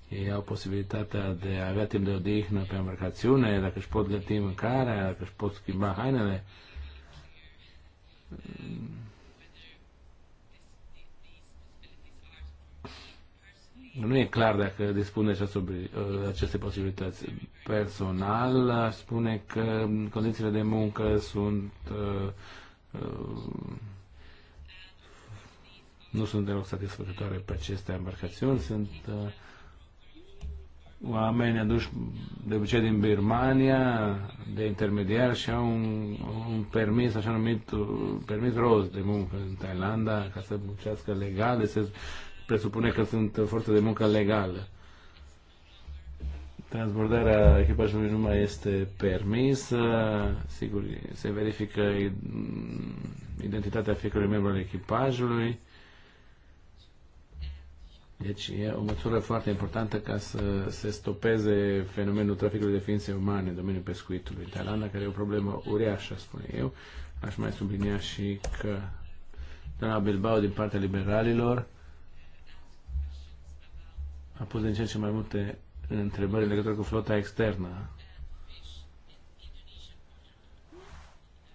ei au posibilitatea de a avea timp de odihnă pe embarcațiune, dacă își pot găti mâncarea, dacă își pot schimba hainele. Nu e clar dacă dispune ă, aceste posibilități. Personal aș spune că condițiile de muncă sunt uh, uh, nu sunt deloc satisfăcătoare pe aceste embarcațiuni. Sunt uh, oameni aduși de obicei din Birmania, de intermediari și au un, un permis, așa numit, uh, permis roz de muncă în Thailanda, ca să muncească legal, de deci se presupune că sunt forță de muncă legală. Transbordarea echipajului nu mai este permisă, sigur, se verifică identitatea fiecărui membru al echipajului deci e o măsură foarte importantă ca să se stopeze fenomenul traficului de ființe umane în domeniul pescuitului. Thailanda, care e o problemă uriașă, spune eu, aș mai sublinia și că doamna Bilbao din partea liberalilor a pus din ce în ce mai multe întrebări în legătură cu flota externă.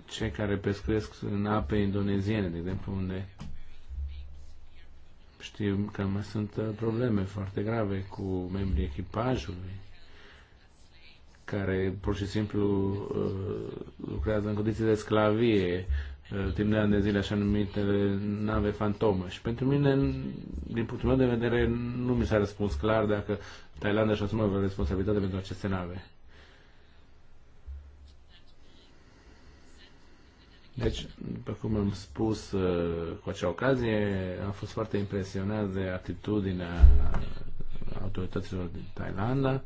Cei care pescuiesc în ape indoneziene, de exemplu, unde Știm că mai sunt uh, probleme foarte grave cu membrii echipajului care pur și simplu uh, lucrează în condiții de sclavie uh, timp de ani de zile, așa numitele nave fantomă. Și pentru mine, din punctul meu de vedere, nu mi s-a răspuns clar dacă Thailanda și a asumat responsabilitatea pentru aceste nave. Deci, după cum am spus uh, cu acea ocazie, am fost foarte impresionat de atitudinea autorităților din Thailanda,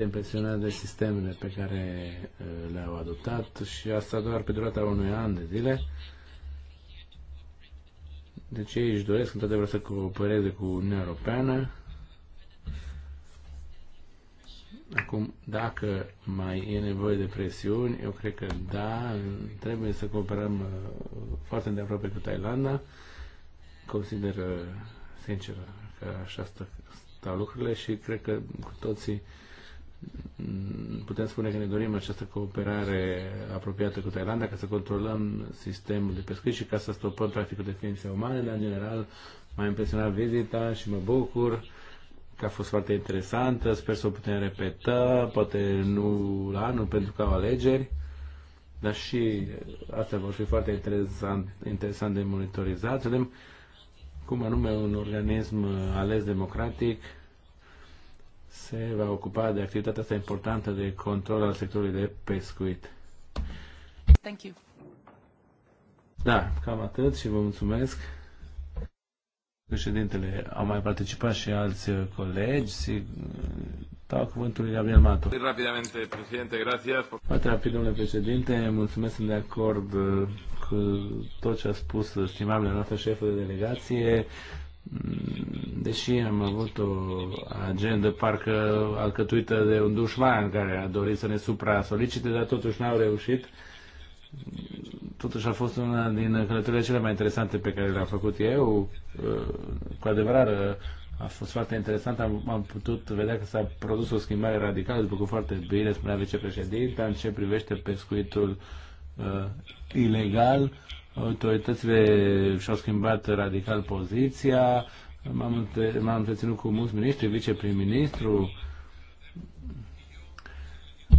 impresionat de sistemele pe care uh, le-au adoptat și asta doar pe durata unui an de zile. Deci ei își doresc într-adevăr să coopereze cu Uniunea Europeană Acum, dacă mai e nevoie de presiuni, eu cred că da, trebuie să cooperăm uh, foarte de aproape cu Thailanda. Consider uh, sincer că așa stau lucrurile și cred că cu toții mm, putem spune că ne dorim această cooperare apropiată cu Thailanda ca să controlăm sistemul de pescuit și ca să stopăm traficul de ființe umane, dar în general m-a impresionat vizita și mă bucur că a fost foarte interesantă, sper să o putem repeta, poate nu la anul pentru că au alegeri, dar și asta vor fi foarte interesant, interesant de monitorizat. Să vedem cum anume un organism ales democratic se va ocupa de activitatea asta importantă de control al sectorului de pescuit. Thank you. Da, cam atât și vă mulțumesc. Președintele, au mai participat și alți uh, colegi. Uh, dau cuvântul lui Gabriel Mato. Rapidamente, președinte, gracias. Foarte rapid, domnule președinte, mulțumesc, sunt de acord uh, cu tot ce a spus stimabile noastră șefă de delegație. Mm, deși am avut o agendă parcă alcătuită de un dușman care a dorit să ne supra-solicite, dar totuși n-au reușit totuși a fost una din călătorile cele mai interesante pe care le-am făcut eu. Cu adevărat, a fost foarte interesant. Am, am putut vedea că s-a produs o schimbare radicală, după cum foarte bine spunea vicepreședinte, în ce privește pescuitul uh, ilegal. Autoritățile și-au schimbat radical poziția. M-am, întreținut cu mulți miniștri, viceprim-ministru,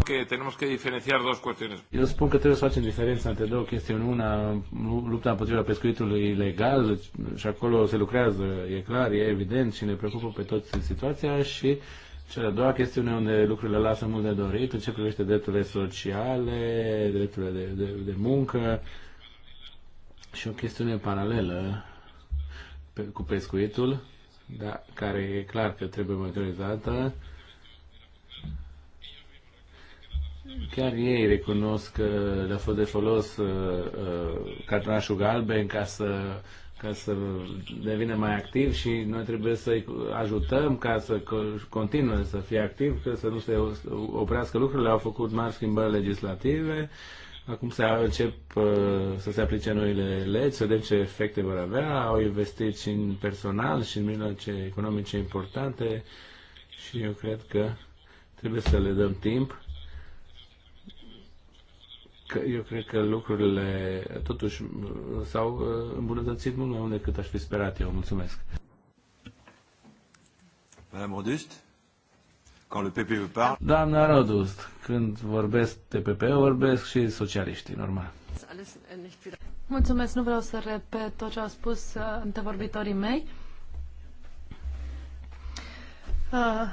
que tenemos que diferenciar dos cuestiones. Eu spun că trebuie să facem diferența între două chestiuni. Una, lupta împotriva pescuitului ilegal deci, și acolo se lucrează, e clar, e evident și ne preocupă pe toți situația și cea de-a doua chestiune unde lucrurile lasă mult de dorit, în ce privește drepturile sociale, drepturile de, de, de muncă și o chestiune paralelă pe, cu pescuitul, da, care e clar că trebuie monitorizată chiar ei recunosc că le-a fost de folos uh, uh, cartonașul galben ca să, ca să devină mai activ și noi trebuie să-i ajutăm ca să continue să fie activ, ca să nu se oprească lucrurile. Au făcut mari schimbări legislative, acum se încep uh, să se aplice noile legi, să vedem ce efecte vor avea. Au investit și în personal și în mijloace economice importante și eu cred că trebuie să le dăm timp că eu cred că lucrurile totuși s-au uh, îmbunătățit mult mai mult decât aș fi sperat eu. Mulțumesc. Madame Rodust, când le vă parle... Doamna Rodust, când vorbesc de PPE, vorbesc și socialiștii, normal. Mulțumesc, nu vreau să repet tot ce au spus uh, antevorbitorii mei. Uh,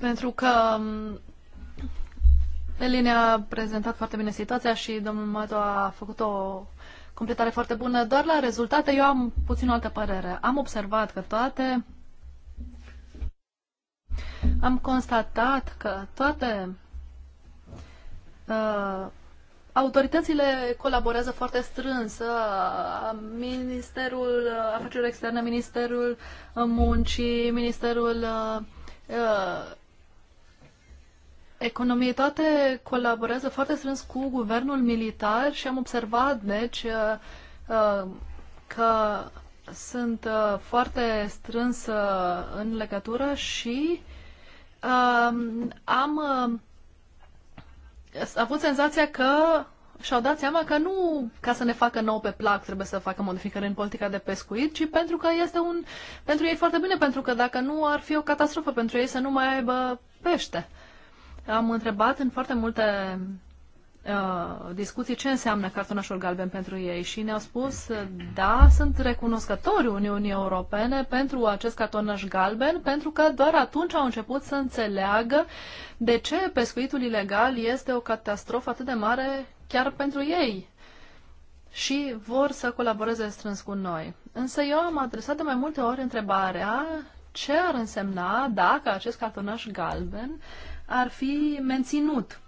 pentru că um, Eline a prezentat foarte bine situația și domnul Mato a făcut o completare foarte bună. Doar la rezultate eu am puțin o altă părere. Am observat că toate... Am constatat că toate uh, autoritățile colaborează foarte strâns. Uh, Ministerul uh, Afacerilor Externe, Ministerul Muncii, Ministerul uh, uh economiei toate colaborează foarte strâns cu guvernul militar și am observat, deci, uh, uh, că sunt uh, foarte strâns în legătură și um, am avut senzația că și-au dat seama că nu ca să ne facă nou pe plac trebuie să facă modificări în politica de pescuit, ci pentru că este un... pentru ei foarte bine, pentru că dacă nu ar fi o catastrofă pentru ei să nu mai aibă pește. Uh, am întrebat în foarte multe uh, discuții ce înseamnă cartonașul galben pentru ei și ne-au spus da, sunt recunoscători Uniunii Europene pentru acest cartonaș galben pentru că doar atunci au început să înțeleagă de ce pescuitul ilegal este o catastrofă atât de mare chiar pentru ei și vor să colaboreze strâns cu noi. Însă eu am adresat de mai multe ori întrebarea ce ar însemna dacă acest cartonaș galben ar fi menținut.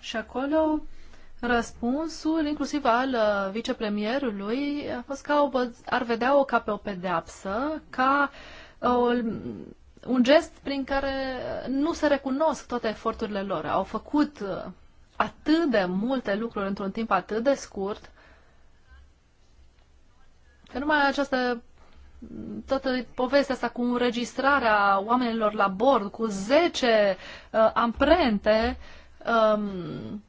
Și acolo răspunsul, inclusiv al uh, vicepremierului, a fost că ar vedea-o ca pe o pedeapsă, ca uh, o, un gest prin care nu se recunosc toate eforturile lor. Au făcut uh, atât de multe lucruri într-un timp atât de scurt, că numai această toată povestea asta cu înregistrarea oamenilor la bord, cu 10 uh, amprente um,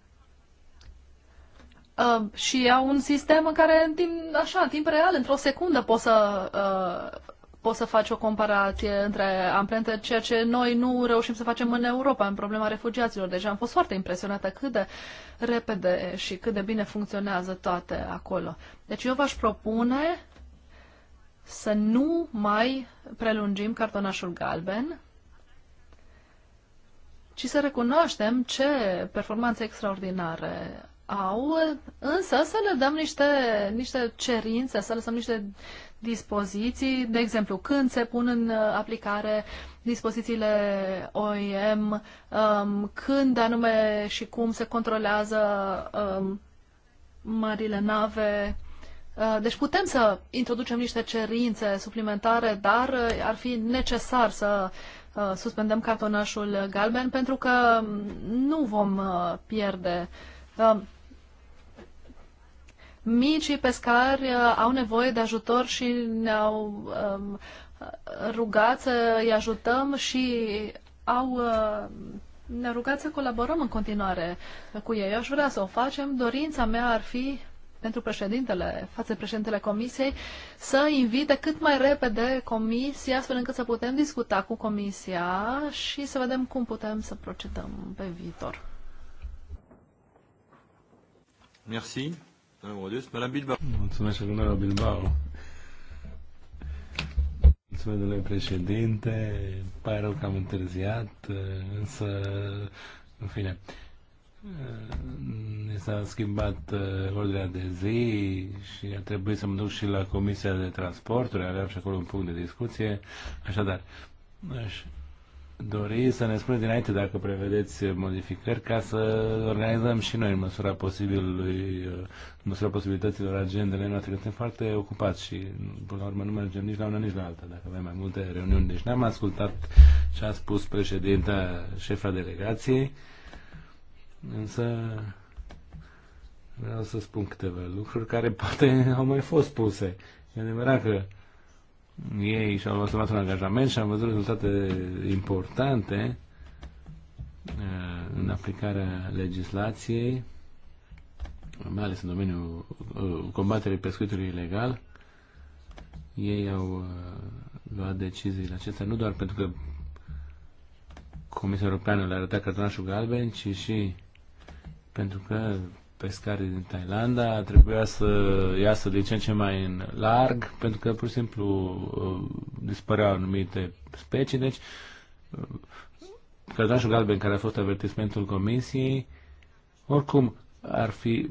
uh, și au un sistem în care în timp, așa, în timp real, într-o secundă poți să uh, poți să faci o comparație între amprente, ceea ce noi nu reușim să facem în Europa, în problema refugiaților. Deci am fost foarte impresionată cât de repede și cât de bine funcționează toate acolo. Deci eu v-aș propune să nu mai prelungim cartonașul galben, ci să recunoaștem ce performanțe extraordinare au, însă să le dăm niște, niște cerințe, să lăsăm niște dispoziții, de exemplu, când se pun în aplicare dispozițiile OEM, um, când anume și cum se controlează marile um, nave, Uh, deci putem să introducem niște cerințe suplimentare, dar uh, ar fi necesar să uh, suspendăm cartonașul galben pentru că um, nu vom pierde. Micii pescari au nevoie de ajutor și ne-au um, rugat să îi ajutăm și au ne-a rugat să colaborăm în continuare cu ei. Eu aș vrea să o facem. Dorința mea ar fi pentru președintele, față de președintele comisiei, să invite cât mai repede comisia, astfel încât să putem discuta cu comisia și să vedem cum putem să procedăm pe viitor. Merci. Mulțumesc, domnule Bilbao. Mulțumesc, domnule președinte. Pare rău că am întârziat, însă, în fine ne s-a schimbat uh, ordinea de zi și a trebuit să mă duc și la Comisia de Transporturi, aveam și acolo un punct de discuție. Așadar, aș dori să ne spuneți dinainte dacă prevedeți modificări ca să organizăm și noi în măsura posibilului, uh, în măsura posibilităților agendele noastre, că suntem foarte ocupați și până la urmă nu mergem nici la una, nici la alta, dacă avem mai multe reuniuni. Deci n-am ascultat ce a spus președinta, șefa delegației Însă vreau să spun câteva lucruri care poate [LAUGHS] au mai fost puse. E adevărat că ei și-au asumat un angajament și am văzut rezultate importante uh, în aplicarea legislației, mai ales în domeniul uh, combaterii pescuitului ilegal. Ei au uh, luat deciziile acestea nu doar pentru că Comisia Europeană le-a arătat cartonașul galben, ci și pentru că pescarii din Thailanda trebuia să iasă din ce în ce mai în larg, pentru că pur și simplu uh, dispăreau anumite specii. Deci, uh, cărdașul galben care a fost avertismentul comisiei, oricum ar fi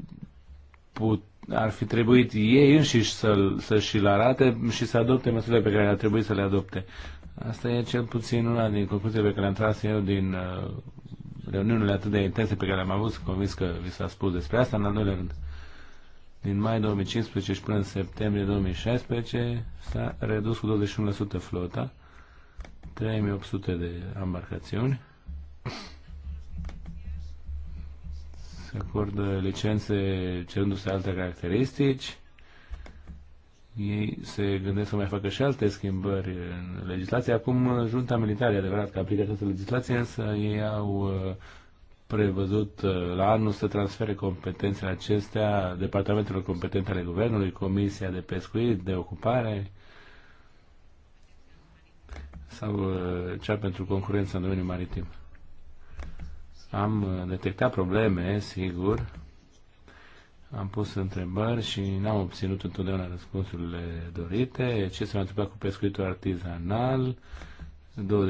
put, ar fi trebuit ei înșiși să, să și-l arate și să adopte măsurile pe care ar trebui să le adopte. Asta e cel puțin una din concluziile pe care le-am tras eu din uh, reuniunile atât de intense pe care le-am avut, sunt convins că vi s-a spus despre asta, în al doilea rând. Din mai 2015 și până în septembrie 2016 s-a redus cu 21% flota, 3800 de embarcațiuni. Se acordă licențe cerându-se alte caracteristici ei se gândesc să mai facă și alte schimbări în legislație. Acum, junta militară, adevărat că aplică această legislație, însă ei au uh, prevăzut uh, la anul să transfere competențele acestea departamentelor competente ale Guvernului, Comisia de Pescuit, de Ocupare sau uh, cea pentru concurență în domeniul maritim. Am detectat probleme, sigur, am pus întrebări și n-am obținut întotdeauna răspunsurile dorite. Ce s-a întâmplat cu pescuitul artizanal?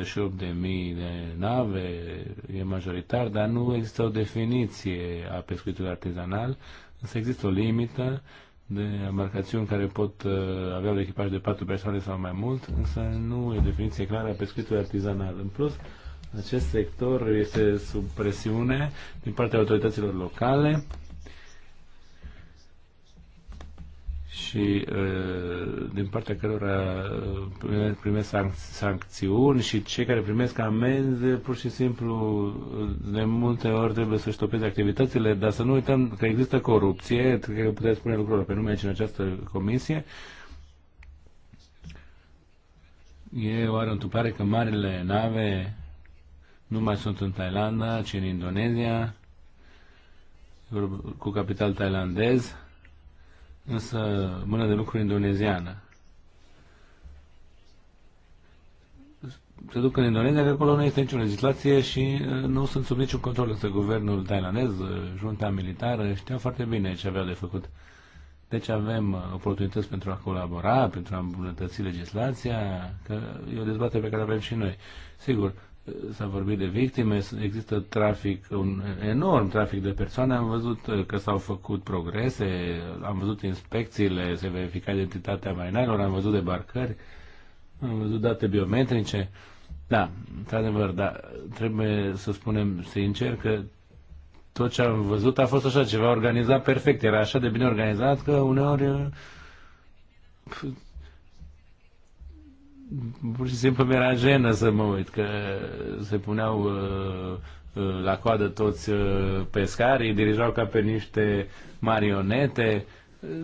28.000 de nave e majoritar, dar nu există o definiție a pescuitului artizanal, însă există o limită de embarcațiuni care pot uh, avea un echipaj de patru persoane sau mai mult, însă nu e definiție clară a pescuitului artizanal. În plus, acest sector este sub presiune din partea autorităților locale și din partea cărora primesc sanc- sancțiuni și cei care primesc amenzi pur și simplu de multe ori trebuie să-și topeze activitățile, dar să nu uităm că există corupție, cred că puteți spune lucrurile pe nume aici în această comisie. E oare întâmplare că marile nave nu mai sunt în Thailanda, ci în Indonezia, cu capital thailandez însă mână de lucru indoneziană. Se duc în Indonezia, că acolo nu este nicio legislație și uh, nu sunt sub niciun control. Însă guvernul tailandez, uh, junta militară, știau foarte bine ce aveau de făcut. Deci avem uh, oportunități pentru a colabora, pentru a îmbunătăți legislația, că e o dezbatere pe care avem și noi. Sigur, s-a vorbit de victime, există trafic, un enorm trafic de persoane, am văzut uh, că s-au făcut progrese, am văzut inspecțiile, se verifica identitatea marinarilor, am văzut debarcări, am văzut date biometrice. Da, într-adevăr, dar trebuie să spunem sincer că tot ce am văzut a fost așa ceva organizat perfect, era așa de bine organizat că uneori uh, pur și simplu mi-era jenă să mă uit, că se puneau uh, uh, la coadă toți uh, pescarii, dirijau ca pe niște marionete.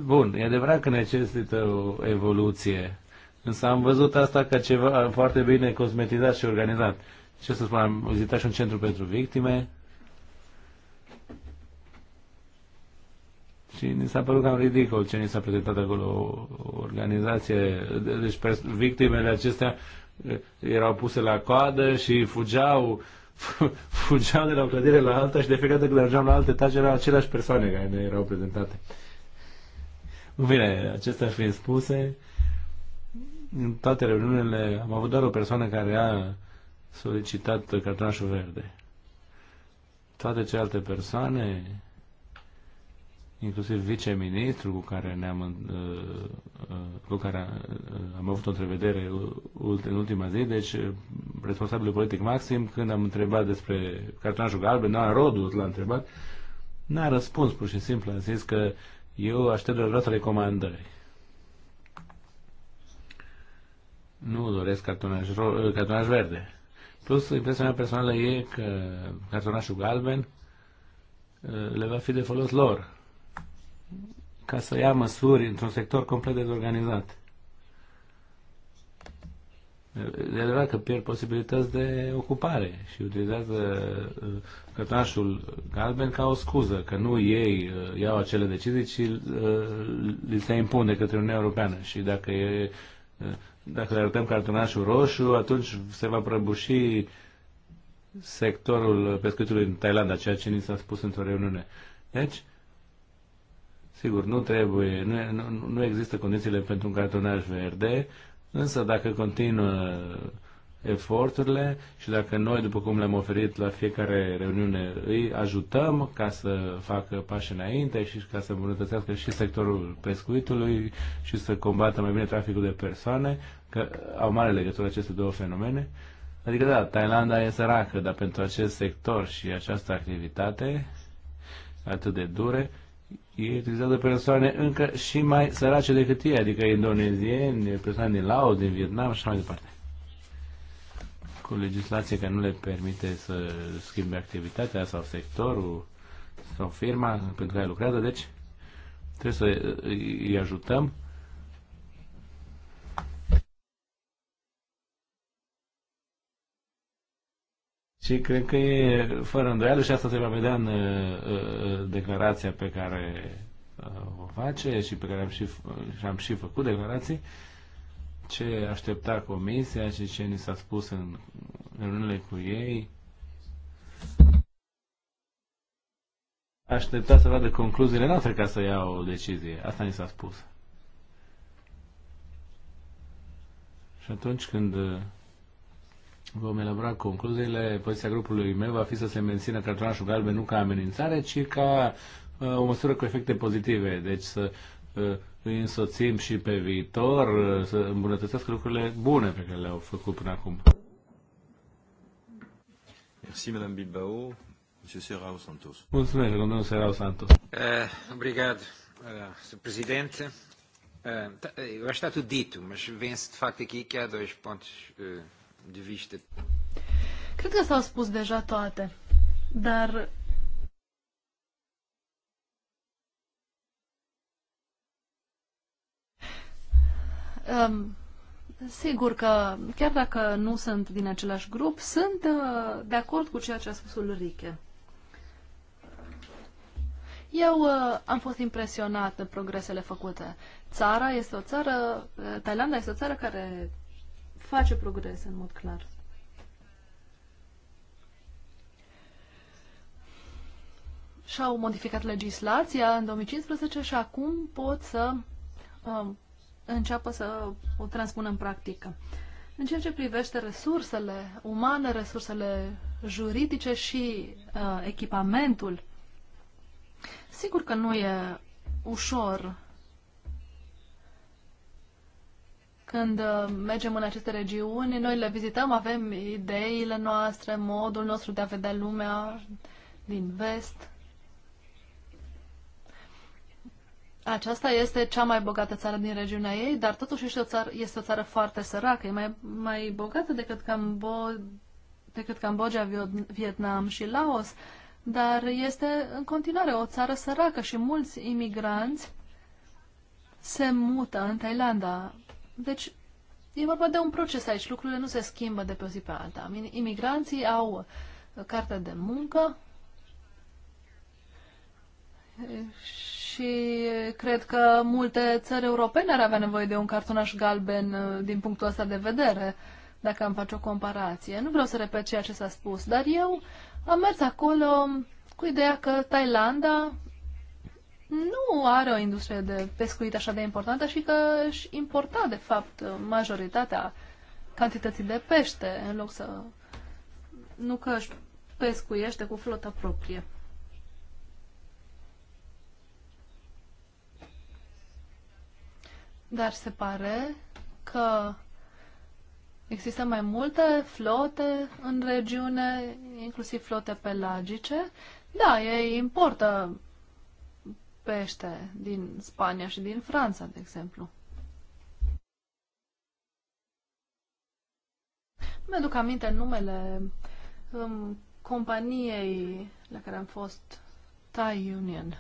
Bun, e adevărat că necesită o evoluție, însă am văzut asta ca ceva foarte bine cosmetizat și organizat. Ce să spun, am vizitat și un centru pentru victime, și ni s-a părut cam ridicol ce ni s-a prezentat acolo o organizație. Deci victimele acestea eh, erau puse la coadă și fugeau fugeau de la o clădire la alta și de fiecare dată când ajungeam la alt etaj erau aceleași persoane care ne erau prezentate. În fine, acestea fiind spuse, în toate reuniunile am avut doar o persoană care a solicitat cartonașul verde. Toate celelalte persoane inclusiv viceministru cu care, ne-am, uh, uh, cu care uh, am avut o întrevedere în ultima zi, deci responsabilul politic maxim, când am întrebat despre cartonașul galben, n-a rodul l-a întrebat, n-a răspuns pur și simplu, a zis că eu aștept de vreodată recomandări. Nu doresc cartonaj, cartonaș cartonaj verde. Plus, impresia mea personală e că cartonașul galben le va fi de folos lor ca să ia măsuri într-un sector complet dezorganizat. E adevărat că pierd posibilități de ocupare și utilizează uh, cătașul galben ca o scuză, că nu ei uh, iau acele decizii, ci uh, li se impune către Uniunea Europeană. Și dacă, e, dacă le arătăm cartonașul roșu, atunci se va prăbuși sectorul pescuitului în Thailanda, ceea ce ni s-a spus într-o reuniune. Deci, Sigur, nu trebuie, nu, nu, nu există condițiile pentru un cartonaj verde, însă dacă continuă eforturile și dacă noi, după cum le-am oferit la fiecare reuniune, îi ajutăm ca să facă pași înainte și ca să îmbunătățească și sectorul pescuitului și să combată mai bine traficul de persoane, că au mare legătură aceste două fenomene. Adică, da, Thailanda e săracă, dar pentru acest sector și această activitate atât de dure, e utilizată de persoane încă și mai sărace decât ei, adică indonezieni, persoane din Laos, din Vietnam și așa mai departe. Cu legislație care nu le permite să schimbe activitatea sau sectorul sau firma pentru care lucrează, deci trebuie să îi ajutăm Și cred că e fără îndoială și asta se va vedea în uh, uh declarația pe care uh, o face și pe care am și, și am și făcut declarații, ce aștepta comisia și ce ni s-a spus în rândurile cu ei. Aștepta să vadă concluziile noastre ca să iau o decizie. Asta ni s-a spus. Și atunci când uh, vom elabora concluziile. Poziția grupului meu va fi să se mențină cartonașul galben nu ca amenințare, ci ca uh, o măsură cu efecte pozitive. Deci să uh, îi însoțim și pe viitor, uh, să îmbunătățească lucrurile bune pe care le-au făcut până acum. Merci, Madame Bilbao. Monsieur Serrao Santos. Mulțumesc, domnul Serrao Santos. Uh, obrigado, uh, Presidente. Uh, eu aș que está tudo dito, mas vem de fapt aqui que há dois pontos uh, gewichte. Cred că s-au spus deja toate, dar um, Sigur că, chiar dacă nu sunt din același grup, sunt uh, de acord cu ceea ce a spus Ulrike. Eu uh, am fost impresionat de progresele făcute. Țara este o țară, uh, Thailanda este o țară care face progrese în mod clar. și-au modificat legislația în 2015 și acum pot să uh, înceapă să o transpună în practică. În ceea ce privește resursele umane, resursele juridice și uh, echipamentul, sigur că nu e ușor Când uh, mergem în aceste regiuni, noi le vizităm, avem ideile noastre, modul nostru de a vedea lumea din vest. Aceasta este cea mai bogată țară din regiunea ei, dar totuși este o țară, este o țară foarte săracă. E mai, mai bogată decât, Cambo- decât Cambodgia, Vietnam și Laos, dar este în continuare o țară săracă și mulți imigranți se mută în Thailanda. Deci, e vorba de un proces aici. Lucrurile nu se schimbă de pe o zi pe alta. Imigranții au uh, carte de muncă și cred că multe țări europene ar avea nevoie de un cartonaș galben uh, din punctul ăsta de vedere, dacă am face o comparație. Nu vreau să repet ceea ce s-a spus, dar eu am mers acolo cu ideea că Thailanda nu are o industrie de pescuit așa de importantă și că își importa, de fapt, majoritatea cantității de pește, în loc să... nu că își pescuiește cu flota proprie. Dar se pare că există mai multe flote în regiune, inclusiv flote pelagice. Da, ei importă pește din Spania și din Franța, de exemplu. Mi-aduc aminte numele um, companiei la care am fost Thai Union.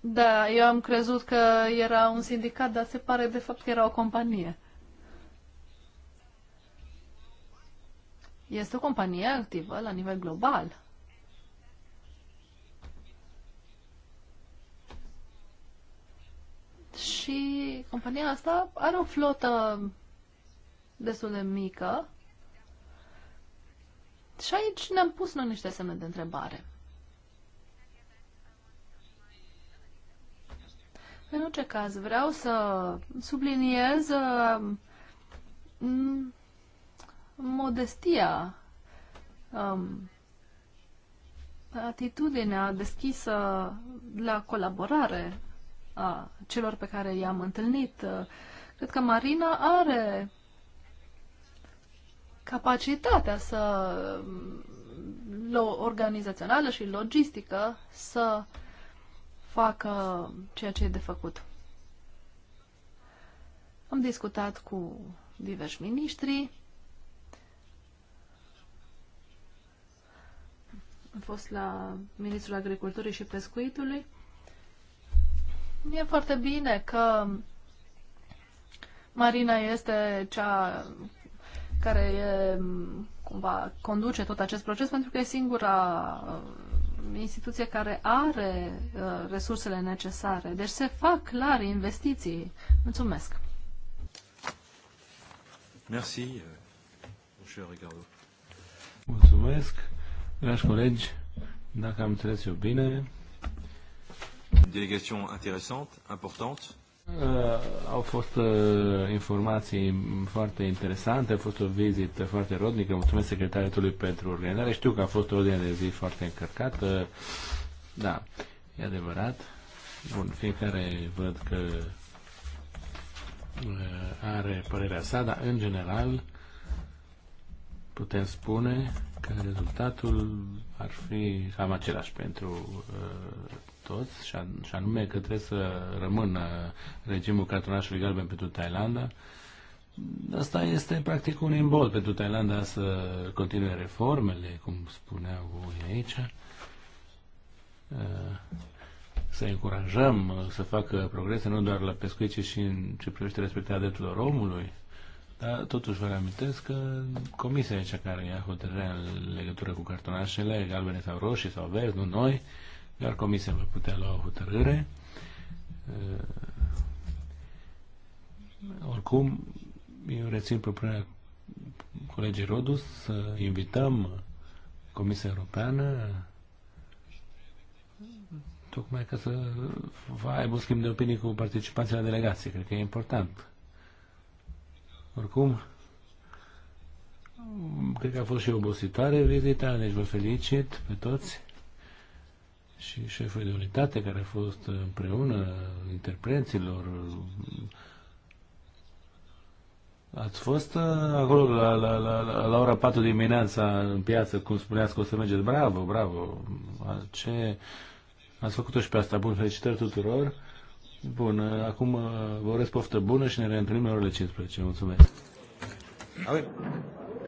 Da, eu am crezut că era un sindicat, dar se pare de fapt că era o companie. Este o companie activă la nivel global. și compania asta are o flotă destul de mică și aici ne-am pus noi niște semne de întrebare. În orice caz, vreau să subliniez um, modestia, um, atitudinea deschisă la colaborare a celor pe care i-am întâlnit. Cred că Marina are capacitatea să organizațională și logistică să facă ceea ce e de făcut. Am discutat cu diversi miniștri. Am fost la Ministrul Agriculturii și Pescuitului E foarte bine că Marina este cea care e, cumva conduce tot acest proces pentru că e singura uh, instituție care are uh, resursele necesare. Deci se fac clar investiții. Mulțumesc. Merci, euh, cher Ricardo. Mulțumesc, dragi colegi. Dacă am înțeles eu bine, importante. Uh, au fost uh, informații foarte interesante, a fost o vizită foarte rodnică. Mulțumesc secretariatului pentru organizare. Știu că a fost o ordine de zi foarte încărcată. Da, e adevărat. Bun, fiecare văd că uh, are părerea sa, dar în general putem spune că rezultatul ar fi cam același pentru uh, toți, și anume că trebuie să rămână regimul cartonașului galben pentru Thailanda. Asta este practic un imbol pentru Thailanda să continue reformele, cum spuneau voi aici, eh, să încurajăm să facă progrese nu doar la pescuit, ci și în ce privește respectarea drepturilor omului. Dar totuși vă reamintesc că comisia aici care ia hotărârea în legătură cu cartonașele galbene sau roșii sau verzi, nu noi, iar Comisia va putea lua o hotărâre. Uh, oricum, eu rețin propunerea colegii Rodus să invităm Comisia Europeană tocmai ca să aibă un schimb de opinii cu participanții la delegație. Cred că e important. Oricum, cred că a fost și obositoare vizita, deci vă felicit pe toți și șeful de unitate care a fost împreună interpreților. Ați fost uh, acolo la, la, la, la ora 4 dimineața în piață, cum spuneați că o să mergeți. Bravo, bravo! Ce... Ați făcut-o și pe asta. Bun, felicitări tuturor! Bun, uh, acum uh, vă urez poftă bună și ne reîntâlnim la orele 15. Mulțumesc! Amin.